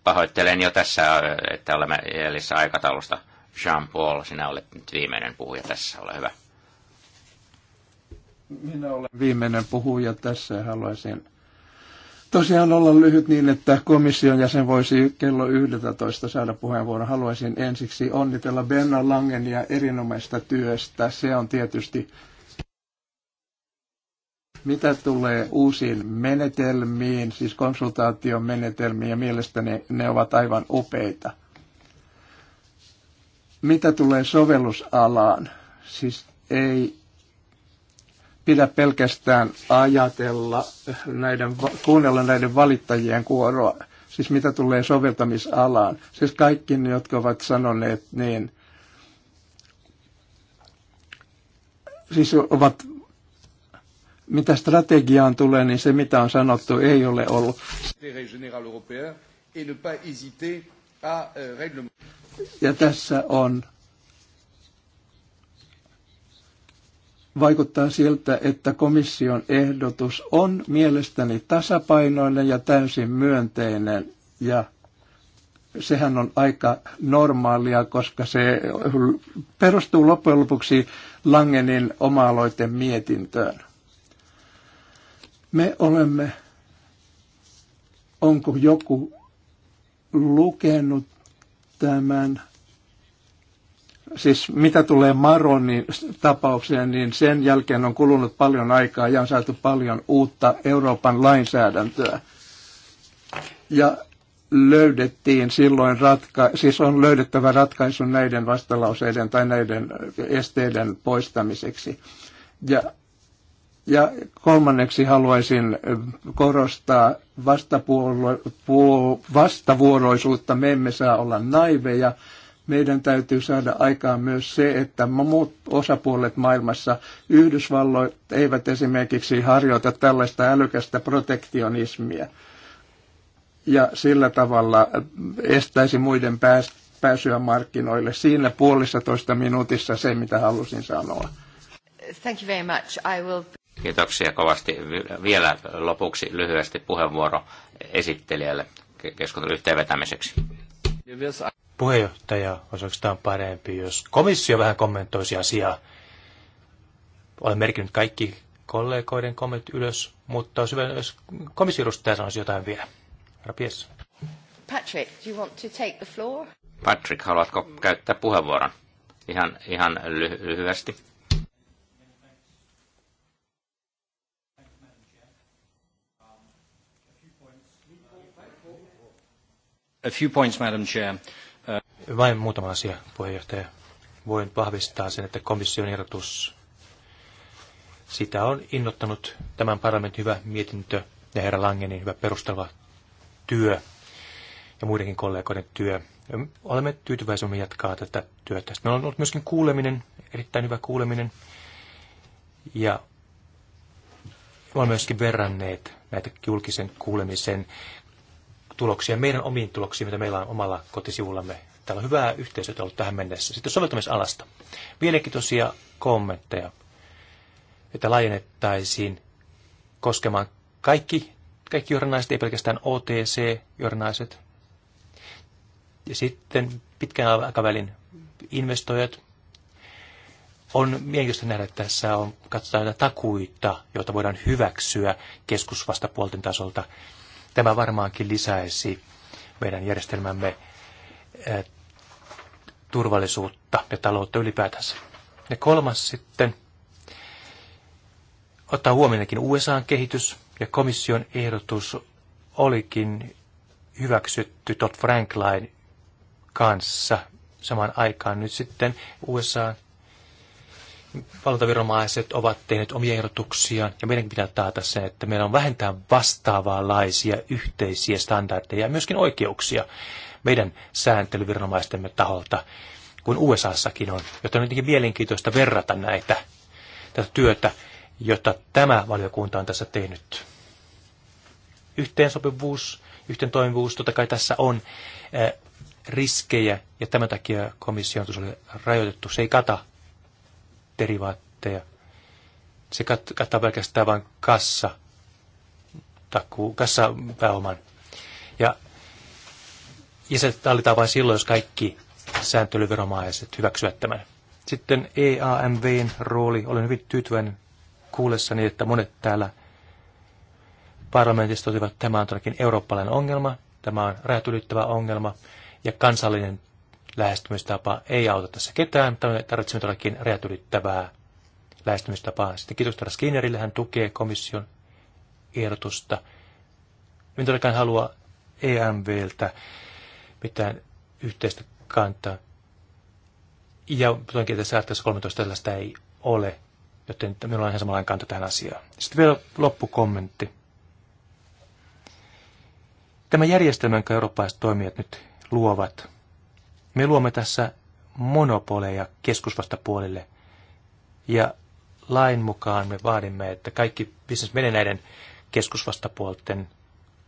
Pahoittelen jo tässä, että olemme edessä aikataulusta. Jean-Paul, sinä olet nyt viimeinen puhuja tässä, ole hyvä. Minä olen viimeinen puhuja tässä ja haluaisin tosiaan olla lyhyt niin, että komission jäsen voisi kello 11 saada puheenvuoron. Haluaisin ensiksi onnitella Langen ja erinomaista työstä. Se on tietysti mitä tulee uusiin menetelmiin, siis konsultaation menetelmiin, ja mielestäni ne ovat aivan upeita. Mitä tulee sovellusalaan, siis ei pidä pelkästään ajatella näiden, kuunnella näiden valittajien kuoroa, siis mitä tulee soveltamisalaan. Siis kaikki ne, jotka ovat sanoneet niin, siis ovat, mitä strategiaan tulee, niin se mitä on sanottu ei ole ollut. Euh, ja tässä on vaikuttaa siltä, että komission ehdotus on mielestäni tasapainoinen ja täysin myönteinen ja sehän on aika normaalia, koska se perustuu loppujen lopuksi Langenin oma-aloiten mietintöön. Me olemme, onko joku lukenut tämän siis mitä tulee Maronin tapaukseen, niin sen jälkeen on kulunut paljon aikaa ja on saatu paljon uutta Euroopan lainsäädäntöä. Ja löydettiin silloin ratka- siis on löydettävä ratkaisu näiden vastalauseiden tai näiden esteiden poistamiseksi. Ja, ja kolmanneksi haluaisin korostaa vastapuolo- vastavuoroisuutta. Me emme saa olla naiveja meidän täytyy saada aikaan myös se, että muut osapuolet maailmassa, Yhdysvalloit, eivät esimerkiksi harjoita tällaista älykästä protektionismia ja sillä tavalla estäisi muiden pääsyä markkinoille. Siinä puolissa minuutissa se, mitä halusin sanoa. Thank you very much. I will... Kiitoksia kovasti. Vielä lopuksi lyhyesti puheenvuoro esittelijälle keskustelun yhteenvetämiseksi puheenjohtaja olisi parempi, jos komissio vähän kommentoisi asiaa. Olen merkinnyt kaikki kollegoiden kommentit ylös, mutta olisi hyvä, jos komission sanoisi jotain vielä. Herra Pies. Patrick, do you want to take the floor? Patrick, haluatko käyttää puheenvuoron? Ihan, ihan lyhy- lyhyesti. A few points, Madam Chair. Vain muutama asia, puheenjohtaja. Voin vahvistaa sen, että komission ehdotus, sitä on innottanut tämän parlamentin hyvä mietintö ja herra Langenin hyvä perustava työ ja muidenkin kollegoiden työ. Olemme tyytyväisiä, jatkaa tätä työtä. Sitten meillä on ollut myöskin kuuleminen, erittäin hyvä kuuleminen. Ja olemme myöskin verranneet näitä julkisen kuulemisen tuloksia, meidän omiin tuloksiin, mitä meillä on omalla kotisivullamme. Täällä on hyvää yhteisötä ollut tähän mennessä. Sitten soveltamisalasta. Mielenkiintoisia kommentteja, että laajennettaisiin koskemaan kaikki, kaikki johdannaiset, ei pelkästään OTC-johdannaiset. Ja sitten pitkän aikavälin investoijat. On mielenkiintoista nähdä, että tässä on, katsotaan näitä takuita, joita voidaan hyväksyä keskusvastapuolten tasolta Tämä varmaankin lisäisi meidän järjestelmämme eh, turvallisuutta ja taloutta ylipäätänsä. Ja kolmas sitten, ottaa huomioonkin USAn kehitys ja komission ehdotus olikin hyväksytty Todd Franklin kanssa samaan aikaan nyt sitten USA valtaviranomaiset ovat tehneet omia ehdotuksiaan, ja meidän pitää taata se, että meillä on vähintään vastaavanlaisia yhteisiä standardeja ja myöskin oikeuksia meidän sääntelyviranomaistemme taholta kuin USAssakin on, jotta on jotenkin mielenkiintoista verrata näitä tätä työtä, jota tämä valiokunta on tässä tehnyt. Yhteensopivuus, yhteen toimivuus, totta kai tässä on eh, riskejä, ja tämän takia komission on rajoitettu. Se ei kata derivaatteja. Se kattaa pelkästään vain kassa, takuu, kassapääoman. Ja, ja se tallitaan vain silloin, jos kaikki sääntelyveromaiset hyväksyvät tämän. Sitten EAMVn rooli. Olen hyvin tyytyväinen kuullessani, että monet täällä parlamentista totesivat, että tämä on todellakin eurooppalainen ongelma, tämä on rajat ylittävä ongelma ja kansallinen lähestymistapa ei auta tässä ketään. Me tarvitsemme todellakin rajat ylittävää lähestymistapaa. Sitten kiitos Tara Skinnerille, hän tukee komission ehdotusta. En todellakaan halua EMVltä mitään yhteistä kantaa. Ja toinkin tässä artikkelissa 13 tällaista ei ole, joten minulla on ihan samanlainen kanta tähän asiaan. Sitten vielä loppukommentti. Tämä järjestelmä, jonka eurooppalaiset toimijat nyt luovat, me luomme tässä monopoleja keskusvastapuolille ja lain mukaan me vaadimme, että kaikki bisnes menee näiden keskusvastapuolten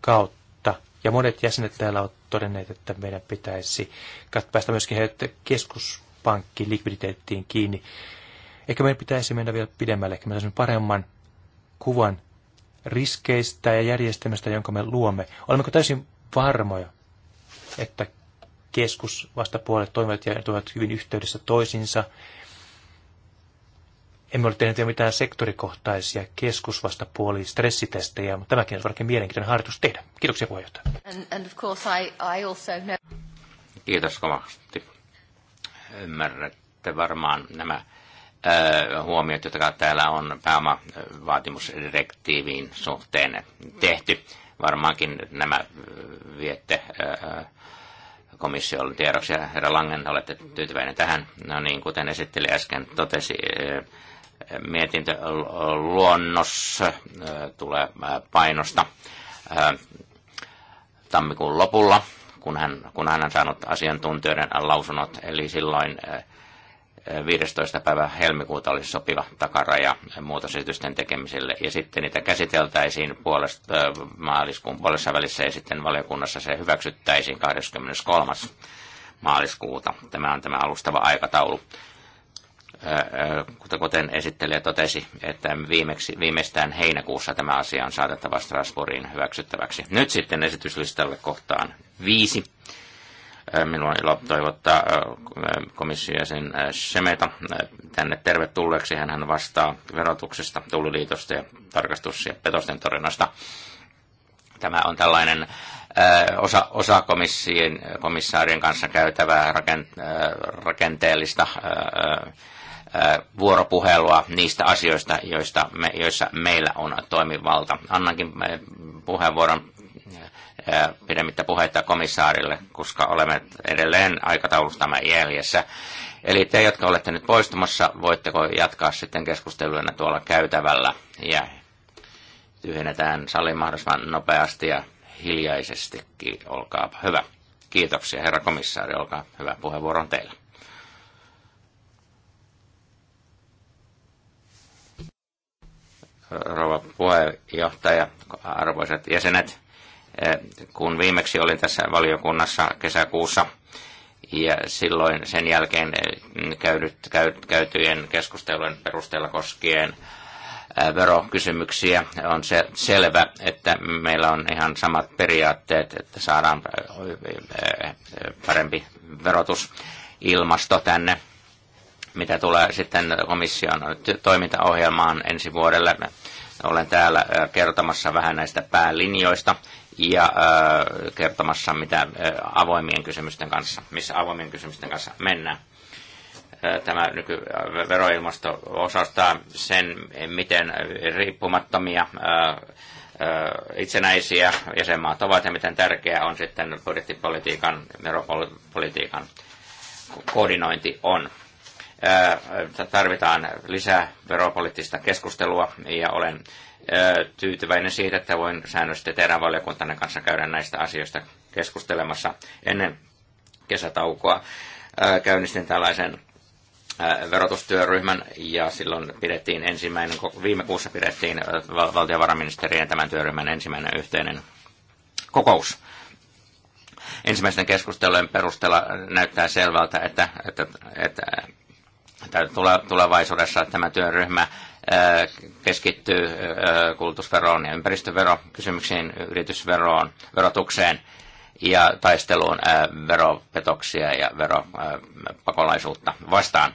kautta. Ja monet jäsenet täällä ovat todenneet, että meidän pitäisi päästä myöskin heidät keskuspankkiin, likviditeettiin kiinni. Ehkä meidän pitäisi mennä vielä pidemmälle, ehkä me saisimme paremman kuvan riskeistä ja järjestelmästä, jonka me luomme. Olemmeko täysin varmoja, että vastapuolet toimivat ja toimivat hyvin yhteydessä toisiinsa. Emme ole tehneet mitään sektorikohtaisia keskusvastapuoli stressitestejä, mutta tämäkin on varsin mielenkiintoinen harjoitus tehdä. Kiitoksia puheenjohtaja. And, and of course I, I also know... Kiitos kovasti. Ymmärrätte varmaan nämä äh, huomiot, jotka täällä on pääomavaatimusdirektiiviin suhteen tehty. Varmaankin nämä viette ää, äh, komissiolle tiedoksi. Herra Langen, olette tyytyväinen tähän. No niin, kuten esitteli äsken totesi, eh, mietintö luonnos eh, tulee eh, painosta tammikuun lopulla, kun hän, kun hän on saanut asiantuntijoiden lausunnot, eli silloin 15. päivä helmikuuta olisi sopiva takaraja muutosesitysten tekemiselle. Ja sitten niitä käsiteltäisiin puolesta, äh, maaliskuun puolessa välissä ja sitten valiokunnassa se hyväksyttäisiin 23. maaliskuuta. Tämä on tämä alustava aikataulu. Äh, äh, kuten esittelijä totesi, että viimeksi, viimeistään heinäkuussa tämä asia on saatettava Strasbourgin hyväksyttäväksi. Nyt sitten esityslistalle kohtaan viisi minua ilo toivottaa komissiojäsen Semeta tänne tervetulleeksi. Hän vastaa verotuksesta, tulliliitosta ja tarkastus- ja petosten torjunnasta. Tämä on tällainen osa, osa komissaarien kanssa käytävää rakenteellista vuoropuhelua niistä asioista, joista me, joissa meillä on toimivalta. Annankin puheenvuoron pidemmittä puheita komissaarille, koska olemme edelleen aikataulustamme jäljessä. Eli te, jotka olette nyt poistumassa, voitteko jatkaa sitten keskusteluina tuolla käytävällä ja tyhjennetään sali mahdollisimman nopeasti ja hiljaisestikin. Olkaa hyvä. Kiitoksia, herra komissaari. Olkaa hyvä. Puheenvuoro on teillä. Rouva puheenjohtaja, arvoisat jäsenet, Eh, kun viimeksi olin tässä valiokunnassa kesäkuussa, ja silloin sen jälkeen eh, käydyt, käy, käytyjen keskustelujen perusteella koskien eh, verokysymyksiä on se selvä, että meillä on ihan samat periaatteet, että saadaan parempi verotusilmasto tänne. Mitä tulee sitten komission toimintaohjelmaan ensi vuodelle, olen täällä kertomassa vähän näistä päälinjoista, ja kertomassa, mitä avoimien kysymysten kanssa, missä avoimien kysymysten kanssa mennään. Tämä nyky veroilmasto osastaa sen, miten riippumattomia itsenäisiä jäsenmaat ovat ja miten tärkeää on sitten budjettipolitiikan, veropolitiikan koordinointi on. Tarvitaan lisää veropoliittista keskustelua ja olen tyytyväinen siitä, että voin säännöllisesti teidän valiokuntanne kanssa käydä näistä asioista keskustelemassa ennen kesätaukoa. Käynnistin tällaisen verotustyöryhmän ja silloin pidettiin ensimmäinen, viime kuussa pidettiin valtiovarainministeriön tämän työryhmän ensimmäinen yhteinen kokous. Ensimmäisten keskustelujen perusteella näyttää selvältä, että, että, että, että tulevaisuudessa tämä työryhmä keskittyy kulutusveroon ja ympäristöverokysymyksiin, yritysveroon, verotukseen ja taisteluun veropetoksia ja veropakolaisuutta vastaan.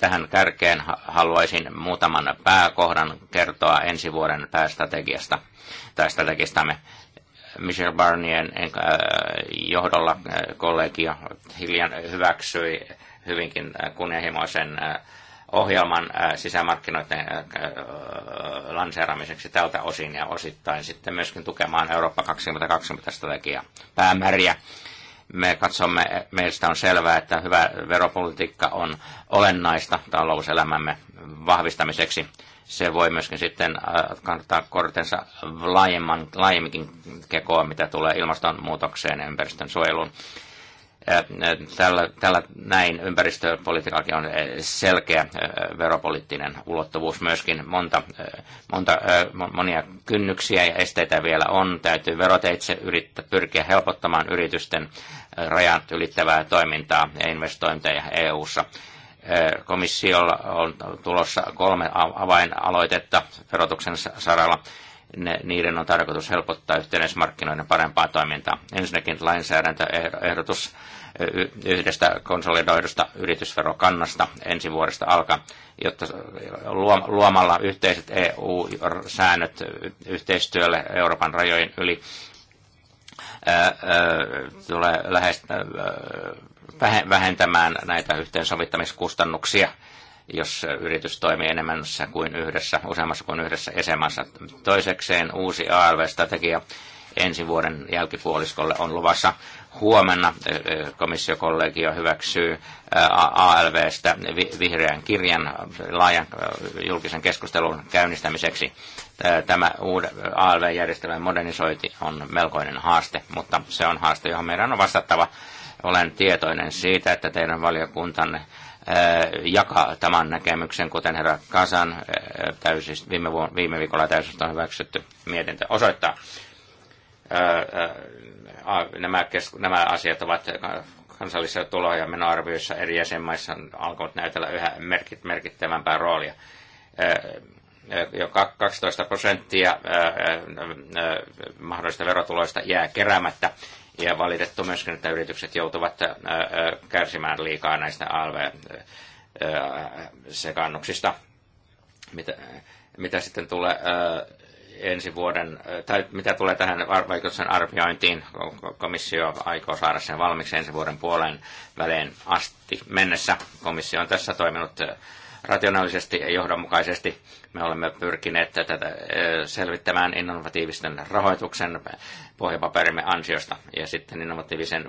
Tähän kärkeen haluaisin muutaman pääkohdan kertoa ensi vuoden päästrategiasta tai strategistamme. Michel Barnien johdolla kollegio hiljan hyväksyi hyvinkin kunnianhimoisen ohjelman sisämarkkinoiden lanseeramiseksi tältä osin ja osittain sitten myöskin tukemaan Eurooppa 2020 strategia päämääriä. Me katsomme, e, meistä on selvää, että hyvä veropolitiikka on olennaista talouselämämme vahvistamiseksi. Se voi myöskin sitten kantaa kortensa laajemman, laajemminkin kekoa, mitä tulee ilmastonmuutokseen ja ympäristön suojeluun Tällä, tällä näin ympäristöpolitiikallakin on selkeä veropoliittinen ulottuvuus myöskin. Monta, monta, monia kynnyksiä ja esteitä vielä on. Täytyy veroteitse yrittää pyrkiä helpottamaan yritysten rajat ylittävää toimintaa ja investointeja EU-ssa komissiolla on tulossa kolme avainaloitetta verotuksen saralla ne, niiden on tarkoitus helpottaa yhteismarkkinoiden parempaa toimintaa. Ensinnäkin lainsäädäntöehdotus yhdestä konsolidoidusta yritysverokannasta ensi vuodesta alkaa, jotta luomalla yhteiset EU-säännöt yhteistyölle Euroopan rajojen yli tulee lähes vähentämään näitä yhteensovittamiskustannuksia – jos yritys toimii enemmän kuin yhdessä, useammassa kuin yhdessä esemassa. Toisekseen uusi ALV-strategia ensi vuoden jälkipuoliskolle on luvassa. Huomenna komissiokollegio hyväksyy ALVstä vihreän kirjan laajan julkisen keskustelun käynnistämiseksi. Tämä uuden ALV-järjestelmän modernisointi on melkoinen haaste, mutta se on haaste, johon meidän on vastattava. Olen tietoinen siitä, että teidän valiokuntanne Äh, jakaa tämän näkemyksen, kuten herra Kasan äh, täysist, viime, vuon, viime viikolla täysistä hyväksytty mietintö osoittaa. Äh, nämä, kesku, nämä asiat ovat kansallisissa tulo- ja menoarvioissa eri jäsenmaissa on alkanut näytellä yhä merkit, merkittävämpää roolia. Jo 12 prosenttia mahdollisista verotuloista jää keräämättä ja valitettu myöskin, että yritykset joutuvat kärsimään liikaa näistä ALV-sekannuksista. Mitä, mitä sitten tulee ensi vuoden, tai mitä tulee tähän vaikutuksen arviointiin, komissio aikoo saada sen valmiiksi ensi vuoden puolen välein asti mennessä. Komissio on tässä toiminut rationaalisesti ja johdonmukaisesti. Me olemme pyrkineet tätä selvittämään innovatiivisten rahoituksen pohjapaperimme ansiosta ja sitten innovatiivisen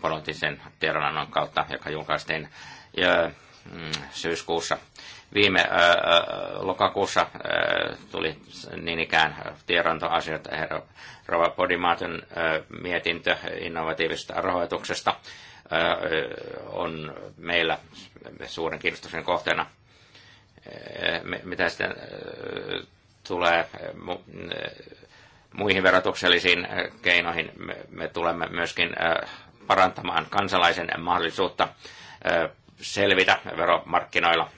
poliittisen tiedonannon kautta, joka julkaistiin mm, syyskuussa. Viime lokakuussa tuli niin ikään tiedontoasiat herra Rova Podimaton mietintö innovatiivisesta rahoituksesta on meillä suuren kiinnostuksen kohteena. Eh, mitä sitten eh, tulee eh, muihin verotuksellisiin keinoihin, me tulemme myöskin parantamaan kansalaisen mahdollisuutta selvitä veromarkkinoilla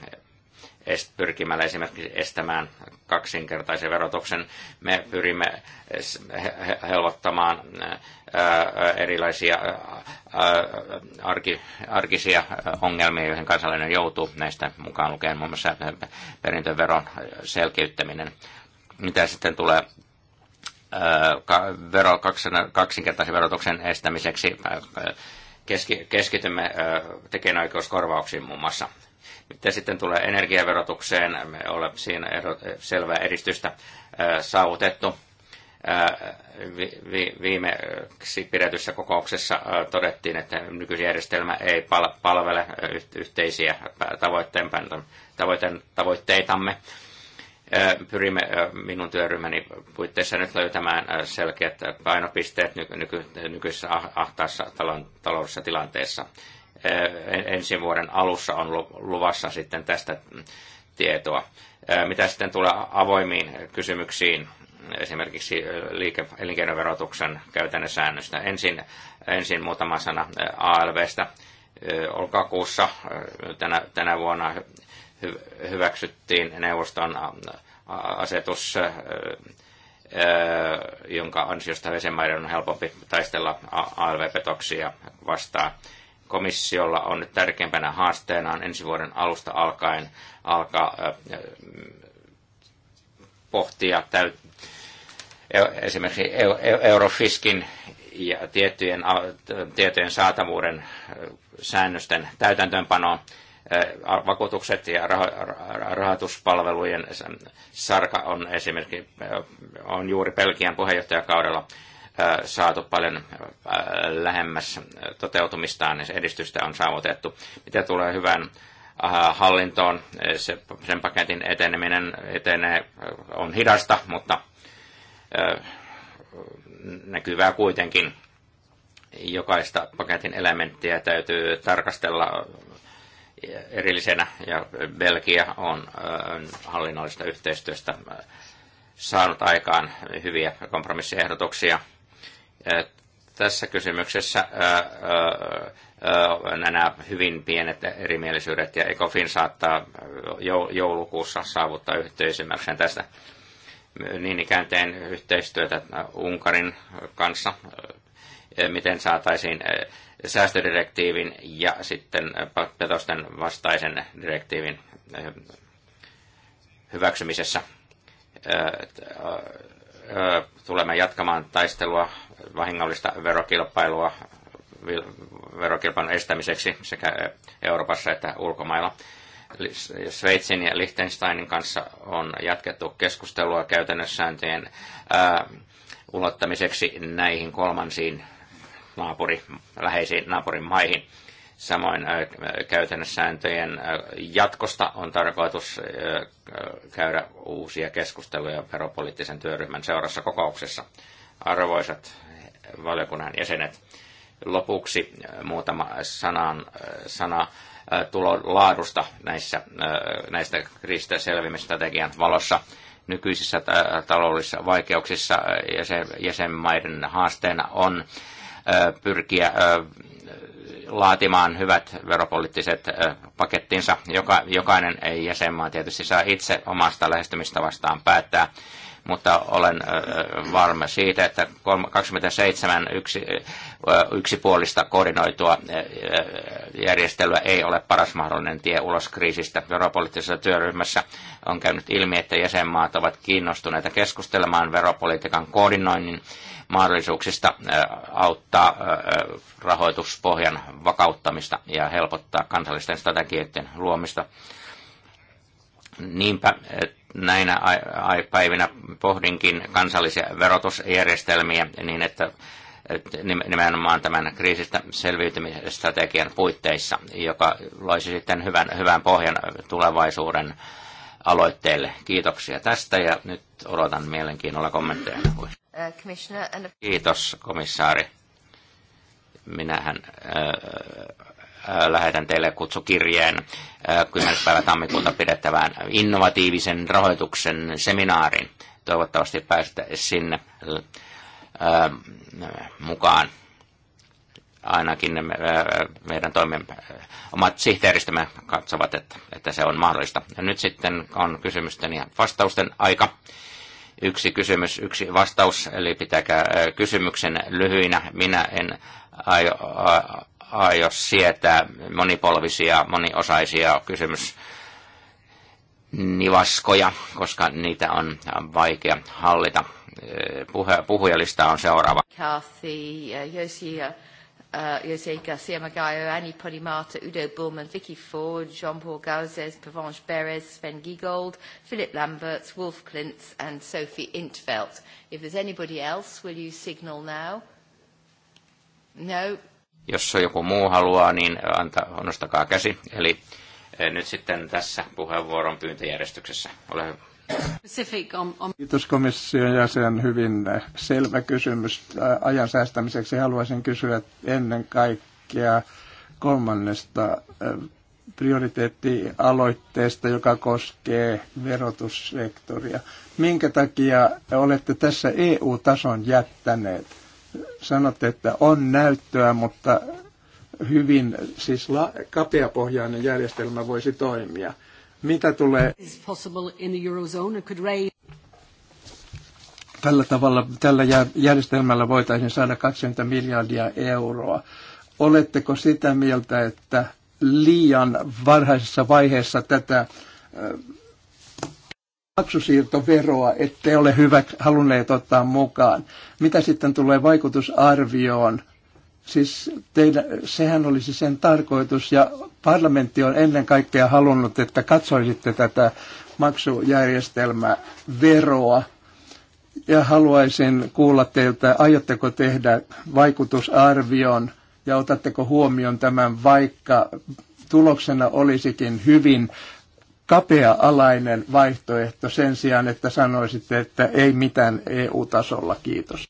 pyrkimällä esimerkiksi estämään kaksinkertaisen verotuksen. Me pyrimme helpottamaan erilaisia arki, arkisia ongelmia, joihin kansalainen joutuu näistä mukaan lukien muun muassa perintöveron selkeyttäminen. Mitä sitten tulee vero, kaksinkertaisen verotuksen estämiseksi keski, keskitymme tekijänoikeuskorvauksiin muun muassa. Mitä sitten tulee energiaverotukseen, me olemme siinä selvää edistystä saavutettu viimeksi pidetyssä kokouksessa todettiin, että nykyjärjestelmä ei palvele yhteisiä tavoitteitamme. Pyrimme minun työryhmäni puitteissa nyt löytämään selkeät painopisteet nykyisessä ah, ahtaassa taloudessa tilanteessa. Ensi vuoden alussa on luvassa sitten tästä tietoa. Mitä sitten tulee avoimiin kysymyksiin, esimerkiksi liike- elinkeinoverotuksen käytännön säännöstä. Ensin, ensin muutama sana ALVstä. Olkakuussa tänä, tänä vuonna hyväksyttiin neuvoston asetus, jonka ansiosta vesimaiden on helpompi taistella ALV-petoksia vastaan. Komissiolla on nyt tärkeimpänä haasteenaan ensi vuoden alusta alkaen alkaa pohtia täyt, e, esimerkiksi e, e, Eurofiskin ja tiettyjen tietojen saatavuuden säännösten täytäntöönpanoa vakuutukset ja rahoituspalvelujen sarka on esimerkiksi on juuri Pelkian puheenjohtajakaudella saatu paljon lähemmäs toteutumistaan ja edistystä on saavutettu. Mitä tulee hyvään Äh, hallintoon. Eh, se, sen paketin eteneminen etenee, eh, on hidasta, mutta eh, näkyvää kuitenkin. Jokaista paketin elementtiä täytyy tarkastella erillisenä ja Belgia on hallinnollista yhteistyöstä saanut aikaan hyviä kompromissiehdotuksia. Tässä kysymyksessä nämä hyvin pienet erimielisyydet ja ECOFIN saattaa joulukuussa saavuttaa yhteisymmärryksen tästä niin ikään teen yhteistyötä Unkarin kanssa, miten saataisiin säästödirektiivin ja sitten petosten vastaisen direktiivin hyväksymisessä tulemme jatkamaan taistelua vahingollista verokilpailua verokilpailun estämiseksi sekä Euroopassa että ulkomailla. Sveitsin ja Liechtensteinin kanssa on jatkettu keskustelua käytännössääntöjen ää, ulottamiseksi näihin kolmansiin naapuri, läheisiin maihin. Samoin käytännössääntöjen jatkosta on tarkoitus käydä uusia keskusteluja veropoliittisen työryhmän seurassa kokouksessa. Arvoisat valiokunnan jäsenet, Lopuksi äh, muutama sanan, äh, sana äh, tulon laadusta näissä, näistä kriisistä selvimistrategian valossa nykyisissä taloudellisissa vaikeuksissa jäsenmaiden haasteena on pyrkiä laatimaan hyvät veropoliittiset pakettinsa. Joka, jokainen jäsenmaa tietysti saa itse omasta lähestymistavastaan päättää mutta olen varma siitä, että 27 yksi, yksipuolista koordinoitua järjestelyä ei ole paras mahdollinen tie ulos kriisistä. Veropoliittisessa työryhmässä on käynyt ilmi, että jäsenmaat ovat kiinnostuneita keskustelemaan veropolitiikan koordinoinnin mahdollisuuksista auttaa rahoituspohjan vakauttamista ja helpottaa kansallisten strategioiden luomista Niinpä näinä päivinä pohdinkin kansallisia verotusjärjestelmiä niin, että nimenomaan tämän kriisistä selviytymisstrategian puitteissa, joka loisi sitten hyvän, hyvän pohjan tulevaisuuden aloitteelle. Kiitoksia tästä ja nyt odotan mielenkiinnolla kommentteja. Uh, Kiitos komissaari. Minähän uh, lähetän teille kutsukirjeen 10. päivä tammikuuta pidettävään innovatiivisen rahoituksen seminaariin. Toivottavasti pääsette sinne mukaan ainakin meidän toimen, omat sihteeristömme katsovat, että, että se on mahdollista. Ja nyt sitten on kysymysten ja vastausten aika. Yksi kysymys, yksi vastaus, eli pitäkää kysymyksen lyhyinä. Minä en aio aio sietää monipolvisia, moniosaisia kysymys nivaskoja, koska niitä on vaikea hallita. Puhe, puhujalista on seuraava. Kathy, Josia, Jose Garcia Magallo, Annie Podimata, Udo Bullman, Vicky Ford, Jean-Paul Gauzes, Pavanche Beres, Sven Giegold, Philip Lamberts, Wolf Klintz and Sophie Intveld. If there's anybody else, will you signal now? No, jos joku muu haluaa, niin anta, nostakaa käsi. Eli eh, nyt sitten tässä puheenvuoron pyyntöjärjestyksessä. Ole hyvä. Kiitos komission jäsen. Hyvin eh, selvä kysymys. Eh, ajan säästämiseksi haluaisin kysyä ennen kaikkea kolmannesta prioriteettialoitteesta, joka koskee verotussektoria. Minkä takia olette tässä EU-tason jättäneet? sanotte, että on näyttöä, mutta hyvin siis la, kapeapohjainen järjestelmä voisi toimia. Mitä tulee... Tällä tavalla, tällä järjestelmällä voitaisiin saada 20 miljardia euroa. Oletteko sitä mieltä, että liian varhaisessa vaiheessa tätä maksusiirtoveroa ette ole hyvä halunneet ottaa mukaan. Mitä sitten tulee vaikutusarvioon? Siis teidän, sehän olisi sen tarkoitus ja parlamentti on ennen kaikkea halunnut, että katsoisitte tätä maksujärjestelmää veroa ja haluaisin kuulla teiltä, aiotteko tehdä vaikutusarvion ja otatteko huomioon tämän, vaikka tuloksena olisikin hyvin kapea-alainen vaihtoehto sen sijaan, että sanoisitte, että ei mitään EU-tasolla. Kiitos.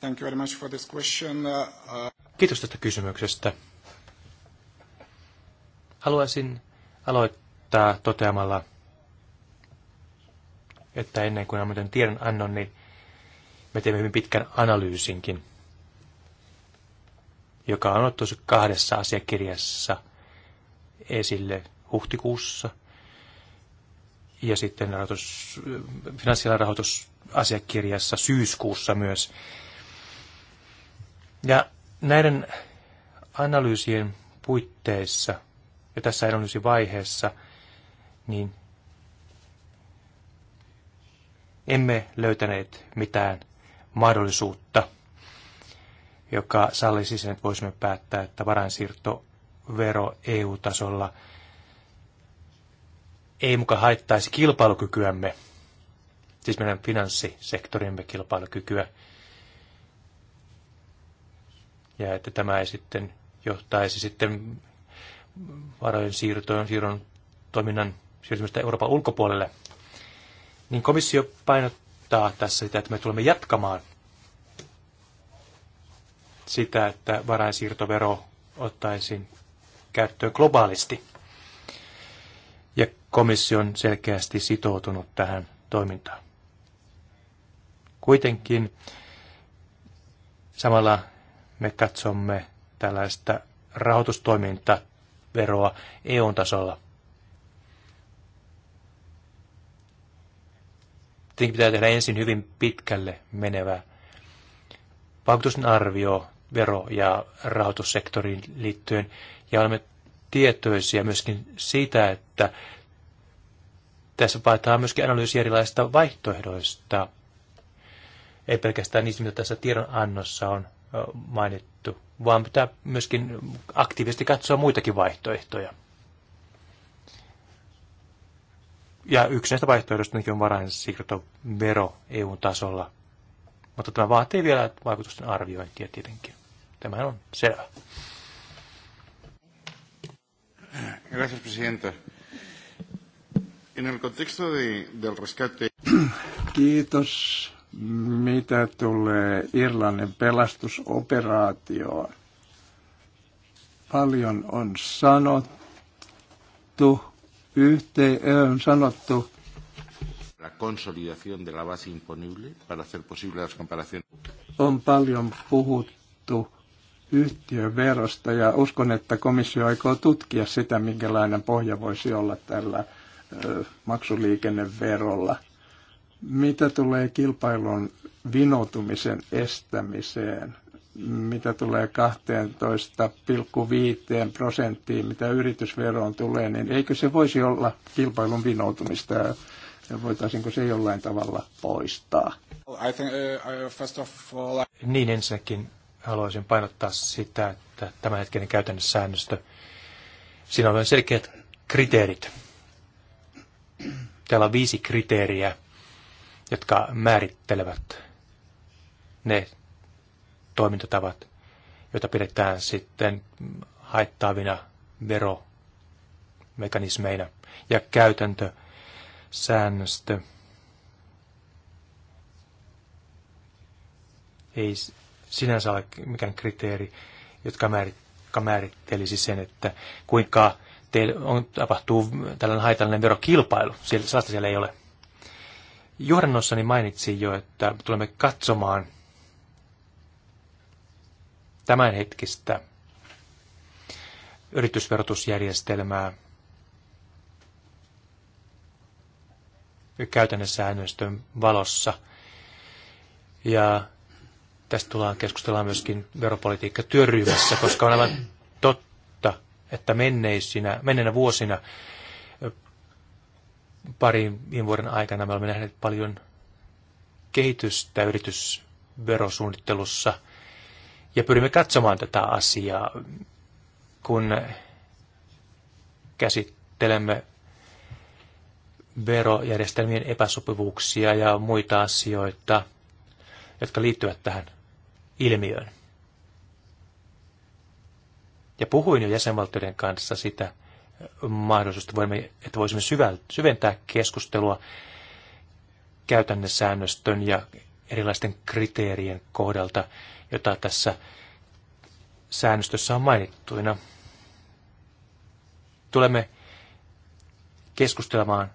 Thank you very much for this question. Uh, uh, Kiitos tästä kysymyksestä. Haluaisin aloittaa toteamalla, että ennen kuin annan tiedon annon, niin me teemme hyvin pitkän analyysinkin, joka on otettu kahdessa asiakirjassa esille – huhtikuussa. Ja sitten rahoitus, finanssialan rahoitusasiakirjassa syyskuussa myös. Ja näiden analyysien puitteissa ja tässä analyysivaiheessa, niin emme löytäneet mitään mahdollisuutta, joka sallisi sen, että voisimme päättää, että varainsiirtovero EU-tasolla – ei muka haittaisi kilpailukykyämme, siis meidän finanssisektorimme kilpailukykyä, ja että tämä ei sitten johtaisi sitten varojen siirtoon, siirron toiminnan siirtymistä Euroopan ulkopuolelle, niin komissio painottaa tässä sitä, että me tulemme jatkamaan sitä, että varainsiirtovero ottaisiin käyttöön globaalisti komissio on selkeästi sitoutunut tähän toimintaan. Kuitenkin samalla me katsomme tällaista rahoitustoimintaveroa eu tasolla. Tietenkin pitää tehdä ensin hyvin pitkälle menevä vaikutusten arvio vero- ja rahoitussektoriin liittyen, ja olemme tietoisia myöskin siitä, että tässä vaaditaan myöskin analyysi erilaisista vaihtoehdoista, ei pelkästään niistä, mitä tässä tiedonannossa on mainittu, vaan pitää myöskin aktiivisesti katsoa muitakin vaihtoehtoja. Ja yksi näistä vaihtoehdoista on varainsiirtovero EU-tasolla. Mutta tämä vaatii vielä vaikutusten arviointia tietenkin. Tämähän on selvä. Gracias, presidente. En el contexto de, del rescate. <clears throat> Kiitos. Mitä tulee Irlannin pelastusoperaatioon? Paljon on sanottu, yhteen on sanottu. La consolidación de la base imponible para hacer posible las comparaciones. On paljon puhuttu yhtiöverosta ja uskon, että komissio aikoo tutkia sitä, minkälainen pohja voisi olla tällä maksuliikenneverolla. Mitä tulee kilpailun vinoutumisen estämiseen, mitä tulee 12,5 prosenttiin, mitä yritysveroon tulee, niin eikö se voisi olla kilpailun vinoutumista ja voitaisiinko se jollain tavalla poistaa? I think, uh, first of all... Niin ensinnäkin haluaisin painottaa sitä, että tämänhetkinen käytännössä säännöstö, siinä on selkeät kriteerit Täällä on viisi kriteeriä, jotka määrittelevät ne toimintatavat, joita pidetään sitten haittaavina veromekanismeina ja käytäntö, säännöstö. Ei sinänsä ole mikään kriteeri, jotka määrittelisi sen, että kuinka teille on, tapahtuu tällainen haitallinen verokilpailu. Siellä, sellaista siellä ei ole. Johdannossani mainitsin jo, että tulemme katsomaan tämänhetkistä yritysverotusjärjestelmää käytännössäännöstön valossa. Ja tästä tullaan keskustellaan myöskin veropolitiikka työryhmässä, koska on aivan että menneisinä, menneinä vuosina parin viime vuoden aikana me olemme nähneet paljon kehitystä yritysverosuunnittelussa ja pyrimme katsomaan tätä asiaa, kun käsittelemme verojärjestelmien epäsopivuuksia ja muita asioita, jotka liittyvät tähän ilmiöön. Ja puhuin jo jäsenvaltioiden kanssa sitä mahdollisuutta, että voisimme syventää keskustelua käytännössäännöstön ja erilaisten kriteerien kohdalta, jota tässä säännöstössä on mainittuina. Tulemme keskustelemaan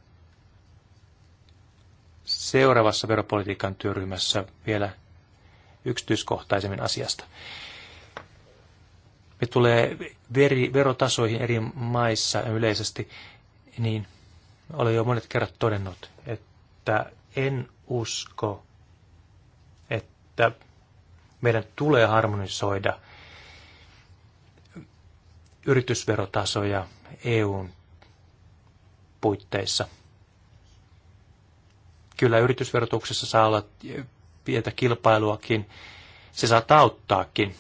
seuraavassa veropolitiikan työryhmässä vielä yksityiskohtaisemmin asiasta ja tulee veri, verotasoihin eri maissa yleisesti, niin olen jo monet kerrat todennut, että en usko, että meidän tulee harmonisoida yritysverotasoja EUn puitteissa. Kyllä yritysverotuksessa saa olla pientä kilpailuakin, se saattaa auttaakin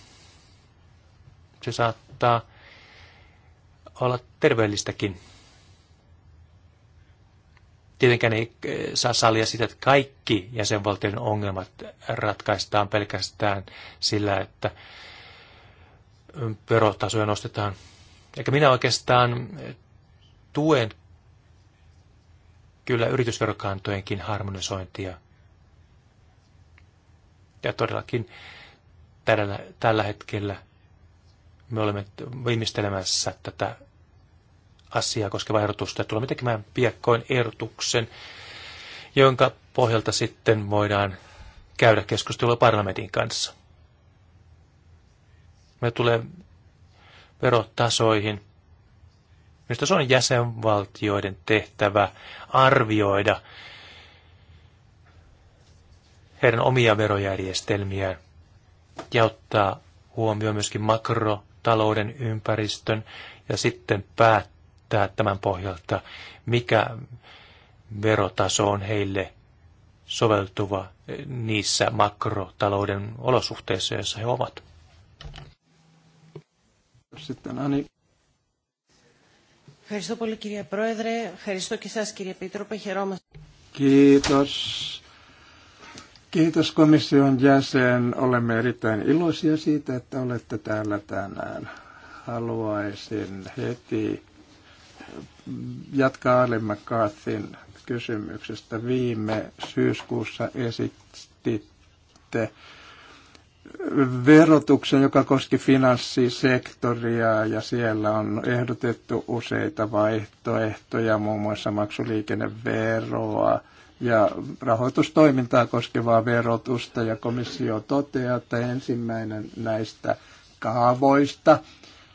se saattaa olla terveellistäkin. Tietenkään ei eh, saa sallia sitä, että kaikki jäsenvaltioiden ongelmat ratkaistaan pelkästään sillä, että verotasoja nostetaan. Eikä minä oikeastaan tuen kyllä yritysverokantojenkin harmonisointia. Ja todellakin tällä, tällä hetkellä me olemme viimeistelemässä tätä asiaa koskevaa ehdotusta ja tulemme tekemään piakkoin ehdotuksen, jonka pohjalta sitten voidaan käydä keskustelua parlamentin kanssa. Me tulee verotasoihin. Minusta se on jäsenvaltioiden tehtävä arvioida heidän omia verojärjestelmiään ja ottaa huomioon myöskin makro- talouden, ympäristön ja sitten päättää tämän pohjalta, mikä verotaso on heille soveltuva niissä makrotalouden olosuhteissa, joissa he ovat. Sitten Ani. Kiitos paljon, kirja Proedre, Kiitos και εσάς κύριε Kiitos Kiitos komission jäsen, olemme erittäin iloisia siitä, että olette täällä tänään. Haluaisin heti jatkaa Ali McCarthyn kysymyksestä. Viime syyskuussa esititte verotuksen, joka koski finanssisektoria ja siellä on ehdotettu useita vaihtoehtoja, muun muassa maksuliikenneveroa, ja rahoitustoimintaa koskevaa verotusta ja komissio toteaa, että ensimmäinen näistä kaavoista,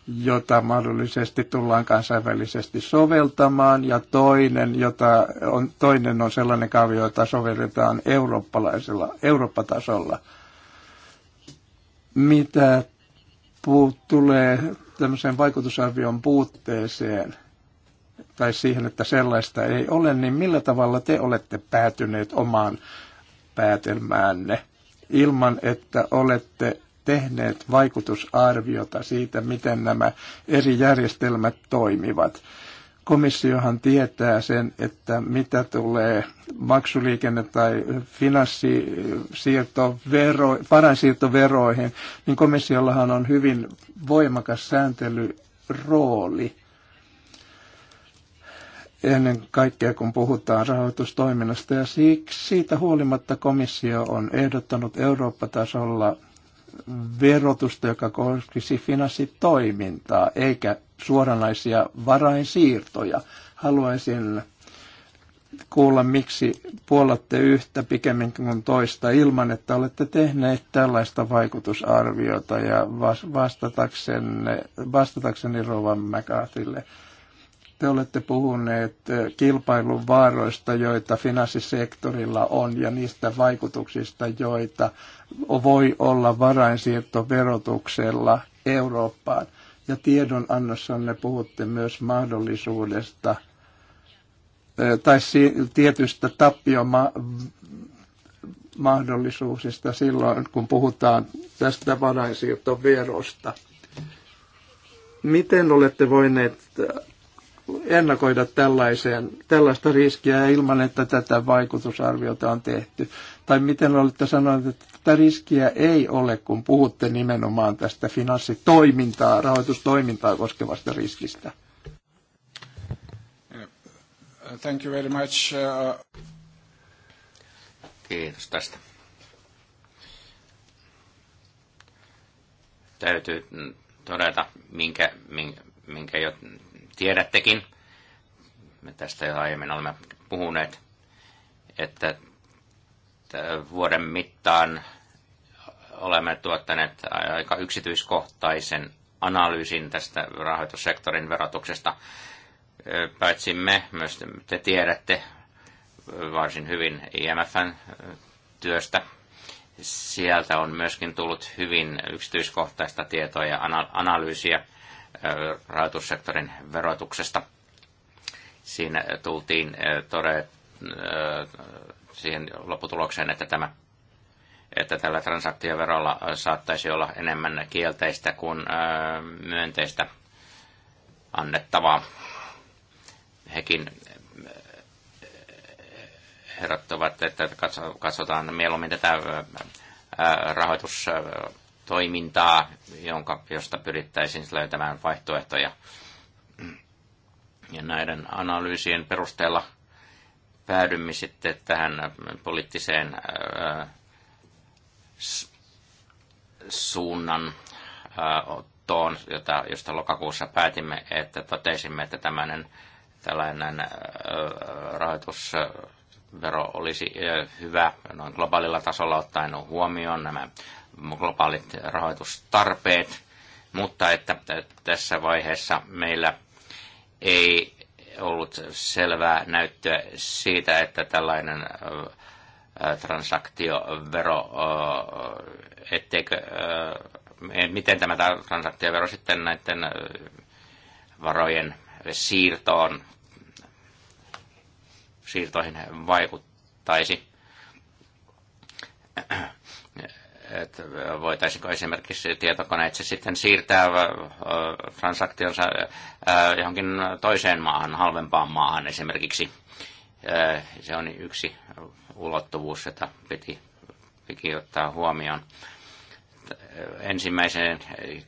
jota mahdollisesti tullaan kansainvälisesti soveltamaan ja toinen, jota on, toinen on sellainen kaavi, jota sovelletaan eurooppalaisella, Eurooppa-tasolla. Mitä puut, tulee tämmöiseen vaikutusarvion puutteeseen – tai siihen, että sellaista ei ole, niin millä tavalla te olette päätyneet omaan päätelmäänne ilman, että olette tehneet vaikutusarviota siitä, miten nämä eri järjestelmät toimivat. Komissiohan tietää sen, että mitä tulee maksuliikenne- tai finanssisiirtovero, paransiirtoveroihin, niin komissiollahan on hyvin voimakas sääntelyrooli ennen kaikkea kun puhutaan rahoitustoiminnasta ja siitä huolimatta komissio on ehdottanut Eurooppa-tasolla verotusta, joka koskisi finanssitoimintaa eikä suoranaisia varainsiirtoja. Haluaisin kuulla, miksi puolatte yhtä pikemmin kuin toista ilman, että olette tehneet tällaista vaikutusarviota ja vastataksenne, vastataksenne Rovan McCarthylle te olette puhuneet eh, kilpailun vaaroista, joita finanssisektorilla on ja niistä vaikutuksista, joita voi olla varainsiirtoverotuksella Eurooppaan. Ja tiedonannossanne puhutte myös mahdollisuudesta eh, tai tietystä tappioma mahdollisuusista silloin, kun puhutaan tästä varainsiirtoverosta. Miten olette voineet ennakoida tällaiseen, tällaista riskiä ilman, että tätä vaikutusarviota on tehty? Tai miten olette sanoneet, että tätä riskiä ei ole, kun puhutte nimenomaan tästä finanssitoimintaa, rahoitustoimintaa koskevasta riskistä? Thank you very much. Uh, Kiitos tästä. Täytyy todeta, minkä, minkä, minkä jo tiedättekin, me tästä jo aiemmin olemme puhuneet, että vuoden mittaan olemme tuottaneet aika yksityiskohtaisen analyysin tästä rahoitussektorin verotuksesta. Paitsi me, myös te tiedätte varsin hyvin IMFn työstä. Sieltä on myöskin tullut hyvin yksityiskohtaista tietoa ja analyysiä rahoitussektorin verotuksesta. Siinä tultiin tode, siihen lopputulokseen, että tämä että tällä transaktioverolla saattaisi olla enemmän kielteistä kuin myönteistä annettavaa. Hekin herättävät, että katsotaan mieluummin tätä rahoitus toimintaa, jonka, josta pyrittäisiin siis löytämään vaihtoehtoja. Ja näiden analyysien perusteella päädymme sitten tähän poliittiseen ää, suunnan ottoon, jota, josta lokakuussa päätimme, että totesimme, että tämmöinen tällainen ää, rahoitusvero olisi hyvä noin globaalilla tasolla ottaen huomioon nämä globaalit rahoitustarpeet, mutta että tässä vaiheessa meillä ei ollut selvää näyttöä siitä, että tällainen transaktiovero, etteikö, miten tämä transaktiovero sitten näiden varojen siirtoon, siirtoihin vaikuttaisi että voitaisiinko esimerkiksi se sitten siirtää transaktionsa johonkin toiseen maahan, halvempaan maahan esimerkiksi. Se on yksi ulottuvuus, jota piti, piti ottaa huomioon. Ensimmäiseen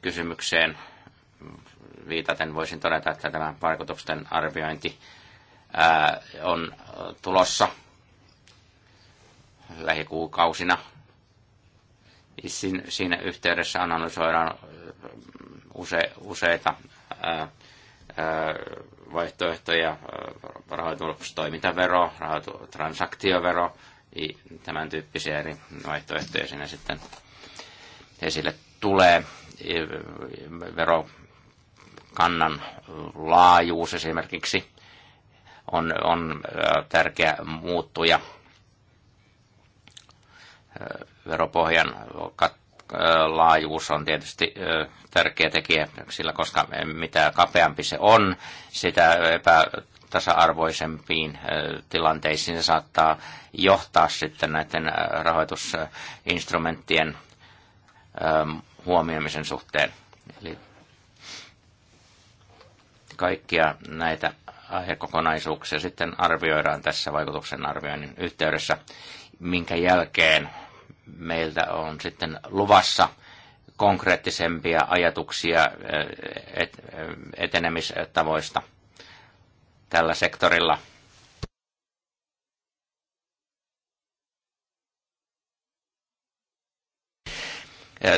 kysymykseen viitaten voisin todeta, että tämä vaikutusten arviointi on tulossa lähikuukausina Siinä yhteydessä analysoidaan use, useita ää, ää, vaihtoehtoja, rahoitustoimintavero, transaktiovero, tämän tyyppisiä eri vaihtoehtoja siinä sitten esille tulee. Verokannan laajuus esimerkiksi on, on tärkeä muuttuja veropohjan laajuus on tietysti tärkeä tekijä, sillä koska mitä kapeampi se on, sitä epätasa-arvoisempiin tilanteisiin se saattaa johtaa sitten näiden rahoitusinstrumenttien huomioimisen suhteen. Eli kaikkia näitä aihekokonaisuuksia sitten arvioidaan tässä vaikutuksen arvioinnin yhteydessä, minkä jälkeen meiltä on sitten luvassa konkreettisempia ajatuksia etenemistavoista tällä sektorilla.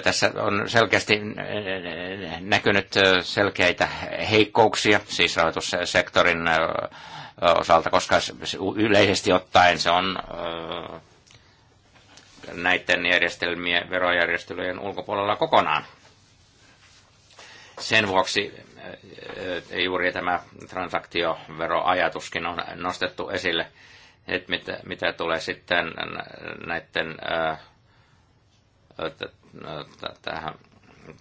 Tässä on selkeästi näkynyt selkeitä heikkouksia, siis rahoitussektorin osalta, koska yleisesti ottaen se on näiden järjestelmien, verojärjestelyjen ulkopuolella kokonaan. Sen vuoksi eh, eh, juuri tämä transaktioveroajatuskin on nostettu esille, että mitä, mitä tulee sitten näiden eh, tähän,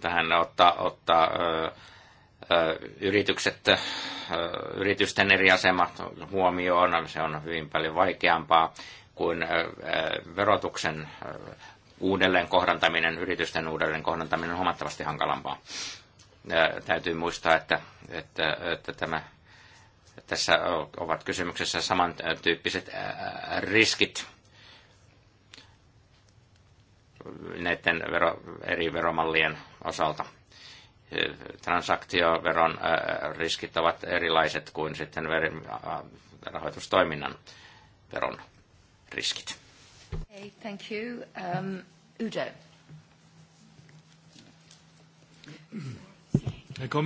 tähän ottaa, ottaa yritykset, yritysten eri asemat huomioon, se on hyvin paljon vaikeampaa kuin verotuksen uudelleen kohdantaminen, yritysten uudelleen kohdantaminen on huomattavasti hankalampaa. Täytyy muistaa, että, että, että tämä, tässä ovat kysymyksessä samantyyppiset riskit näiden vero, eri veromallien osalta transaktioveron riskit ovat erilaiset kuin sitten rahoitustoiminnan veron riskit. Okay, thank you. Um, Udo.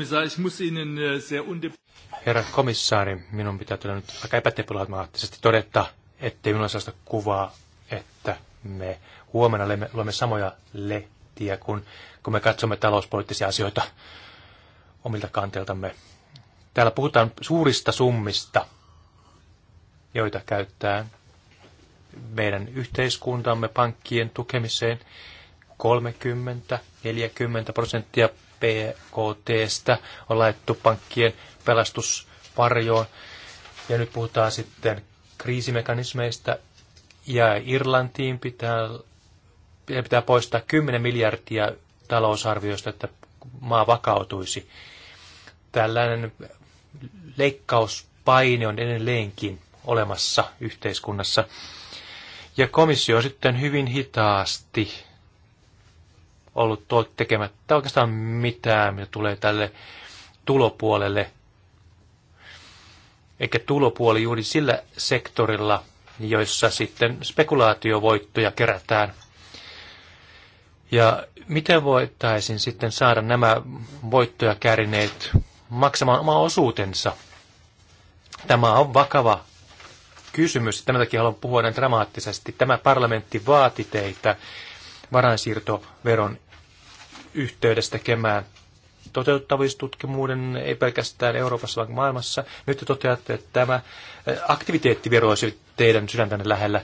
Äh, Herra komissaari, minun pitää tulla nyt aika epätepulaatimaattisesti todeta, ettei minulla sellaista kuvaa, että me huomenna luemme, luemme samoja lehtiä, kun, kun me katsomme talouspoliittisia asioita omilta kanteiltamme. Täällä puhutaan suurista summista, joita käyttää meidän yhteiskuntamme pankkien tukemiseen 30-40 prosenttia PKTstä on laittu pankkien pelastusvarjoon. Ja nyt puhutaan sitten kriisimekanismeista. Ja Irlantiin pitää, pitää poistaa 10 miljardia talousarviosta, että maa vakautuisi. Tällainen leikkauspaine on edelleenkin olemassa yhteiskunnassa. Ja komissio on sitten hyvin hitaasti ollut tuo tekemättä oikeastaan mitään, mitä tulee tälle tulopuolelle. Eikä tulopuoli juuri sillä sektorilla, joissa sitten spekulaatiovoittoja kerätään. Ja miten voitaisiin sitten saada nämä voittoja kärineet maksamaan oma osuutensa? Tämä on vakava kysymys. Tämän takia haluan puhua näin dramaattisesti. Tämä parlamentti vaati teitä varainsiirtoveron yhteydestä kemään toteuttavuustutkimuuden, ei pelkästään Euroopassa, vaan maailmassa. Nyt te toteatte, että tämä äh, aktiviteettivero olisi teidän sydäntänne lähellä.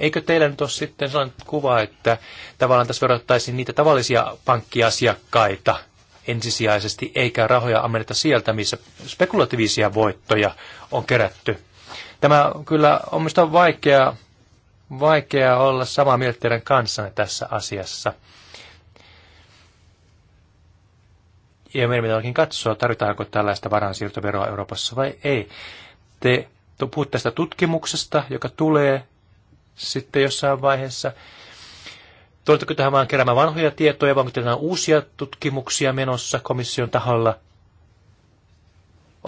Eikö teillä nyt ole sitten sellainen kuva, että tavallaan tässä verottaisiin niitä tavallisia pankkiasiakkaita ensisijaisesti, eikä rahoja ammenneta sieltä, missä spekulatiivisia voittoja on kerätty? Tämä kyllä on minusta vaikea, vaikea olla samaa mieltä teidän kanssanne tässä asiassa. Ja meidän pitääkin katsoa, tarvitaanko tällaista varansiirtoveroa Euroopassa vai ei. Te puhutte tästä tutkimuksesta, joka tulee sitten jossain vaiheessa. Tuletteko tähän vaan keräämään vanhoja tietoja, vai onko teillä uusia tutkimuksia menossa komission taholla?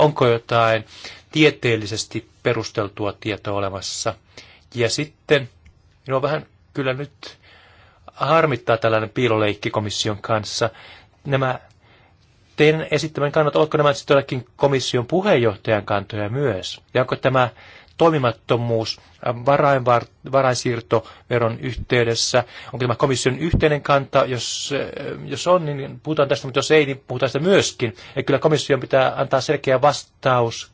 onko jotain tieteellisesti perusteltua tietoa olemassa. Ja sitten minua vähän kyllä nyt harmittaa tällainen piiloleikki komission kanssa. Nämä teidän esittämän kannat, oletko nämä sitten komission puheenjohtajan kantoja myös? Ja onko tämä toimimattomuus äh, varainsiirtoveron yhteydessä. Onko tämä komission yhteinen kanta? Jos, äh, jos on, niin puhutaan tästä, mutta jos ei, niin puhutaan sitä myöskin. Ja kyllä komission pitää antaa selkeä vastaus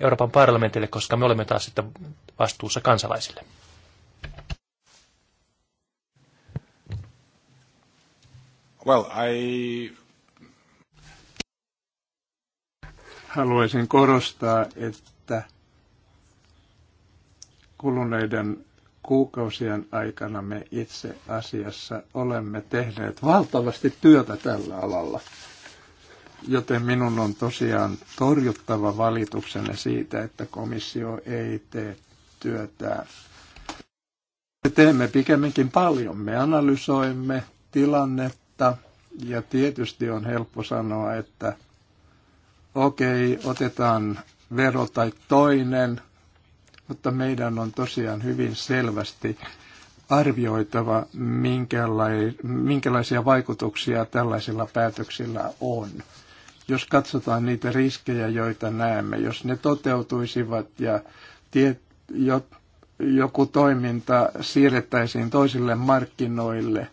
Euroopan parlamentille, koska me olemme taas sitten vastuussa kansalaisille. Well, I... Haluaisin korostaa, että kuluneiden kuukausien aikana me itse asiassa olemme tehneet valtavasti työtä tällä alalla. Joten minun on tosiaan torjuttava valituksenne siitä, että komissio ei tee työtään. Me teemme pikemminkin paljon. Me analysoimme tilannetta ja tietysti on helppo sanoa, että okei, okay, otetaan vero tai toinen – mutta meidän on tosiaan hyvin selvästi arvioitava, minkälaisia vaikutuksia tällaisilla päätöksillä on. Jos katsotaan niitä riskejä, joita näemme, jos ne toteutuisivat ja tiet, jo, joku toiminta siirrettäisiin toisille markkinoille,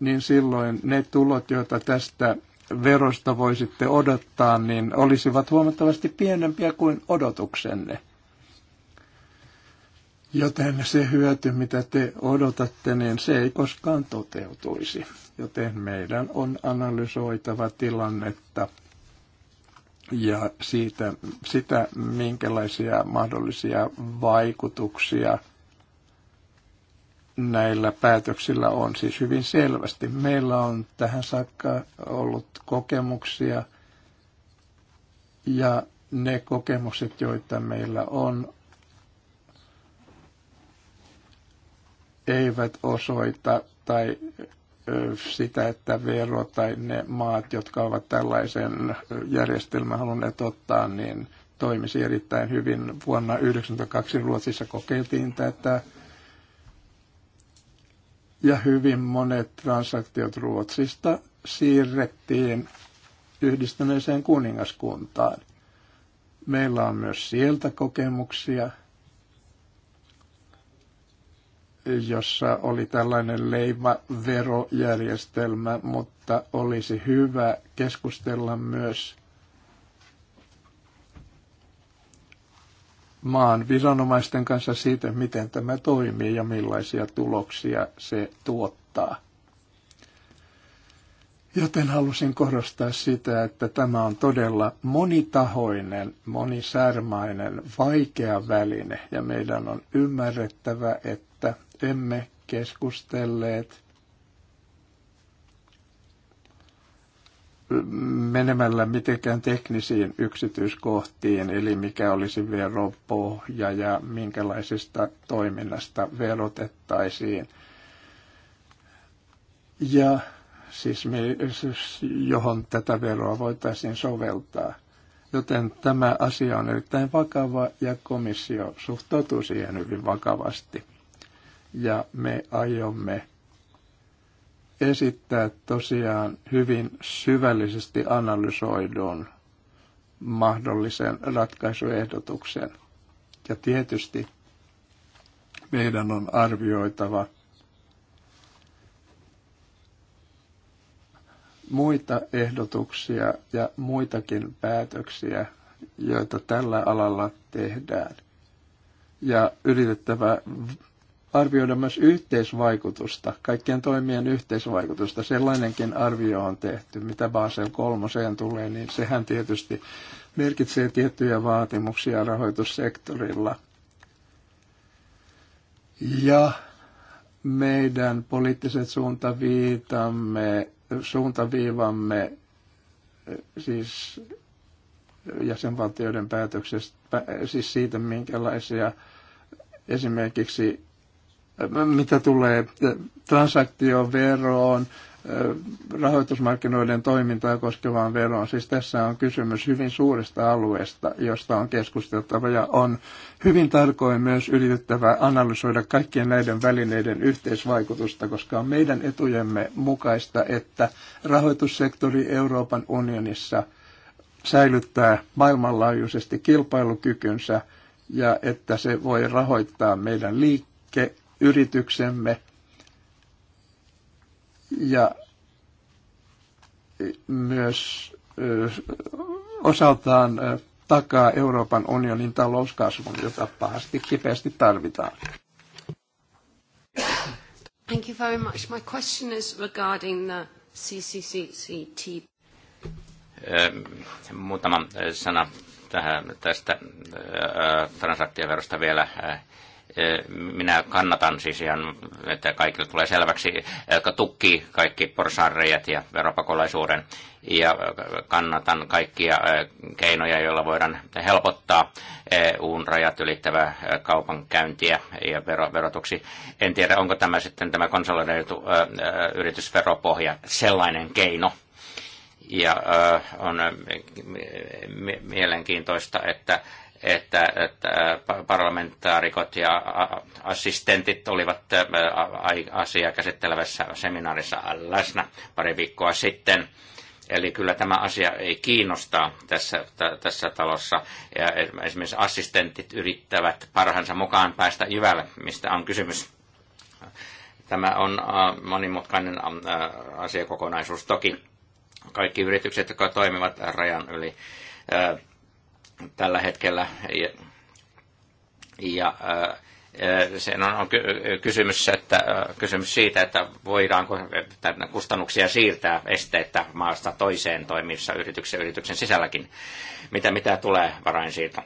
niin silloin ne tulot, joita tästä verosta voisitte odottaa, niin olisivat huomattavasti pienempiä kuin odotuksenne – Joten se hyöty, mitä te odotatte, niin se ei koskaan toteutuisi. Joten meidän on analysoitava tilannetta ja siitä, sitä, minkälaisia mahdollisia vaikutuksia näillä päätöksillä on. Siis hyvin selvästi meillä on tähän saakka ollut kokemuksia ja ne kokemukset, joita meillä on, eivät osoita tai sitä, että vero tai ne maat, jotka ovat tällaisen järjestelmän halunneet ottaa, niin toimisi erittäin hyvin. Vuonna 1992 Ruotsissa kokeiltiin tätä ja hyvin monet transaktiot Ruotsista siirrettiin yhdistyneeseen kuningaskuntaan. Meillä on myös sieltä kokemuksia – jossa oli tällainen leimaverojärjestelmä, mutta olisi hyvä keskustella myös maan viranomaisten kanssa siitä, miten tämä toimii ja millaisia tuloksia se tuottaa. Joten halusin korostaa sitä, että tämä on todella monitahoinen, monisärmainen, vaikea väline ja meidän on ymmärrettävä, että emme keskustelleet menemällä mitenkään teknisiin yksityiskohtiin, eli mikä olisi veropohja ja minkälaisesta toiminnasta verotettaisiin. Ja siis me, siis johon tätä veroa voitaisiin soveltaa. Joten tämä asia on erittäin vakava ja komissio suhtautuu siihen hyvin vakavasti ja me aiomme esittää tosiaan hyvin syvällisesti analysoidun mahdollisen ratkaisuehdotuksen. Ja tietysti meidän on arvioitava muita ehdotuksia ja muitakin päätöksiä, joita tällä alalla tehdään. Ja yritettävä arvioida myös yhteisvaikutusta, kaikkien toimien yhteisvaikutusta. Sellainenkin arvio on tehty, mitä Basel kolmoseen tulee, niin sehän tietysti merkitsee tiettyjä vaatimuksia rahoitussektorilla. Ja meidän poliittiset suuntaviitamme, suuntaviivamme siis jäsenvaltioiden päätöksestä, siis siitä, minkälaisia esimerkiksi mitä tulee transaktioveroon, rahoitusmarkkinoiden toimintaa koskevaan veroon. Siis tässä on kysymys hyvin suuresta alueesta, josta on keskusteltava ja on hyvin tarkoin myös yritettävä analysoida kaikkien näiden välineiden yhteisvaikutusta, koska on meidän etujemme mukaista, että rahoitussektori Euroopan unionissa säilyttää maailmanlaajuisesti kilpailukykynsä ja että se voi rahoittaa meidän liikkeelle yrityksemme ja myös osaltaan takaa Euroopan unionin talouskasvun, jota pahasti kipeästi tarvitaan. Thank you very much. My question is regarding the CCCT. Muutama sana tähän, tästä transaktioverosta vielä minä kannatan siis ihan, että kaikille tulee selväksi, jotka tukkii kaikki porsaanreijät ja veropakolaisuuden. Ja kannatan kaikkia keinoja, joilla voidaan helpottaa EUn rajat ylittävää kaupankäyntiä ja vero, verotuksi. En tiedä, onko tämä sitten tämä konsolidoitu yritysveropohja sellainen keino, ja on mielenkiintoista, että että, että äh, parlamentaarikot ja assistentit olivat äh, asiaa käsittelevässä seminaarissa läsnä pari viikkoa sitten. Eli kyllä tämä asia ei kiinnosta tässä, tässä talossa. Ja esimerkiksi assistentit yrittävät parhaansa mukaan päästä jyvälle, mistä on kysymys. Tämä on äh, monimutkainen asiakokonaisuus toki. Kaikki yritykset, jotka toimivat rajan yli, tällä hetkellä. Ja, ja sen on kysymys, että, kysymys siitä, että voidaanko kustannuksia siirtää esteettä maasta toiseen toimivissa yrityksen yrityksen sisälläkin. Mitä, mitä tulee varainsiirto?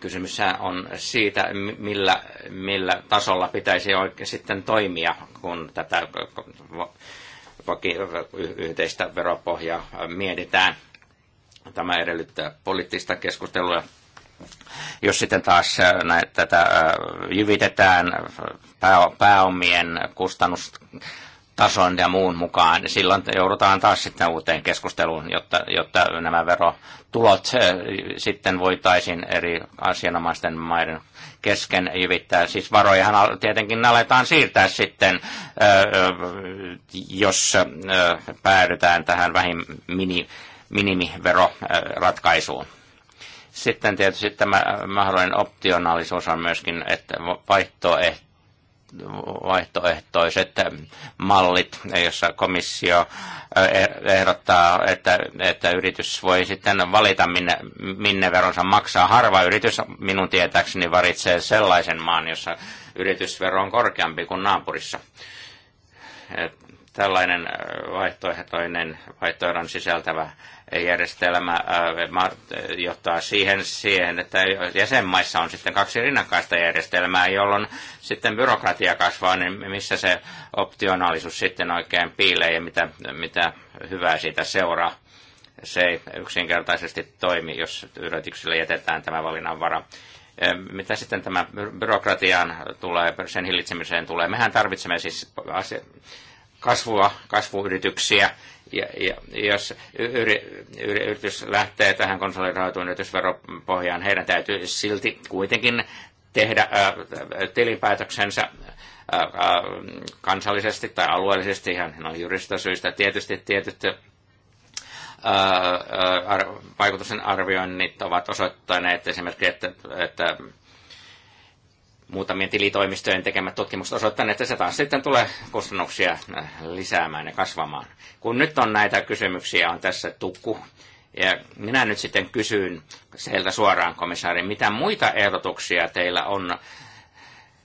Kysymys on siitä, millä, millä tasolla pitäisi oikein sitten toimia, kun tätä yhteistä veropohjaa mietitään Tämä edellyttää poliittista keskustelua. Jos sitten taas äh, näitä, tätä äh, jyvitetään äh, pääomien kustannustason ja muun mukaan, niin silloin joudutaan taas sitten uuteen keskusteluun, jotta, jotta nämä verotulot sitten voitaisiin eri asianomaisten maiden kesken jyvittää. Siis varojahan tietenkin aletaan siirtää sitten, jos päädytään tähän vähin mini minimiveroratkaisuun. Sitten tietysti tämä äh, mahdollinen optionaalisuus on myöskin, että vaihtoehto vaihtoehtoiset äh, mallit, jossa komissio äh, eh, ehdottaa, että, että yritys voi sitten valita, minne, minne veronsa maksaa. Harva yritys minun tietääkseni varitsee sellaisen maan, jossa yritysvero on korkeampi kuin naapurissa. Tällainen vaihtoehtoinen, vaihtoehdon sisältävä järjestelmä johtaa siihen, siihen, että jäsenmaissa on sitten kaksi rinnakkaista järjestelmää, jolloin sitten byrokratia kasvaa, niin missä se optionaalisuus sitten oikein piilee ja mitä, mitä hyvää siitä seuraa. Se ei yksinkertaisesti toimi, jos yrityksille jätetään tämä valinnanvara. Mitä sitten tämä byrokratiaan tulee, sen hillitsemiseen tulee? Mehän tarvitsemme siis kasvua, kasvuyrityksiä, ja, ja jos yri, yri, yritys lähtee tähän konsolidoituun yritysveropohjaan, heidän täytyy silti kuitenkin tehdä äh, tilinpäätöksensä äh, kansallisesti tai alueellisesti ihan no, juristasyistä. Tietysti tietyt äh, äh, vaikutusten arvioinnit ovat osoittaneet esimerkiksi, että, että muutamien tilitoimistojen tekemät tutkimukset osoittaneet, että se taas sitten tulee kustannuksia äh, lisäämään ja kasvamaan. Kun nyt on näitä kysymyksiä, on tässä tukku, ja minä nyt sitten kysyn sieltä suoraan, komissaari, mitä muita ehdotuksia teillä on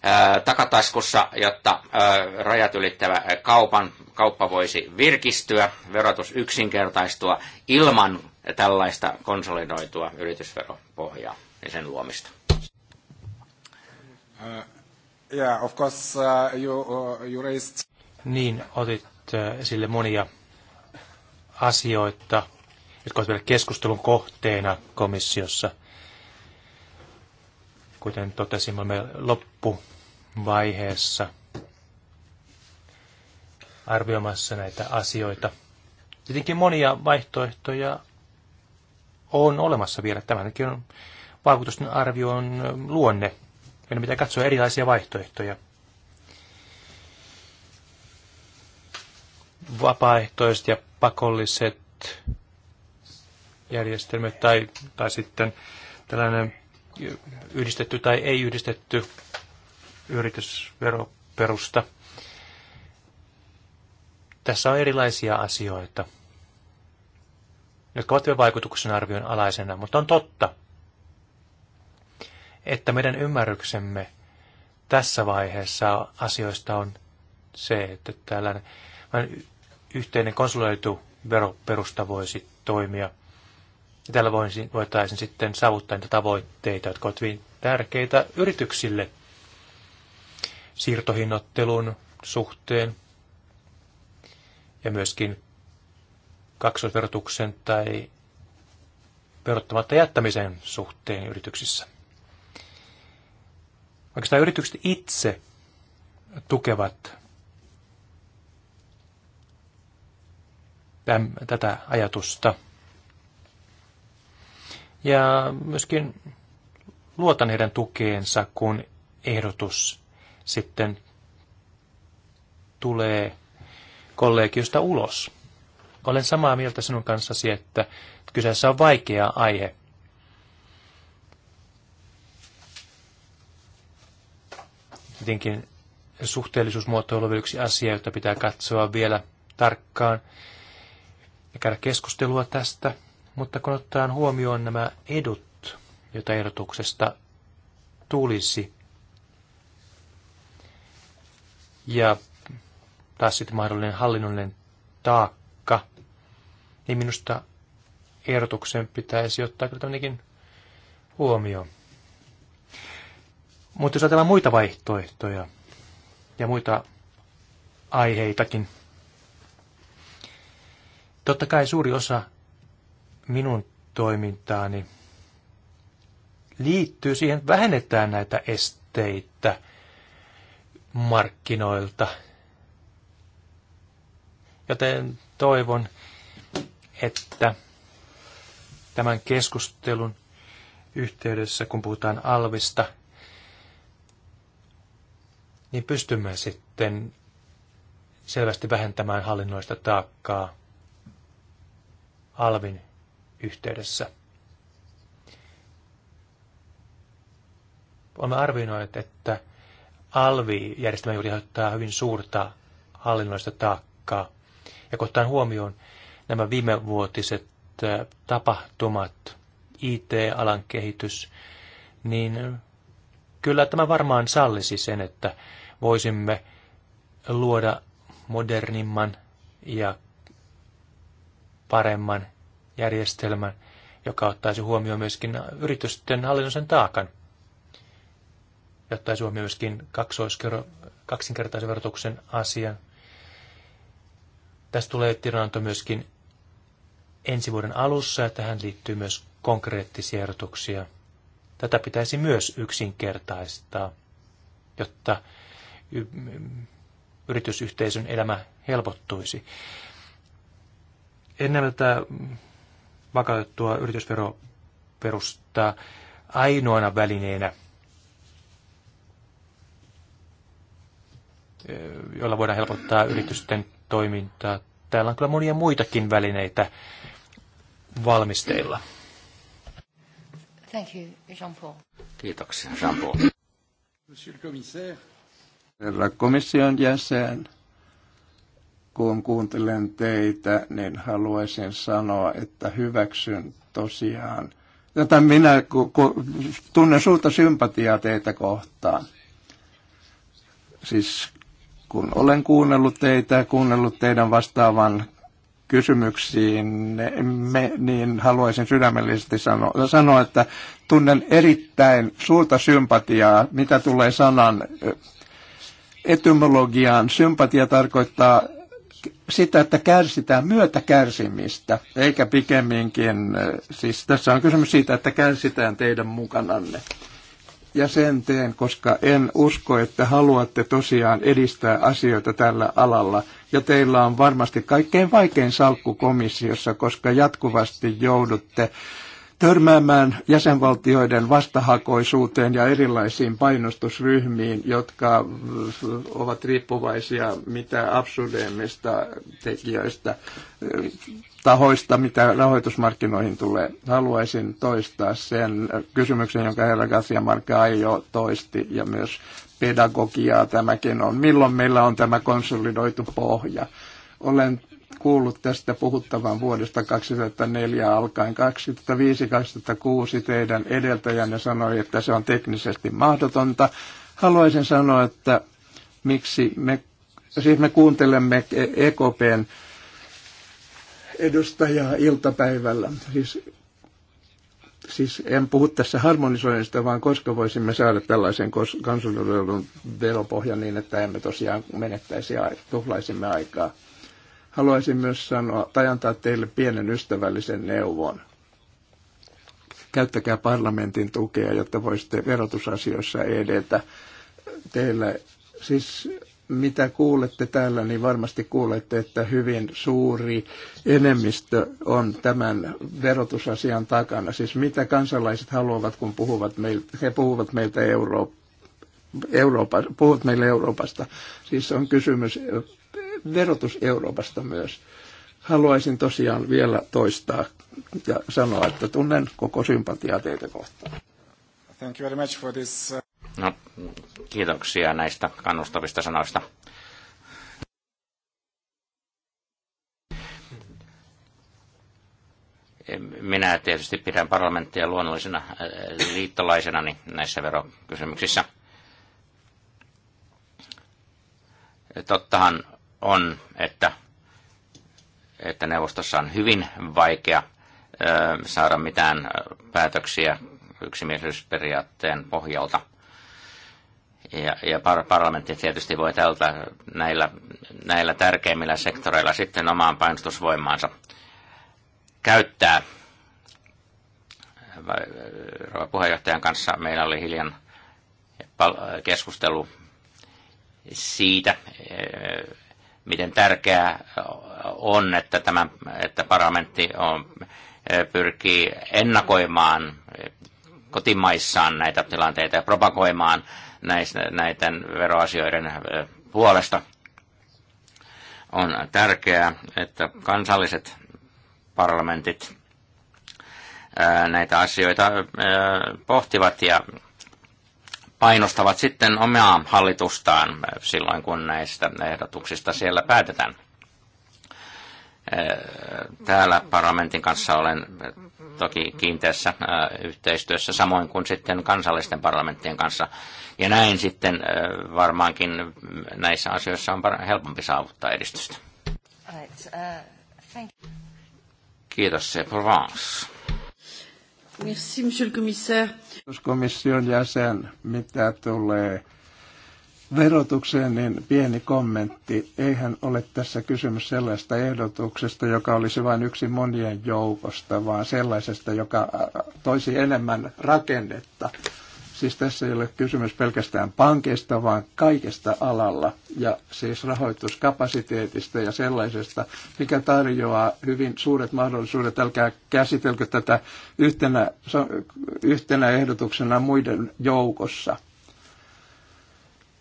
ää, äh, takataskussa, jotta ää, äh, rajat ylittävä kaupan, kauppa voisi virkistyä, verotus yksinkertaistua ilman tällaista konsolidoitua yritysveropohjaa ja sen luomista? Uh, yeah, of course, uh, you, uh, you raised... Niin, otit uh, esille monia asioita, jotka ovat vielä keskustelun kohteena komissiossa. Kuten totesimme, olemme loppuvaiheessa arvioimassa näitä asioita. Tietenkin monia vaihtoehtoja on olemassa vielä. Tämänkin on vaikutusten arvion luonne meidän pitää katsoa erilaisia vaihtoehtoja. Vapaaehtoiset ja pakolliset järjestelmät tai, tai sitten tällainen yhdistetty tai ei yhdistetty yritysveroperusta. Tässä on erilaisia asioita, jotka ovat jo vaikutuksen arvion alaisena, mutta on totta, että meidän ymmärryksemme tässä vaiheessa asioista on se, että tällainen yhteinen konsoloitu veroperusta voisi toimia. Ja tällä voitaisiin sitten saavuttaa niitä tavoitteita, jotka ovat hyvin tärkeitä yrityksille siirtohinnottelun suhteen ja myöskin kaksoisverotuksen tai verottamatta jättämisen suhteen yrityksissä. Oikeastaan yritykset itse tukevat täm, tätä ajatusta. Ja myöskin luotan heidän tukeensa, kun ehdotus sitten tulee kollegiosta ulos. Olen samaa mieltä sinun kanssasi, että kyseessä on vaikea aihe. Tietenkin suhteellisuusmuotoilu on yksi asia, jota pitää katsoa vielä tarkkaan ja käydä keskustelua tästä. Mutta kun ottaa huomioon nämä edut, joita ehdotuksesta tulisi, ja taas sitten mahdollinen hallinnollinen taakka, niin minusta ehdotuksen pitäisi ottaa kyllä tämmöinenkin huomioon. Mutta jos ajatellaan muita vaihtoehtoja ja muita aiheitakin, totta kai suuri osa minun toimintaani liittyy siihen, että vähennetään näitä esteitä markkinoilta. Joten toivon, että tämän keskustelun yhteydessä, kun puhutaan Alvista – niin pystymme sitten selvästi vähentämään hallinnoista taakkaa alvin yhteydessä. Olemme arvioineet, että alvi-järjestelmä juuri aiheuttaa hyvin suurta hallinnoista taakkaa. Ja kohtaan huomioon nämä viimevuotiset tapahtumat, IT-alan kehitys, niin kyllä tämä varmaan sallisi sen, että voisimme luoda modernimman ja paremman järjestelmän, joka ottaisi huomioon myöskin yritysten hallinnollisen taakan. Ja ottaisi huomioon myöskin kaksinkertaisen verotuksen asian. Tästä tulee tiedonanto myöskin ensi vuoden alussa ja tähän liittyy myös konkreettisia ehdotuksia. Tätä pitäisi myös yksinkertaistaa, jotta yritysyhteisön elämä helpottuisi. Ennen tätä vakautettua yritysveroperustaa ainoana välineenä, e, jolla voidaan helpottaa yritysten toimintaa. Täällä on kyllä monia muitakin välineitä valmisteilla. Thank you, Jean-Paul. Kiitoksia, Jean-Paul. Monsieur le commissaire, Herra komission jäsen, kun kuuntelen teitä, niin haluaisin sanoa, että hyväksyn tosiaan, jota minä ku, ku, tunnen suurta sympatiaa teitä kohtaan. Siis kun olen kuunnellut teitä ja kuunnellut teidän vastaavan kysymyksiin, me, niin haluaisin sydämellisesti sanoa, sanoa, että tunnen erittäin suurta sympatiaa, mitä tulee sanan etymologiaan sympatia tarkoittaa sitä, että kärsitään myötä kärsimistä, eikä pikemminkin, eh, siis tässä on kysymys siitä, että kärsitään teidän mukananne. Ja sen teen, koska en usko, että haluatte tosiaan edistää asioita tällä alalla. Ja teillä on varmasti kaikkein vaikein salkku komissiossa, koska jatkuvasti joudutte äh, törmäämään jäsenvaltioiden vastahakoisuuteen ja erilaisiin painostusryhmiin, jotka ovat riippuvaisia mitä absurdeimmista tekijöistä, tahoista, mitä rahoitusmarkkinoihin tulee. Haluaisin toistaa sen kysymyksen, jonka herra Garcia Marca jo toisti, ja myös pedagogiaa tämäkin on. Milloin meillä on tämä konsolidoitu pohja? Olen kuullut tästä puhuttavan vuodesta 2004 alkaen. 2005-2006 teidän edeltäjänne sanoi, että se on teknisesti mahdotonta. Haluaisin sanoa, että miksi me, siis me kuuntelemme EKPn edustajaa iltapäivällä. Siis, siis en puhu tässä harmonisoinnista, vaan koska voisimme saada tällaisen kansallisuuden veropohjan niin, että emme tosiaan menettäisi tuhlaisimme aikaa. Haluaisin myös sanoa tai antaa teille pienen ystävällisen neuvon. Käyttäkää parlamentin tukea, jotta voisitte verotusasioissa edetä. Teillä siis mitä kuulette täällä, niin varmasti kuulette, että hyvin suuri enemmistö on tämän verotusasian takana. Siis mitä kansalaiset haluavat, kun puhuvat meiltä, he puhuvat meiltä Euroopasta. Euroopasta, puhut meille Euroopasta. Siis on kysymys verotus Euroopasta myös. Haluaisin tosiaan vielä toistaa ja sanoa, että tunnen koko sympatiaa teitä kohtaan. Thank you very much for this. Uh, no, kiitoksia näistä kannustavista sanoista. minä tietysti pidän parlamenttia luonnollisena äh, liittolaisena niin näissä verokysymyksissä. Tottahan on, että, että neuvostossa on hyvin vaikea saada mitään päätöksiä yksimielisyysperiaatteen pohjalta. Ja, ja par- parlamentti tietysti voi tältä näillä, näillä tärkeimmillä sektoreilla sitten omaan painostusvoimaansa käyttää. Rova puheenjohtajan kanssa meillä oli hiljan keskustelu siitä, miten tärkeää on, että, tämä, että parlamentti on, pyrkii ennakoimaan kotimaissaan näitä tilanteita ja propagoimaan näiden veroasioiden puolesta. On tärkeää, että kansalliset parlamentit näitä asioita pohtivat ja painostavat sitten omaa hallitustaan eh, silloin, kun näistä ehdotuksista siellä päätetään. Eh, täällä parlamentin kanssa olen eh, toki kiinteässä yhteistyössä, samoin kuin sitten kansallisten parlamenttien kanssa. Ja näin sitten varmaankin näissä asioissa on helpompi saavuttaa edistystä. Uh, Kiitos, se Provence. Merci, monsieur le commissaire. Komission jäsen, mitä tulee verotukseen, niin pieni kommentti. Eihän ole tässä kysymys sellaista ehdotuksesta, joka olisi vain yksi monien joukosta, vaan sellaisesta, joka toisi enemmän rakennetta Siis tässä ei ole kysymys pelkästään pankeista, vaan kaikesta alalla ja siis rahoituskapasiteetista ja sellaisesta, mikä tarjoaa hyvin suuret mahdollisuudet. Älkää käsitelkö tätä yhtenä, yhtenä ehdotuksena muiden joukossa.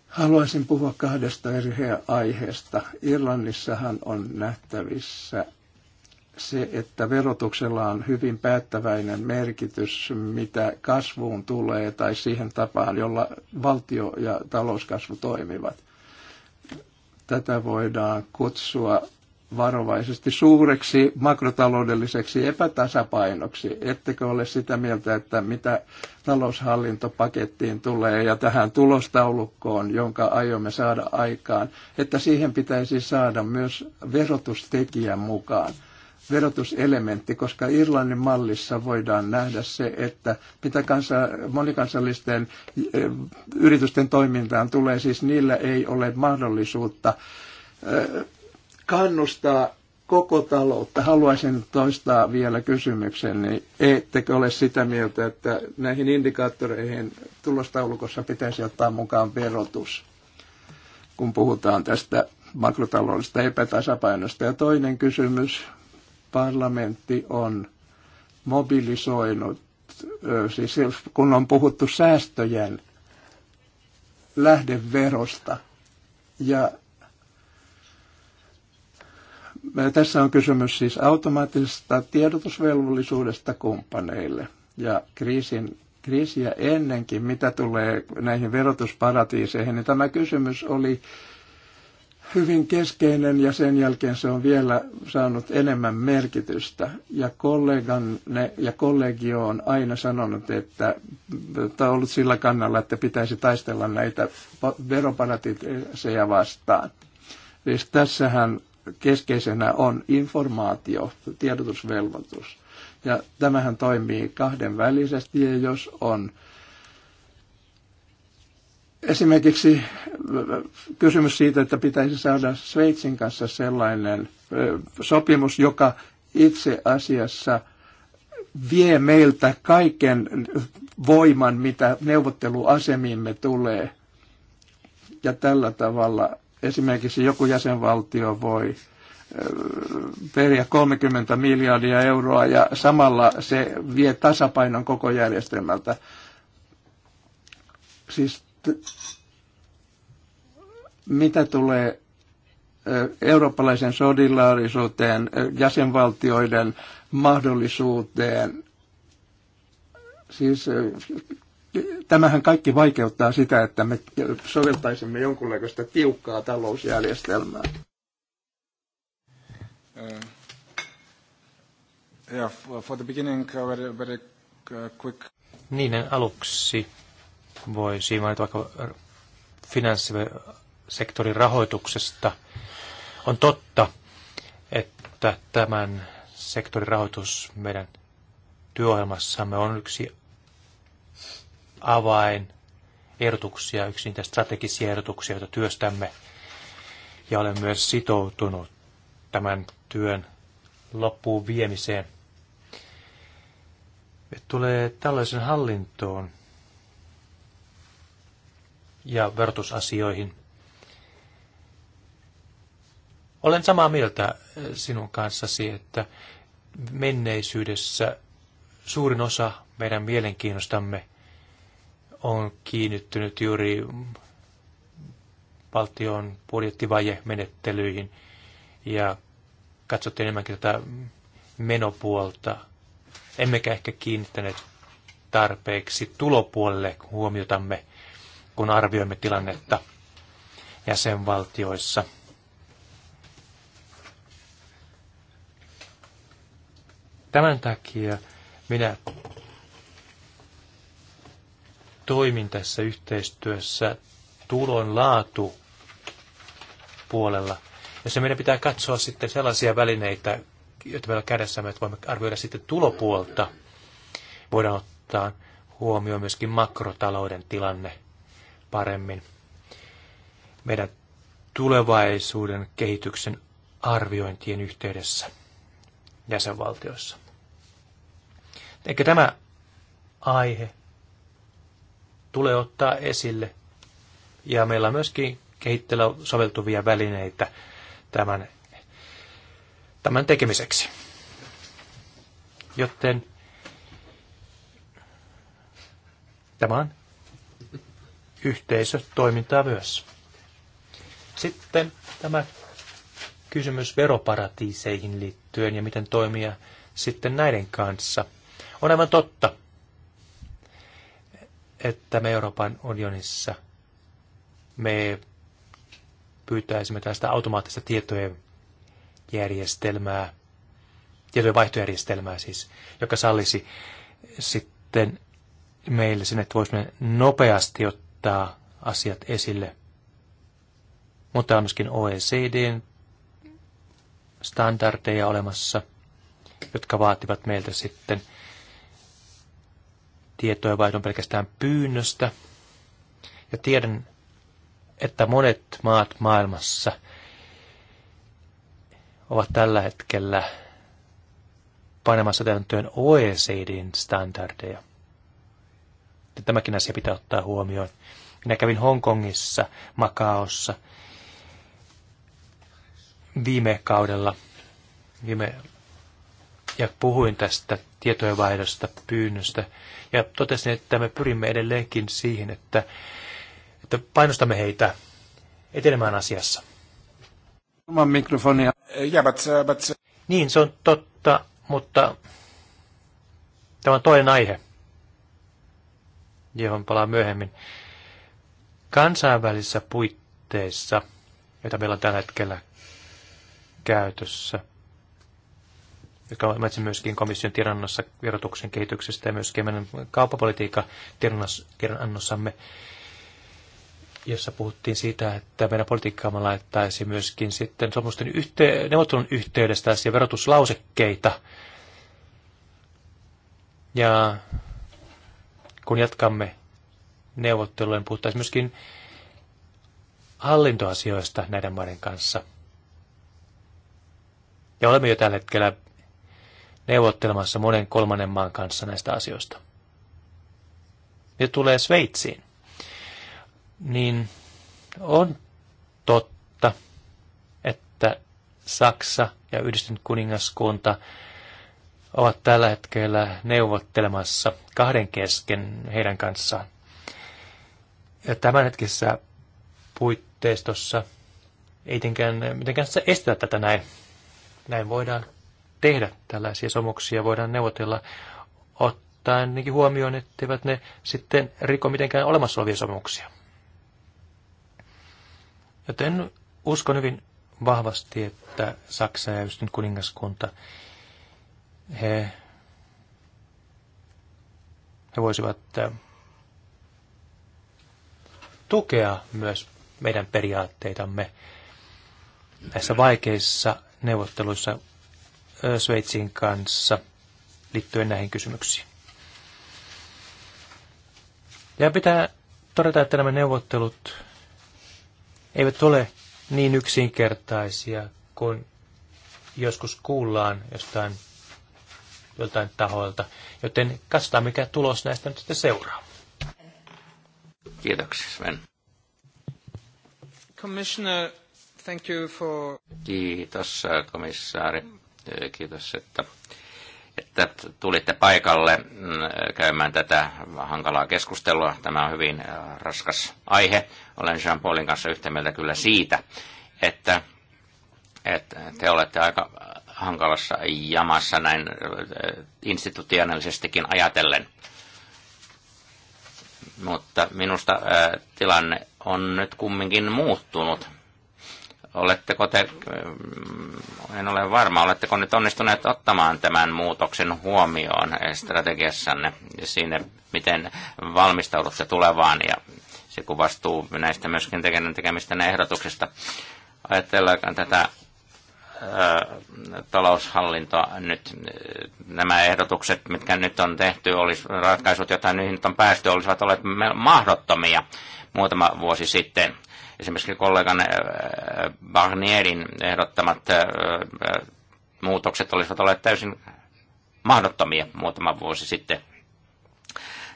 Haluaisin puhua kahdesta eri aiheesta. Irlannissahan on nähtävissä se, että verotuksella on hyvin päättäväinen merkitys, mitä kasvuun tulee tai siihen tapaan, jolla valtio ja talouskasvu toimivat. Tätä voidaan kutsua varovaisesti suureksi makrotaloudelliseksi epätasapainoksi. Ettekö ole sitä mieltä, että mitä taloushallintopakettiin tulee ja tähän tulostaulukkoon, jonka aiomme saada aikaan, että siihen pitäisi saada myös verotustekijän mukaan – verotuselementti, koska Irlannin mallissa voidaan nähdä se, että mitä kansa, monikansallisten eh, yritysten toimintaan tulee, siis niillä ei ole mahdollisuutta eh, kannustaa koko taloutta. Haluaisin toistaa vielä kysymyksen, niin ettekö ole sitä mieltä, että näihin indikaattoreihin tulostaulukossa pitäisi ottaa mukaan verotus, kun puhutaan tästä makrotaloudesta epätasapainosta. Ja toinen kysymys, parlamentti on mobilisoinut, siis kun on puhuttu säästöjen lähdeverosta. Ja tässä on kysymys siis automaattisesta tiedotusvelvollisuudesta kumppaneille ja kriisin, kriisiä ennenkin, mitä tulee näihin verotusparatiiseihin, niin tämä kysymys oli hyvin keskeinen ja sen jälkeen se on vielä saanut enemmän merkitystä. Ja, kolleganne, ja kollegio on aina sanonut, että, että on ollut sillä kannalla, että pitäisi taistella näitä veroparatiiseja vastaan. Siis tässähän keskeisenä on informaatio, tiedotusvelvoitus. Ja tämähän toimii kahden välisesti ja jos on Esimerkiksi kysymys siitä, että pitäisi saada Sveitsin kanssa sellainen sopimus, joka itse asiassa vie meiltä kaiken voiman, mitä neuvotteluasemiimme tulee. Ja tällä tavalla esimerkiksi joku jäsenvaltio voi periä 30 miljardia euroa ja samalla se vie tasapainon koko järjestelmältä. Siis mitä tulee eurooppalaisen solidaarisuuteen, jäsenvaltioiden mahdollisuuteen, siis tämähän kaikki vaikeuttaa sitä, että me soveltaisimme jonkunlaista tiukkaa talousjärjestelmää. Uh, yeah, for the beginning, very, very uh, quick. Niin aluksi siinä mainita vaikka finanssisektorin rahoituksesta. On totta, että tämän sektorin rahoitus meidän työohjelmassamme on yksi avain ehdotuksia, yksi niitä strategisia ehdotuksia, joita työstämme. Ja olen myös sitoutunut tämän työn loppuun viemiseen. tulee tällaisen hallintoon, ja verotusasioihin. Olen samaa mieltä äh, sinun kanssasi, että menneisyydessä suurin osa meidän mielenkiinnostamme on kiinnittynyt juuri valtion budjettivajemenettelyihin ja katsotte enemmänkin tätä menopuolta. Emmekä ehkä kiinnittäneet tarpeeksi tulopuolelle huomiotamme kun arvioimme tilannetta jäsenvaltioissa. Tämän takia minä toimin tässä yhteistyössä tulon laatu puolella, se meidän pitää katsoa sitten sellaisia välineitä, joita meillä kädessämme, että voimme arvioida sitten tulopuolta. Voidaan ottaa huomioon myöskin makrotalouden tilanne – paremmin meidän tulevaisuuden kehityksen arviointien yhteydessä jäsenvaltioissa. Eikä tämä aihe tulee ottaa esille. Ja meillä on myöskin kehitteillä soveltuvia välineitä tämän, tämän tekemiseksi. Joten tämä on yhteisötoimintaa myös. Sitten tämä kysymys veroparatiiseihin liittyen ja miten toimia sitten näiden kanssa. On aivan totta, että me Euroopan unionissa me pyytäisimme tästä automaattista tietojen järjestelmää, tietojen vaihtojärjestelmää siis, joka sallisi sitten meille sen, että voisimme nopeasti ottaa ottaa asiat esille. Mutta on myöskin OECDn standardeja olemassa, jotka vaativat meiltä sitten tietoja vaihdon pelkästään pyynnöstä. Ja tiedän, että monet maat maailmassa ovat tällä hetkellä panemassa täytäntöön OECDn standardeja tämäkin asia pitää ottaa huomioon. Minä kävin Hongkongissa, Makaossa viime kaudella viime, ja puhuin tästä tietojenvaihdosta, pyynnöstä ja totesin, että me pyrimme edelleenkin siihen, että, että painostamme heitä etenemään asiassa. Oman mikrofonia. Ja, but, but... Niin, se on totta, mutta tämä on toinen aihe johon palaan myöhemmin. Kansainvälisissä puitteissa, joita meillä on tällä hetkellä käytössä, jotka mainitsin myöskin komission tiedonannossa verotuksen kehityksestä ja myöskin meidän kauppapolitiikan tiedonannossamme, jossa puhuttiin siitä, että meidän politiikkaamme laittaisi myöskin sitten sopimusten yhte- neuvottelun yhteydestä ja verotuslausekkeita. Ja kun jatkamme neuvotteluja, niin puhuttaisiin myöskin hallintoasioista näiden maiden kanssa. Ja olemme jo tällä hetkellä neuvottelemassa monen kolmannen maan kanssa näistä asioista. Ja tulee Sveitsiin. Niin on totta, että Saksa ja yhdistynyt kuningaskunta ovat tällä hetkellä neuvottelemassa kahden kesken heidän kanssaan. Ja tämänhetkisessä puitteistossa ei tinkään, mitenkään estetä tätä näin. Näin voidaan tehdä tällaisia somuksia, voidaan neuvotella ottaen niinkin huomioon, etteivät ne sitten riko mitenkään olemassa olevia somuksia. Joten uskon hyvin vahvasti, että Saksa ja ystänyt kuningaskunta he, he voisivat äh, tukea myös meidän periaatteitamme näissä vaikeissa neuvotteluissa äh, Sveitsin kanssa liittyen näihin kysymyksiin. Ja pitää todeta, että nämä neuvottelut eivät ole niin yksinkertaisia kuin joskus kuullaan jostain joltain tahoilta. Joten katsotaan, mikä tulos näistä nyt sitten seuraa. Kiitoksia, Sven. Commissioner, thank you for... Kiitos, komissaari. Kiitos, että, että tulitte paikalle mm, käymään tätä hankalaa keskustelua. Tämä on hyvin äh, raskas aihe. Olen Jean-Paulin kanssa yhtä mieltä kyllä siitä, että, että te olette aika hankalassa jamassa näin institutionaalisestikin ajatellen. Mutta minusta tilanne on nyt kumminkin muuttunut. Oletteko te, en ole varma, oletteko nyt onnistuneet ottamaan tämän muutoksen huomioon strategiassanne ja siinä, miten valmistaudutte tulevaan ja se kuvastuu näistä myöskin tekemistä ehdotuksista ajatellaan tätä taloushallinto nyt, nämä ehdotukset, mitkä nyt on tehty, olisi, ratkaisut, joita niihin on päästy, olisivat olleet mahdottomia muutama vuosi sitten. Esimerkiksi kollegan Barnierin ehdottamat muutokset olisivat olleet täysin mahdottomia muutama vuosi sitten.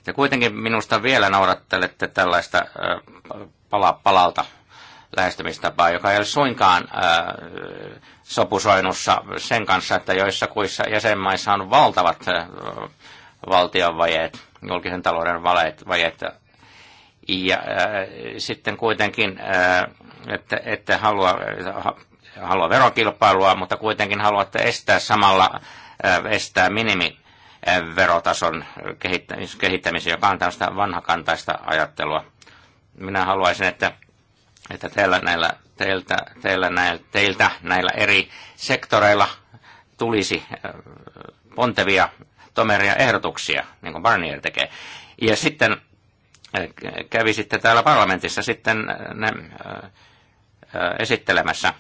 Te kuitenkin minusta vielä noudattelette tällaista pala palalta lähestymistapaa, joka ei ole suinkaan sopusoinnussa sen kanssa, että joissa kuissa jäsenmaissa on valtavat valtionvajeet, julkisen talouden vajeet, vajeet ja äh, sitten kuitenkin, että, että halua, ha, halua verokilpailua, mutta kuitenkin haluatte estää samalla, estää minimi verotason kehittämisen, joka on tällaista vanhakantaista ajattelua. Minä haluaisin, että, että teillä näillä teiltä, teillä näillä teiltä näillä eri sektoreilla tulisi äh, pontevia tomeria ehdotuksia, niin kuin Barnier tekee. Ja sitten äh, sitten täällä parlamentissa sitten äh, ne esittelemässä.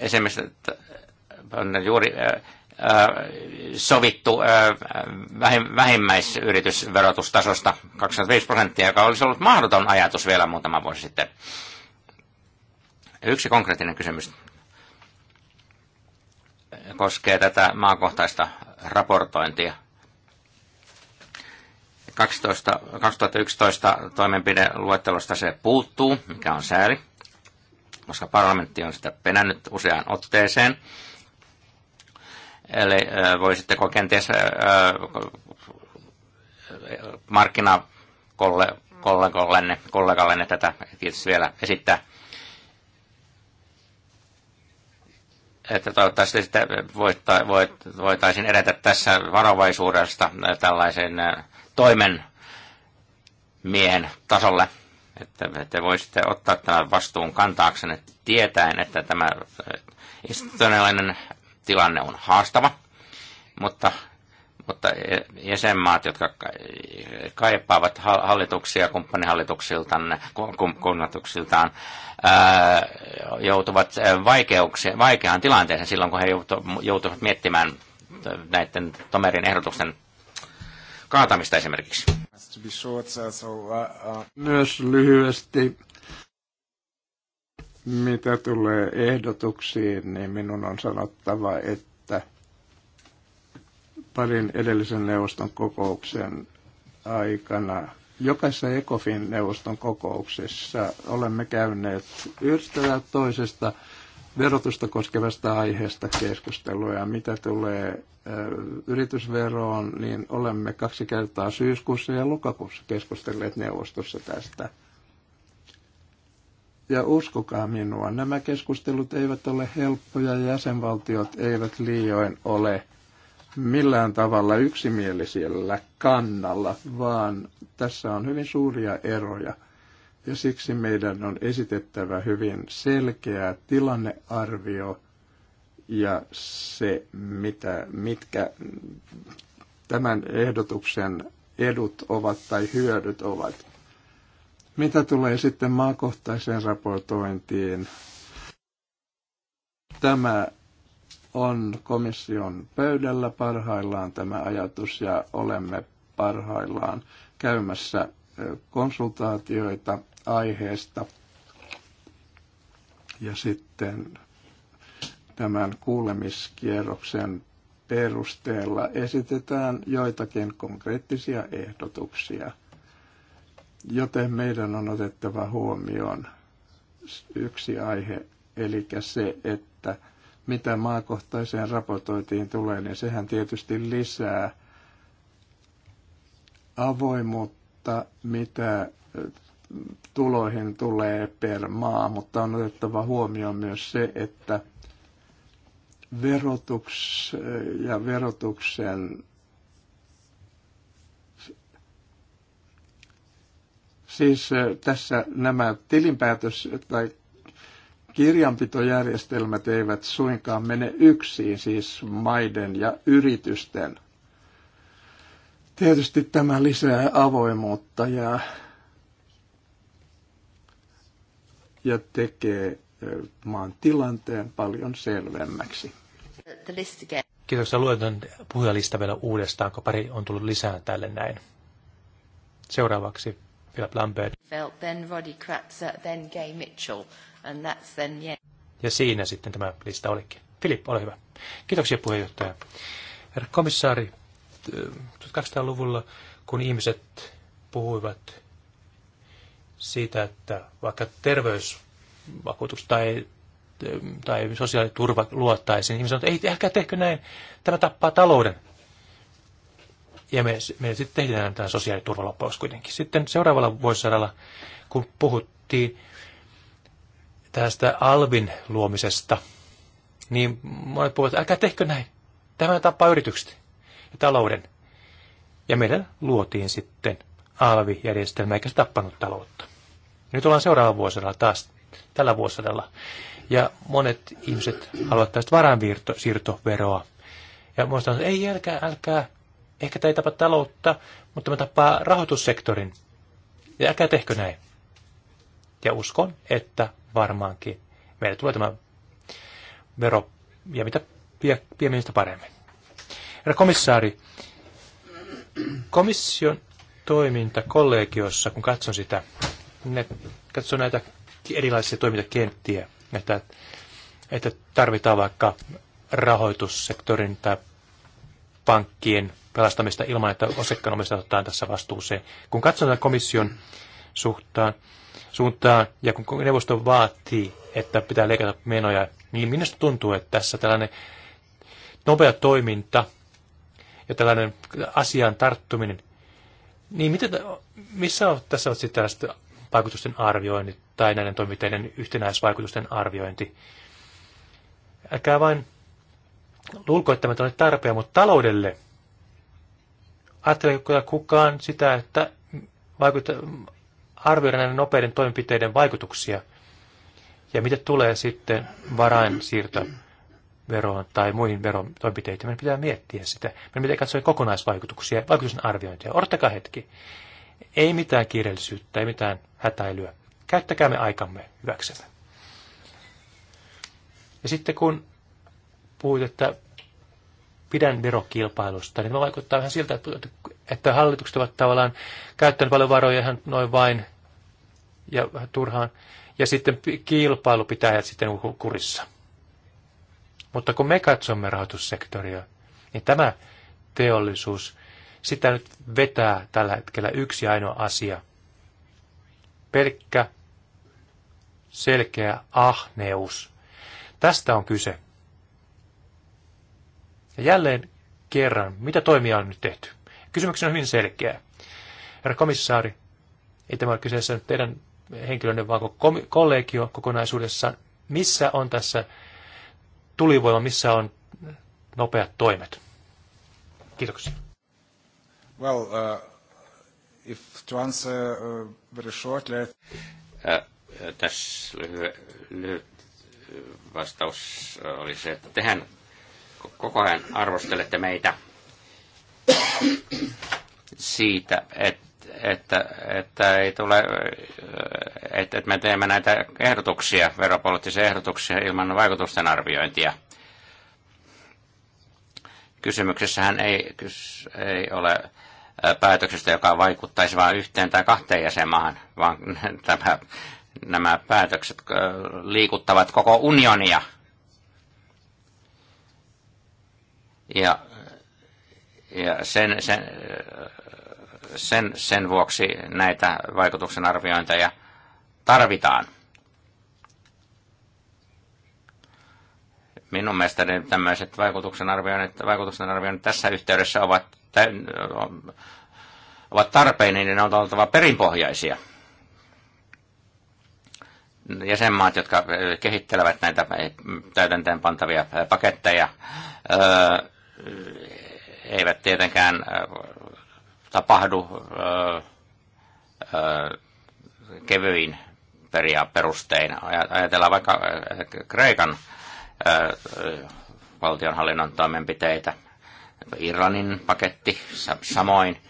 Esimerkiksi juuri sovittu vähimmäisyritysverotustasosta 25 prosenttia, joka olisi ollut mahdoton ajatus vielä muutama vuosi sitten. Yksi konkreettinen kysymys koskee tätä maakohtaista raportointia. 12, 2011 toimenpideluettelosta se puuttuu, mikä on sääli, koska parlamentti on sitä penännyt useaan otteeseen Eli voisitteko kenties markkinakollegallenne kollegallenne tätä tietysti vielä esittää? että toivottavasti sitten voitaisiin edetä tässä varovaisuudesta tällaisen toimen miehen tasolle, että te voisitte ottaa tämän vastuun kantaaksenne tietäen, että tämä institutionaalinen tilanne on haastava, mutta, mutta e- jäsenmaat, jotka kaipaavat hallituksia kumppanihallituksiltaan, kunnatuksiltaan, joutuvat vaikeaan tilanteeseen silloin, kun he joutuvat miettimään näiden Tomerin ehdotusten kaatamista esimerkiksi. Uh, uh, Myös lyhyesti mitä tulee ehdotuksiin, niin minun on sanottava, että parin edellisen neuvoston kokouksen aikana jokaisessa ECOFIN neuvoston kokouksessa olemme käyneet yhdestä toisesta verotusta koskevasta aiheesta keskustelua ja mitä tulee yritysveroon, niin olemme kaksi kertaa syyskuussa ja lokakuussa keskustelleet neuvostossa tästä. Ja uskokaa minua, nämä keskustelut eivät ole helppoja ja jäsenvaltiot eivät liioin ole millään tavalla yksimielisellä kannalla, vaan tässä on hyvin suuria eroja. Ja siksi meidän on esitettävä hyvin selkeä tilannearvio ja se, mitä, mitkä tämän ehdotuksen edut ovat tai hyödyt ovat. Mitä tulee sitten maakohtaiseen raportointiin? Tämä on komission pöydällä parhaillaan tämä ajatus ja olemme parhaillaan käymässä konsultaatioita aiheesta. Ja sitten tämän kuulemiskierroksen perusteella esitetään joitakin konkreettisia ehdotuksia – Joten meidän on otettava huomioon yksi aihe, eli se, että mitä maakohtaiseen raportointiin tulee, niin sehän tietysti lisää avoimuutta, mitä tuloihin tulee per maa, mutta on otettava huomioon myös se, että verotuks ja verotuksen Siis tässä nämä tilinpäätös- tai kirjanpitojärjestelmät eivät suinkaan mene yksiin, siis maiden ja yritysten. Tietysti tämä lisää avoimuutta ja, ja tekee maan tilanteen paljon selvemmäksi. Kiitoksia. Luetan puhujalista vielä uudestaan, kun pari on tullut lisää tälle näin. Seuraavaksi Philip Lambert. Felt, then Roddy Kratzer, then Gay Mitchell, and that's then, yeah. Ja siinä sitten tämä lista olikin. Filip, ole hyvä. Kiitoksia puheenjohtaja. Herra komissaari, 1800 äh, luvulla kun ihmiset puhuivat siitä, että vaikka terveysvakuutus tai, äh, tai sosiaaliturva luottaisiin, ihmiset sanoivat, että ei, ehkä tehkö näin, tämä tappaa talouden. Ja me, me sitten tehdään tämä sosiaaliturvaloppaus kuitenkin. Sitten seuraavalla vuosisadalla, kun puhuttiin tästä alvin luomisesta, niin monet puhuvat, älkää tehkö näin. Tämä tappaa yritykset ja talouden. Ja meillä luotiin sitten Alvi järjestelmä, eikä se tappanut taloutta. Nyt ollaan seuraavalla vuosisadalla taas tällä vuosisadalla. Ja monet ihmiset haluavat tästä varainsiirtoveroa. Ja muistan, että ei, älkää, älkää Ehkä tämä ei tapa taloutta, mutta tämä tapaa rahoitussektorin. Ja älkää tehkö näin. Ja uskon, että varmaankin meille tulee tämä vero ja mitä pieminen sitä paremmin. Herra komissaari, komission toiminta kollegiossa, kun katson sitä, ne, katson näitä erilaisia toimintakenttiä, että, että tarvitaan vaikka rahoitussektorin tai pankkien pelastamista ilman, että osakkeenomistajat otetaan tässä vastuuseen. Kun katsotaan komission suhtaan, suuntaan ja kun neuvosto vaatii, että pitää leikata menoja, niin minusta tuntuu, että tässä tällainen nopea toiminta ja tällainen asiaan tarttuminen, niin miten, missä on tässä on sitten tällaista vaikutusten arviointi tai näiden toimenpiteiden yhtenäisvaikutusten arviointi? Älkää vain luulko, että tämä on tarpeen, mutta taloudelle – ajatteleeko kukaan sitä, että vaikuttaa, arvioida näiden nopeiden toimenpiteiden vaikutuksia ja mitä tulee sitten veroon tai muihin verotoimenpiteisiin. Meidän pitää miettiä sitä. Meidän pitää katsoa kokonaisvaikutuksia, vaikutusten arviointia. Odottakaa hetki. Ei mitään kiireellisyyttä, ei mitään hätäilyä. Käyttäkää me aikamme hyväksemme. Ja sitten kun puhuit, että pidän verokilpailusta, niin tämä vaikuttaa vähän siltä, että hallitukset ovat tavallaan käyttäneet paljon varoja ihan noin vain ja vähän turhaan. Ja sitten kilpailu pitää sitten kurissa. Mutta kun me katsomme rahoitussektoria, niin tämä teollisuus, sitä nyt vetää tällä hetkellä yksi ainoa asia. Pelkkä selkeä ahneus. Tästä on kyse. Ja jälleen kerran, mitä toimia on nyt tehty? Kysymyksen on hyvin selkeä. Herra komissaari, ei tämä ole kyseessä nyt teidän henkilönne, vaan koko kollegio kokonaisuudessaan. Missä on tässä tulivoima, missä on nopeat toimet? Kiitoksia. Well, uh, if to answer uh, very shortly... Uh, tässä lyhyt, lyhyt vastaus oli se, että tehän koko ajan arvostelette meitä siitä, että että, että, ei tule, että, että me teemme näitä ehdotuksia, veropoliittisia ehdotuksia ilman vaikutusten arviointia. Kysymyksessähän ei, kys, ei ole päätöksestä, joka vaikuttaisi vain yhteen tai kahteen jäsenmaahan, vaan <laughs> tämä, nämä päätökset liikuttavat koko unionia Ja, ja sen, sen, sen, sen vuoksi näitä vaikutuksen arviointeja tarvitaan. Minun mielestäni tämmöiset vaikutuksen arvioinnit, vaikutuksen arvioinnit tässä yhteydessä ovat, ovat tarpeen, niin ne on oltava perinpohjaisia jäsenmaat, jotka kehittelevät näitä pantavia paketteja, eivät tietenkään tapahdu kevyin perustein. Ajatellaan vaikka Kreikan valtionhallinnon toimenpiteitä, Irlannin paketti samoin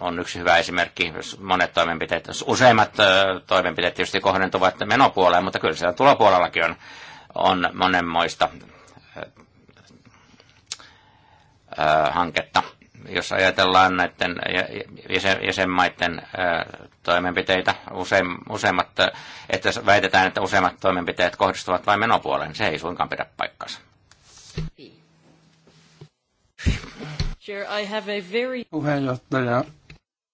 on yksi hyvä esimerkki. Monet toimenpiteet, useimmat toimenpiteet tietysti kohdentuvat menopuoleen, mutta kyllä siellä tulopuolellakin on, on monenmoista hanketta. Jos ajatellaan näiden jäsenmaiden toimenpiteitä, useimmat, että väitetään, että useimmat toimenpiteet kohdistuvat vain menopuoleen, niin se ei suinkaan pidä paikkansa. Puheenjohtaja,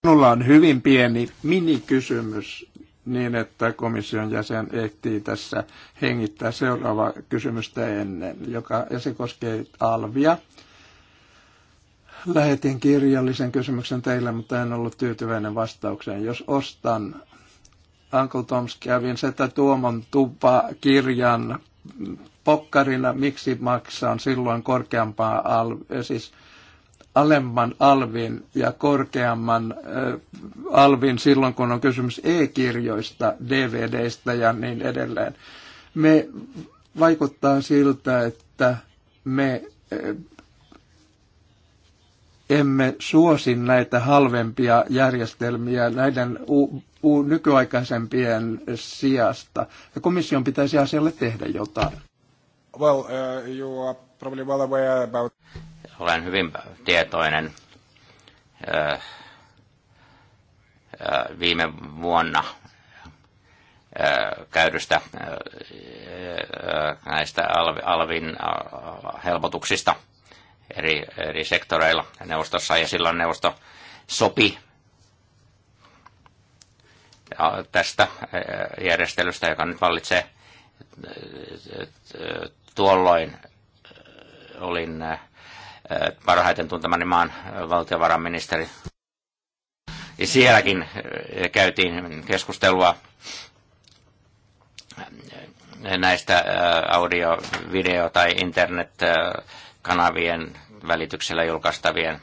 minulla on hyvin pieni minikysymys niin, että komission jäsen ehtii tässä hengittää seuraava kysymystä ennen, joka, ja se koskee alvia. Lähetin kirjallisen kysymyksen teille, mutta en ollut tyytyväinen vastaukseen. Jos ostan Uncle Tom's Cabin Setä Tuomon tupa kirjan pokkarina, miksi maksaan silloin korkeampaa alv- eh, siis alemman alvin ja korkeamman äh, alvin silloin, kun on kysymys e-kirjoista, DVDistä ja niin edelleen. Me vaikuttaa siltä, että me eh, emme suosi näitä halvempia järjestelmiä näiden u- u- nykyaikaisempien sijasta. Ja komission pitäisi asialle tehdä jotain. Well, uh, you are well aware about... Olen hyvin tietoinen uh, uh, viime vuonna äh, käydystä näistä alvin helpotuksista – eri, eri sektoreilla neuvostossa, ja silloin neuvosto sopi tästä järjestelystä, joka nyt vallitsee tuolloin olin parhaiten tuntemani maan valtiovarainministeri. Ja sielläkin käytiin keskustelua näistä audio-, video- tai internet- kanavien välityksellä julkaistavien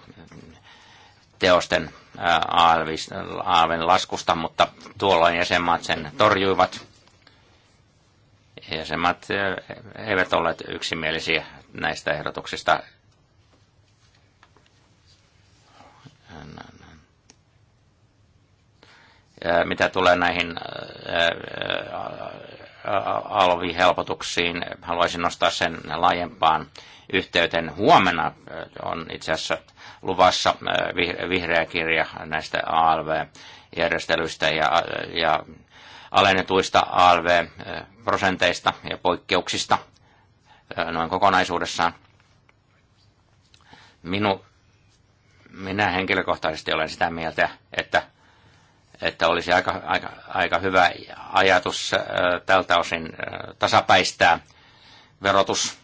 teosten aaven laskusta, mutta tuolloin jäsenmaat sen torjuivat. Jäsenmaat eivät olleet yksimielisiä näistä ehdotuksista. Mitä tulee näihin alvihelpotuksiin, haluaisin nostaa sen laajempaan yhteyteen. Huomenna äh, on itse asiassa luvassa äh, vihreä kirja näistä ALV-järjestelyistä ja, äh, ja alennetuista ALV-prosenteista ja poikkeuksista noin kokonaisuudessaan. Minu, minä henkilökohtaisesti olen sitä mieltä, että, että olisi aika, aika, aika hyvä ajatus tältä osin tasapäistää verotus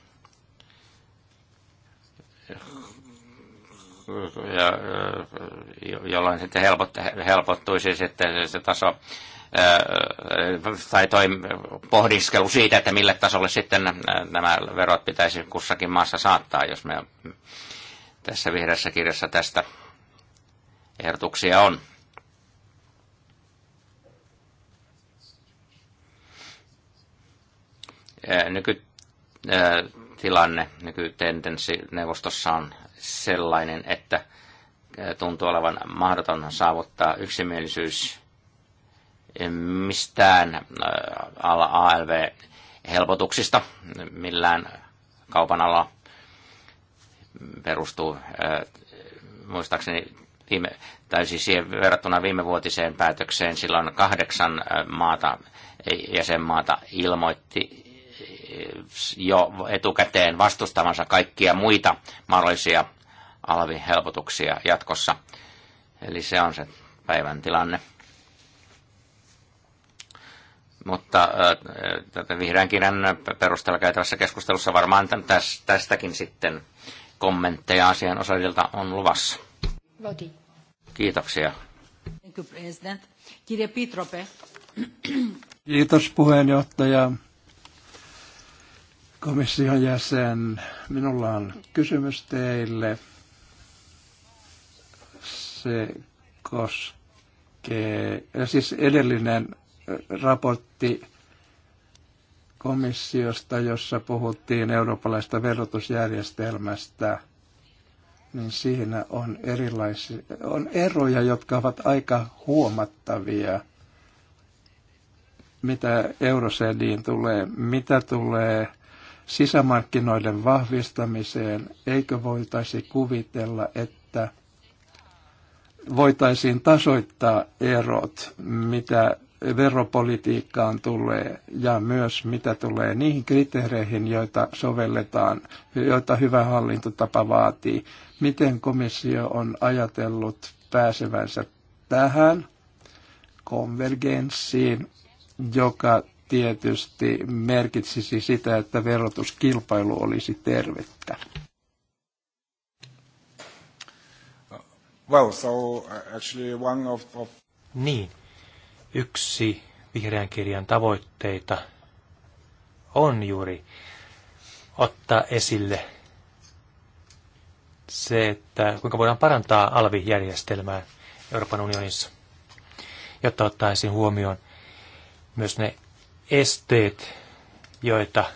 ja, äh, jolloin sitten helpot, helpottuisi sitten se taso äh, tai toi pohdiskelu siitä, että mille tasolle sitten äh, nämä verot pitäisi kussakin maassa saattaa, jos me tässä vihreässä kirjassa tästä ehdotuksia on. Nykytilanne, nykytendenssi neuvostossa on sellainen, että äh, tuntuu olevan mahdoton saavuttaa yksimielisyys mistään äh, ALV-helpotuksista millään kaupan ala perustuu äh, muistaakseni viime, tai siis siihen verrattuna vuotiseen päätökseen silloin kahdeksan maata, jäsenmaata ilmoitti jo etukäteen vastustavansa kaikkia muita mahdollisia alvihelpotuksia jatkossa. Eli se on se päivän tilanne. Mutta tätä vihreän kirjan perusteella käytävässä keskustelussa varmaan tästäkin sitten kommentteja asian osaajilta on luvassa. Voti. Kiitoksia. Thank you, President. Kiitos puheenjohtaja. Komission jäsen, minulla on kysymys teille. Se koskee, äh, siis edellinen äh, raportti komissiosta, jossa puhuttiin eurooppalaista verotusjärjestelmästä, niin siinä on, erilaisia, on eroja, jotka ovat aika huomattavia, mitä eurosediin tulee, mitä tulee sisämarkkinoiden vahvistamiseen, eikö voitaisi kuvitella, että voitaisiin tasoittaa erot, mitä veropolitiikkaan tulee ja myös mitä tulee niihin kriteereihin, joita sovelletaan, joita hyvä hallintotapa vaatii. Miten komissio on ajatellut pääsevänsä tähän konvergenssiin, joka tietysti merkitsisi sitä, että verotuskilpailu olisi tervettä. Well, so uh, actually one of, of... Niin, yksi vihreän kirjan tavoitteita on juuri ottaa esille se, että kuinka voidaan parantaa alvijärjestelmää Euroopan unionissa, jotta ottaisiin huomioon myös ne esteet, joita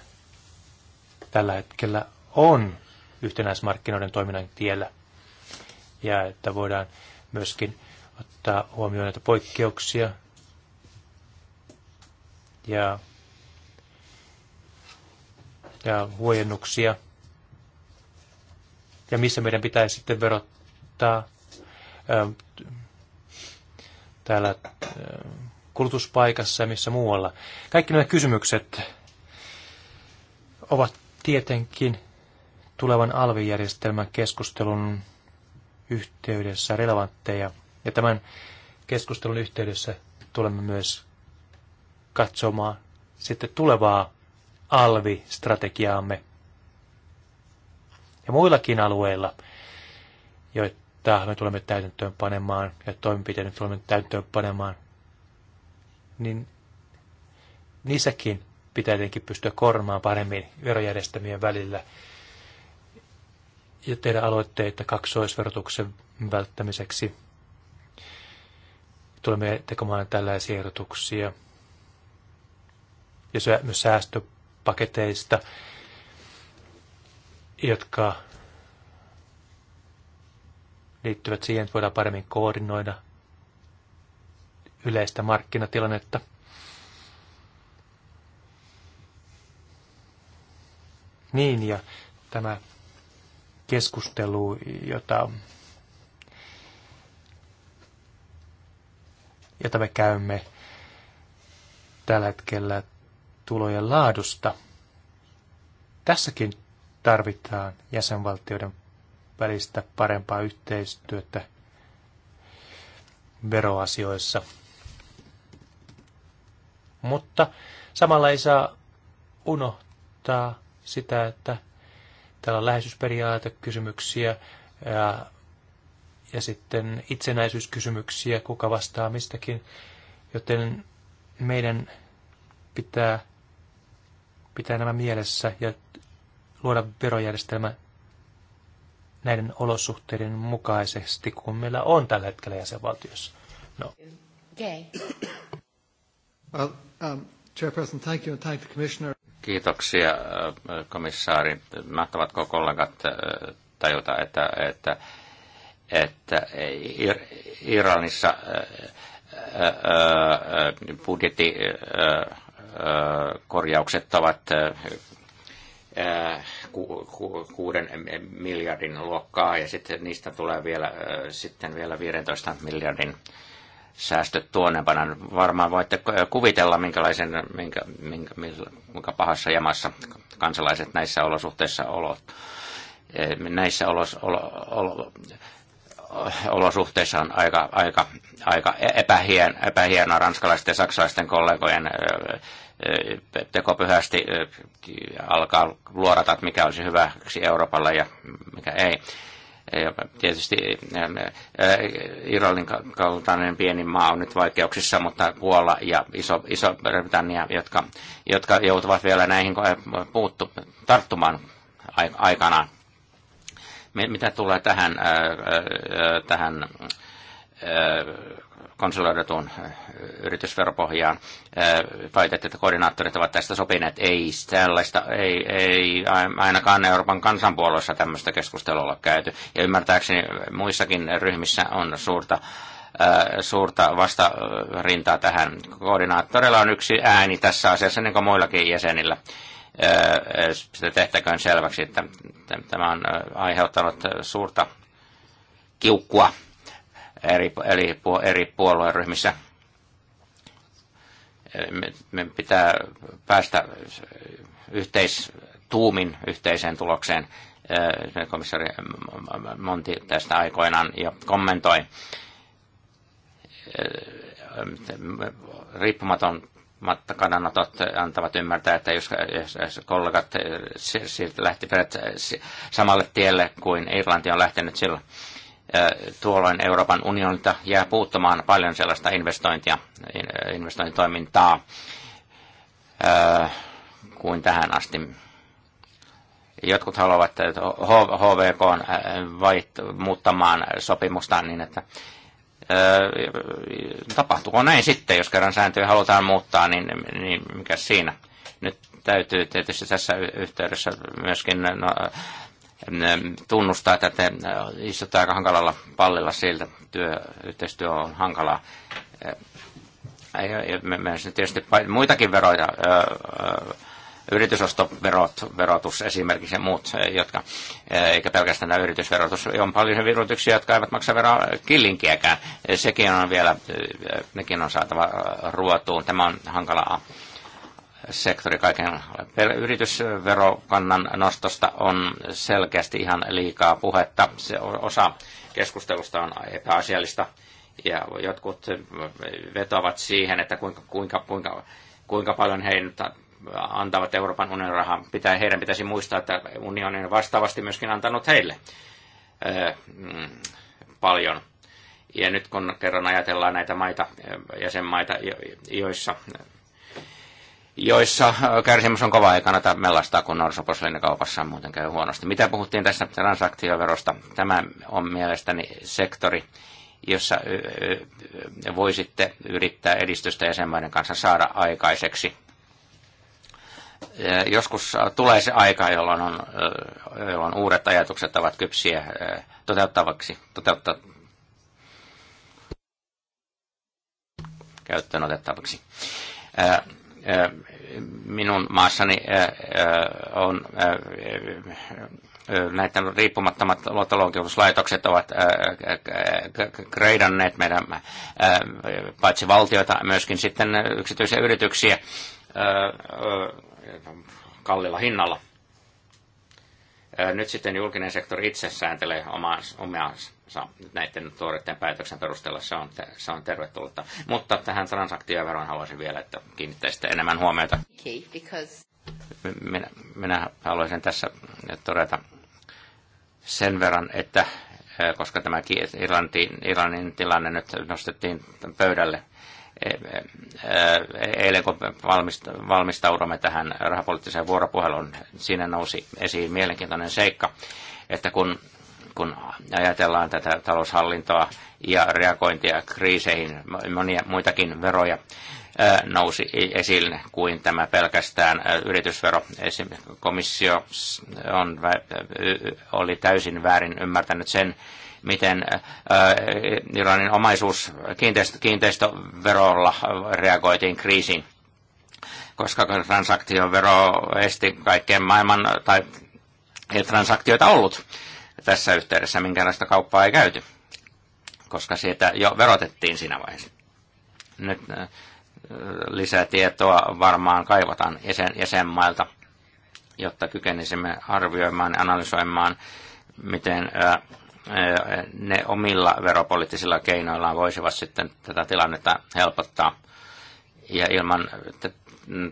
tällä hetkellä on yhtenäismarkkinoiden toiminnan tiellä. Ja että voidaan myöskin ottaa huomioon näitä poikkeuksia. Ja, ja huojennuksia. Ja missä meidän pitäisi sitten verottaa ää, täällä ää, kulutuspaikassa ja missä muualla. Kaikki nämä kysymykset ovat tietenkin tulevan alvijärjestelmän keskustelun yhteydessä relevantteja. Ja tämän keskustelun yhteydessä tulemme myös katsomaan sitten tulevaa alvistrategiaamme ja muillakin alueilla, joita me tulemme täytäntöön panemaan ja toimenpiteiden tulemme täytäntöön panemaan niin niissäkin pitää tietenkin pystyä kormaan paremmin verojärjestelmien välillä ja tehdä aloitteita kaksoisverotuksen välttämiseksi. Tulemme tekemään tällaisia ehdotuksia. Ja myös säästöpaketeista, jotka liittyvät siihen, että voidaan paremmin koordinoida yleistä markkinatilannetta. Niin, ja tämä keskustelu, jota, jota me käymme tällä hetkellä tulojen laadusta, tässäkin tarvitaan jäsenvaltioiden välistä parempaa yhteistyötä veroasioissa – mutta samalla ei saa unohtaa sitä, että täällä on läheisyysperiaatekysymyksiä ja, ja sitten itsenäisyyskysymyksiä, kuka vastaa mistäkin. Joten meidän pitää pitää nämä mielessä ja luoda verojärjestelmä näiden olosuhteiden mukaisesti, kun meillä on tällä hetkellä jäsenvaltiossa. No. Okay. Well, um, Chairperson, thank you and thank the Commissioner. Kiitoksia äh, komissaari. Mahtavatko kollegat äh, tajuta, että, että, että Iranissa äh, budjettikorjaukset ovat kuuden miljardin luokkaa ja sitten niistä tulee vielä, sitten vielä 15 miljardin säästöt tuonnepana. Varmaan voitte kuvitella, minkälaisen, minkä, minkä, minkä, pahassa jamassa kansalaiset näissä olosuhteissa olot. E, näissä olos, olo, olo, olosuhteissa on aika, aika, aika e, epähien, epähienoa ranskalaisten ja saksalaisten kollegojen e, tekopyhästi alkaa luorata, mikä olisi hyväksi Euroopalle ja mikä ei. Ja tietysti ähm, äh, Irallin kaltainen pieni maa on nyt vaikeuksissa, mutta Puola ja Iso-Britannia, Iso jotka, jotka joutuvat vielä näihin äh, puuttu, tarttumaan aikanaan. Mitä tulee tähän, äh, tähän konsolidoituun äh, yritysveropohjaan. Äh, Väitettiin, että koordinaattorit ovat tästä sopineet. Ei tällaista, ei, ei ainakaan Euroopan kansanpuolueessa tämmöistä keskustelua ole käyty. Ja ymmärtääkseni muissakin ryhmissä on suurta äh, suurta vastarintaa tähän. Koordinaattorilla on yksi ääni tässä asiassa, niin kuin muillakin jäsenillä. Sitä tehtäköön selväksi, että tämä on aiheuttanut suurta kiukkua eri, eri, eri puolueryhmissä. Me, me pitää päästä yhteistuumin yhteiseen tulokseen. Komissari Monti tästä aikoinaan jo kommentoi. Riippumaton kannanotot antavat ymmärtää, että jos, jos kollegat lähtivät samalle tielle kuin Irlanti on lähtenyt silloin, tuolloin Euroopan unionilta jää puuttumaan paljon sellaista investointia, investointitoimintaa kuin tähän asti. Jotkut haluavat HVK muuttamaan sopimustaan niin, että tapahtuuko näin sitten, jos kerran sääntöjä halutaan muuttaa, niin, niin mikä siinä? Nyt täytyy tietysti tässä yhteydessä myöskin no, tunnustaa, että te istutte aika hankalalla pallilla siltä. Työ, yhteistyö on hankalaa. Me, me tietysti muitakin veroja, yritysostoverot, verotus esimerkiksi ja muut, jotka, e, eikä pelkästään nämä yritysverotus. On paljon yrityksiä, jotka eivät maksa veroa killinkiäkään. E, sekin on vielä, e, nekin on saatava ruotuun. Tämä on hankalaa sektori kaiken yritysverokannan nostosta on selkeästi ihan liikaa puhetta. Se osa keskustelusta on epäasiallista ja jotkut vetovat siihen, että kuinka, kuinka, kuinka, kuinka paljon he antavat Euroopan unionin rahaa. Pitää, heidän pitäisi muistaa, että unioni on vastaavasti myöskin antanut heille mm, paljon. Ja nyt kun kerran ajatellaan näitä maita, jäsenmaita, joissa joissa äh, kärsimys on kova, ei kannata mellastaa, kun kaupassa muuten käy huonosti. Mitä puhuttiin tässä transaktioverosta? Tämä on mielestäni sektori, jossa voisitte yrittää edistystä jäsenmaiden kanssa saada aikaiseksi. Äh, joskus tulee se aika, jolloin, on, äh, jolloin uudet ajatukset ovat kypsiä toteuttavaksi, Toteutta... käyttöön otettavaksi minun maassani on näiden riippumattomat luottoluokituslaitokset ovat kreidanneet meidän paitsi valtioita, myöskin sitten yksityisiä yrityksiä kallilla hinnalla. Nyt sitten julkinen sektori itse sääntelee omaansa näiden tuoreiden päätöksen perusteella. Se on, se on tervetullutta. Mutta tähän transaktioveroon haluaisin vielä, että kiinnittäisitte enemmän huomiota. Okay, because... minä, minä haluaisin tässä todeta sen verran, että koska tämä Irlantin, Irlannin tilanne nyt nostettiin pöydälle – eilen kun valmistaudumme tähän rahapoliittiseen vuoropuheluun, siinä nousi esiin mielenkiintoinen seikka, että kun, kun ajatellaan tätä taloushallintoa ja reagointia kriiseihin, monia muitakin veroja nousi e-, esille kuin tämä pelkästään yritysvero. Esimerkiksi komissio on, oli täysin väärin ymmärtänyt sen, miten äh, äh, Iranin omaisuus kiinteistö, kiinteistöverolla reagoitiin kriisiin koska transaktiovero esti kaikkeen maailman, tai ei transaktioita ollut tässä yhteydessä, minkälaista kauppaa ei käyty, koska siitä jo verotettiin siinä vaiheessa. Nyt äh, lisätietoa varmaan kaivataan jäsen, jäsenmailta, jotta kykenisimme arvioimaan ja analysoimaan, miten ne omilla veropoliittisilla keinoillaan voisivat sitten tätä tilannetta helpottaa. Ja ilman,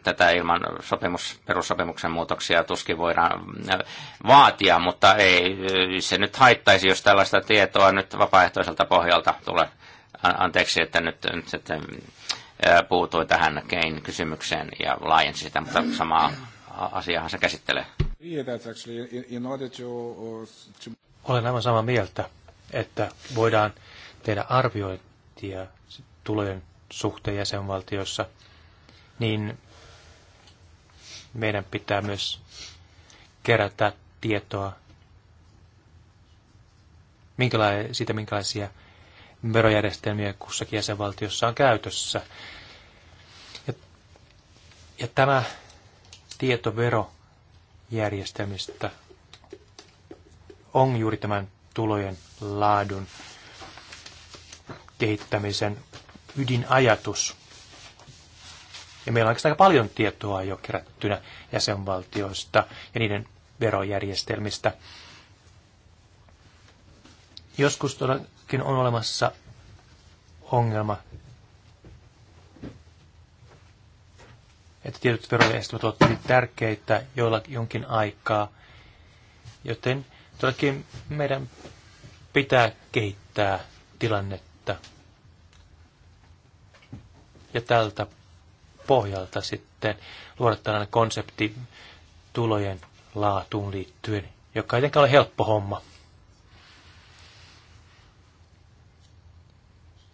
tätä ilman sopimus, perussopimuksen muutoksia tuskin voidaan äh, vaatia, mutta ei se nyt haittaisi, jos tällaista tietoa nyt vapaaehtoiselta pohjalta tulee. Anteeksi, että nyt, nyt sitten äh, puutui tähän Kein kysymykseen ja laajensi sitä, mutta samaa asiahan se käsittelee. Olen aivan samaa mieltä, että voidaan tehdä arviointia tulojen suhteen jäsenvaltiossa, niin meidän pitää myös kerätä tietoa minkälaisia, siitä, minkälaisia verojärjestelmiä kussakin jäsenvaltiossa on käytössä. Ja, ja tämä tieto verojärjestelmistä on juuri tämän tulojen laadun kehittämisen ydinajatus. Ja meillä on oikeastaan aika paljon tietoa jo kerättynä jäsenvaltioista ja niiden verojärjestelmistä. Joskus todellakin on olemassa ongelma, että tietyt verojärjestelmät ovat tärkeitä joilla jonkin aikaa, joten Todellakin meidän pitää kehittää tilannetta. Ja tältä pohjalta sitten luoda tällainen konsepti tulojen laatuun liittyen, joka ei tietenkään ole helppo homma.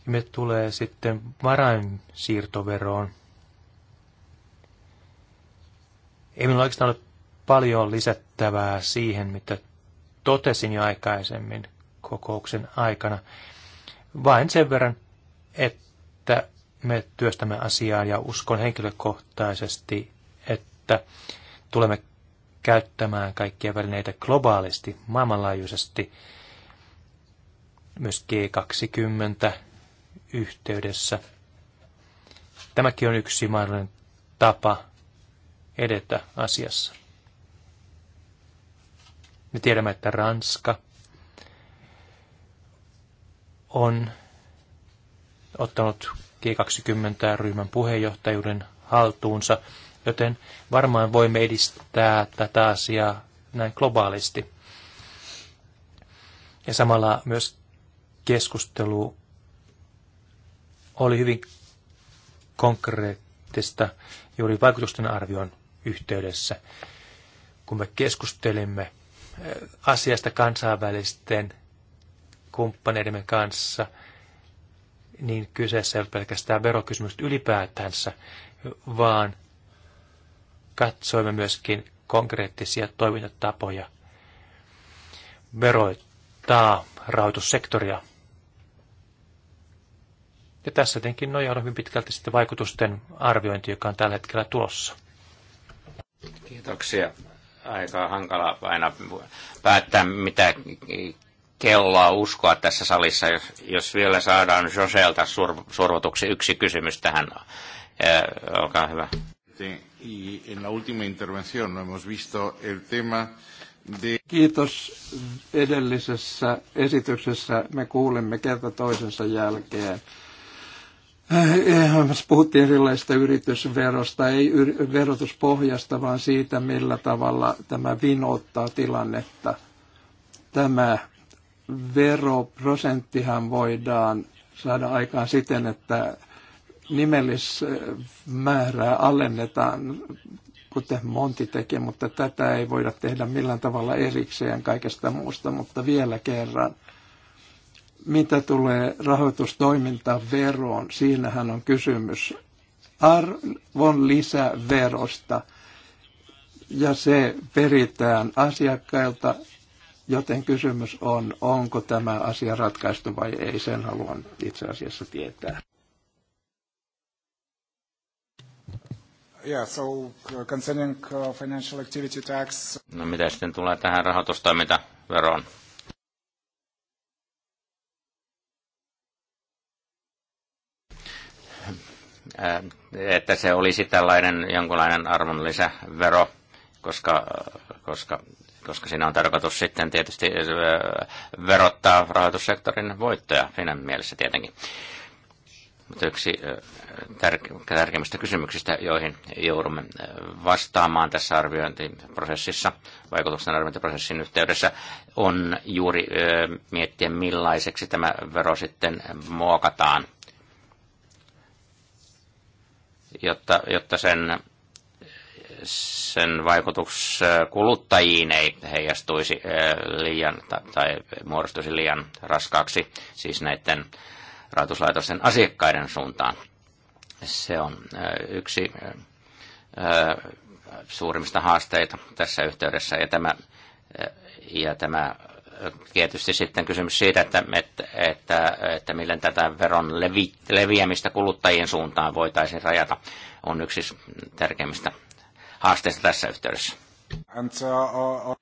Me tulee sitten varainsiirtoveroon. Ei minulla oikeastaan ole paljon lisättävää siihen, mitä totesin jo aikaisemmin kokouksen aikana. Vain sen verran, että me työstämme asiaa ja uskon henkilökohtaisesti, että tulemme käyttämään kaikkia välineitä globaalisti, maailmanlaajuisesti, myös G20 yhteydessä. Tämäkin on yksi mahdollinen tapa edetä asiassa. Me tiedämme, että Ranska on ottanut G20-ryhmän puheenjohtajuuden haltuunsa, joten varmaan voimme edistää tätä asiaa näin globaalisti. Ja samalla myös keskustelu oli hyvin konkreettista juuri vaikutusten arvion yhteydessä, kun me keskustelimme asiasta kansainvälisten kumppaneidemme kanssa, niin kyseessä ei ole pelkästään verokysymykset ylipäätänsä, vaan katsoimme myöskin konkreettisia toimintatapoja veroittaa rahoitussektoria. Ja tässä tietenkin nojaa hyvin pitkälti sitten vaikutusten arviointi, joka on tällä hetkellä tulossa. Kiitoksia aika hankala aina päättää, mitä kelloa uskoa tässä salissa, jos, jos vielä saadaan Joselta sur, survotuksi yksi kysymys tähän. Ee, eh, olkaa hyvä. En la última intervención no hemos visto el tema de... Kiitos edellisessä esityksessä. Me kuulemme kerta toisensa jälkeen Puhuttiin erilaisista yritysverosta, ei verotuspohjasta, vaan siitä, millä tavalla tämä vinottaa tilannetta. Tämä veroprosenttihan voidaan saada aikaan siten, että nimellismäärää alennetaan, kuten Monti tekee, mutta tätä ei voida tehdä millään tavalla erikseen kaikesta muusta, mutta vielä kerran – mitä tulee veroon, siinähän on kysymys arvon lisäverosta ja se peritään asiakkailta, joten kysymys on, onko tämä asia ratkaistu vai ei, sen haluan itse asiassa tietää. Yeah, so uh, concerning uh, financial activity tax. No mitä sitten tulee tähän rahoitustoimintaveroon? että se olisi tällainen jonkunlainen arvonlisävero, koska, koska, koska siinä on tarkoitus sitten tietysti verottaa rahoitussektorin voittoja Finan mielessä tietenkin. Mutta yksi tär- tärkeimmistä kysymyksistä, joihin joudumme vastaamaan tässä arviointiprosessissa, vaikutuksen arviointiprosessin yhteydessä, on juuri miettiä millaiseksi tämä vero sitten muokataan – jotta, jotta sen, sen vaikutus kuluttajiin ei heijastuisi liian tai muodostuisi liian raskaaksi siis näiden rahoituslaitosten asiakkaiden suuntaan. Se on yksi suurimmista haasteita tässä yhteydessä ja tämä, ja tämä tietysti sitten kysymys siitä, että, että, että, että miten tätä veron levi, leviämistä kuluttajien suuntaan voitaisiin rajata, on yksi tärkeimmistä haasteista tässä yhteydessä. Uh, uh, uh-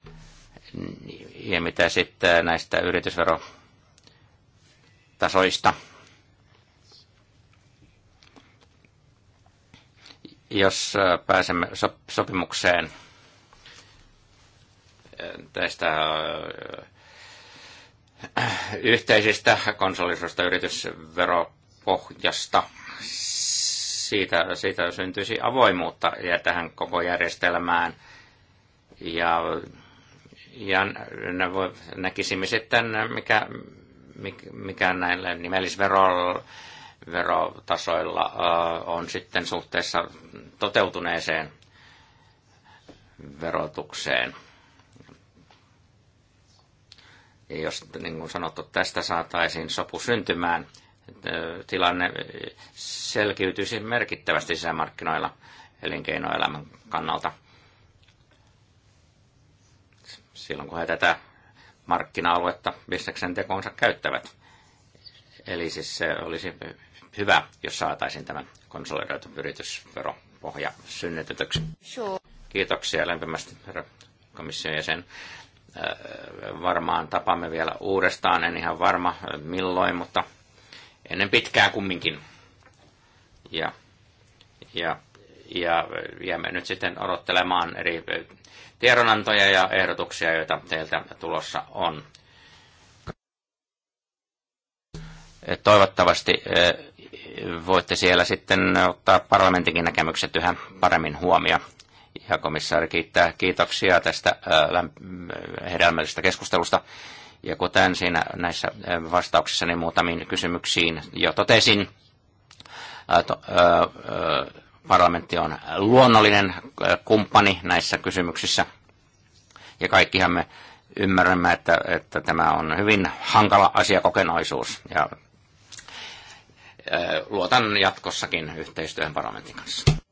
ja mitä sitten näistä yritysverotasoista? Jos pääsemme sopimukseen tästä yhteisistä kansallisesta yritysveropohjasta. Siitä, siitä syntyisi avoimuutta ja tähän koko järjestelmään. Ja, ja näkisimme sitten, mikä, mikä näillä nimellisverotasoilla verotasoilla on sitten suhteessa toteutuneeseen verotukseen jos niin kuin sanottu, tästä saataisiin sopu syntymään, tilanne selkiytyisi merkittävästi sisämarkkinoilla elinkeinoelämän kannalta. Silloin kun he tätä markkina-aluetta bisneksen tekoonsa käyttävät. Eli siis se olisi hyvä, jos saataisiin tämä konsolidoitu yritysveropohja synnytetyksi. Sure. Kiitoksia lämpimästi, herra komission jäsen. Äh, varmaan tapamme vielä uudestaan, en ihan varma äh, milloin, mutta ennen pitkää kumminkin. Ja, ja, ja jäämme nyt sitten odottelemaan eri äh, tiedonantoja ja ehdotuksia, joita teiltä tulossa on. Toivottavasti voitte siellä sitten ottaa parlamentinkin näkemykset yhä paremmin huomioon ja komissaari kiittää kiitoksia tästä hedelmällisestä keskustelusta. Ja kuten siinä näissä vastauksissa niin muutamiin kysymyksiin jo totesin, parlamentti on luonnollinen kumppani näissä kysymyksissä. Ja kaikkihan me ymmärrämme, että, että tämä on hyvin hankala asiakokonaisuus. Ja luotan jatkossakin yhteistyöhön parlamentin kanssa.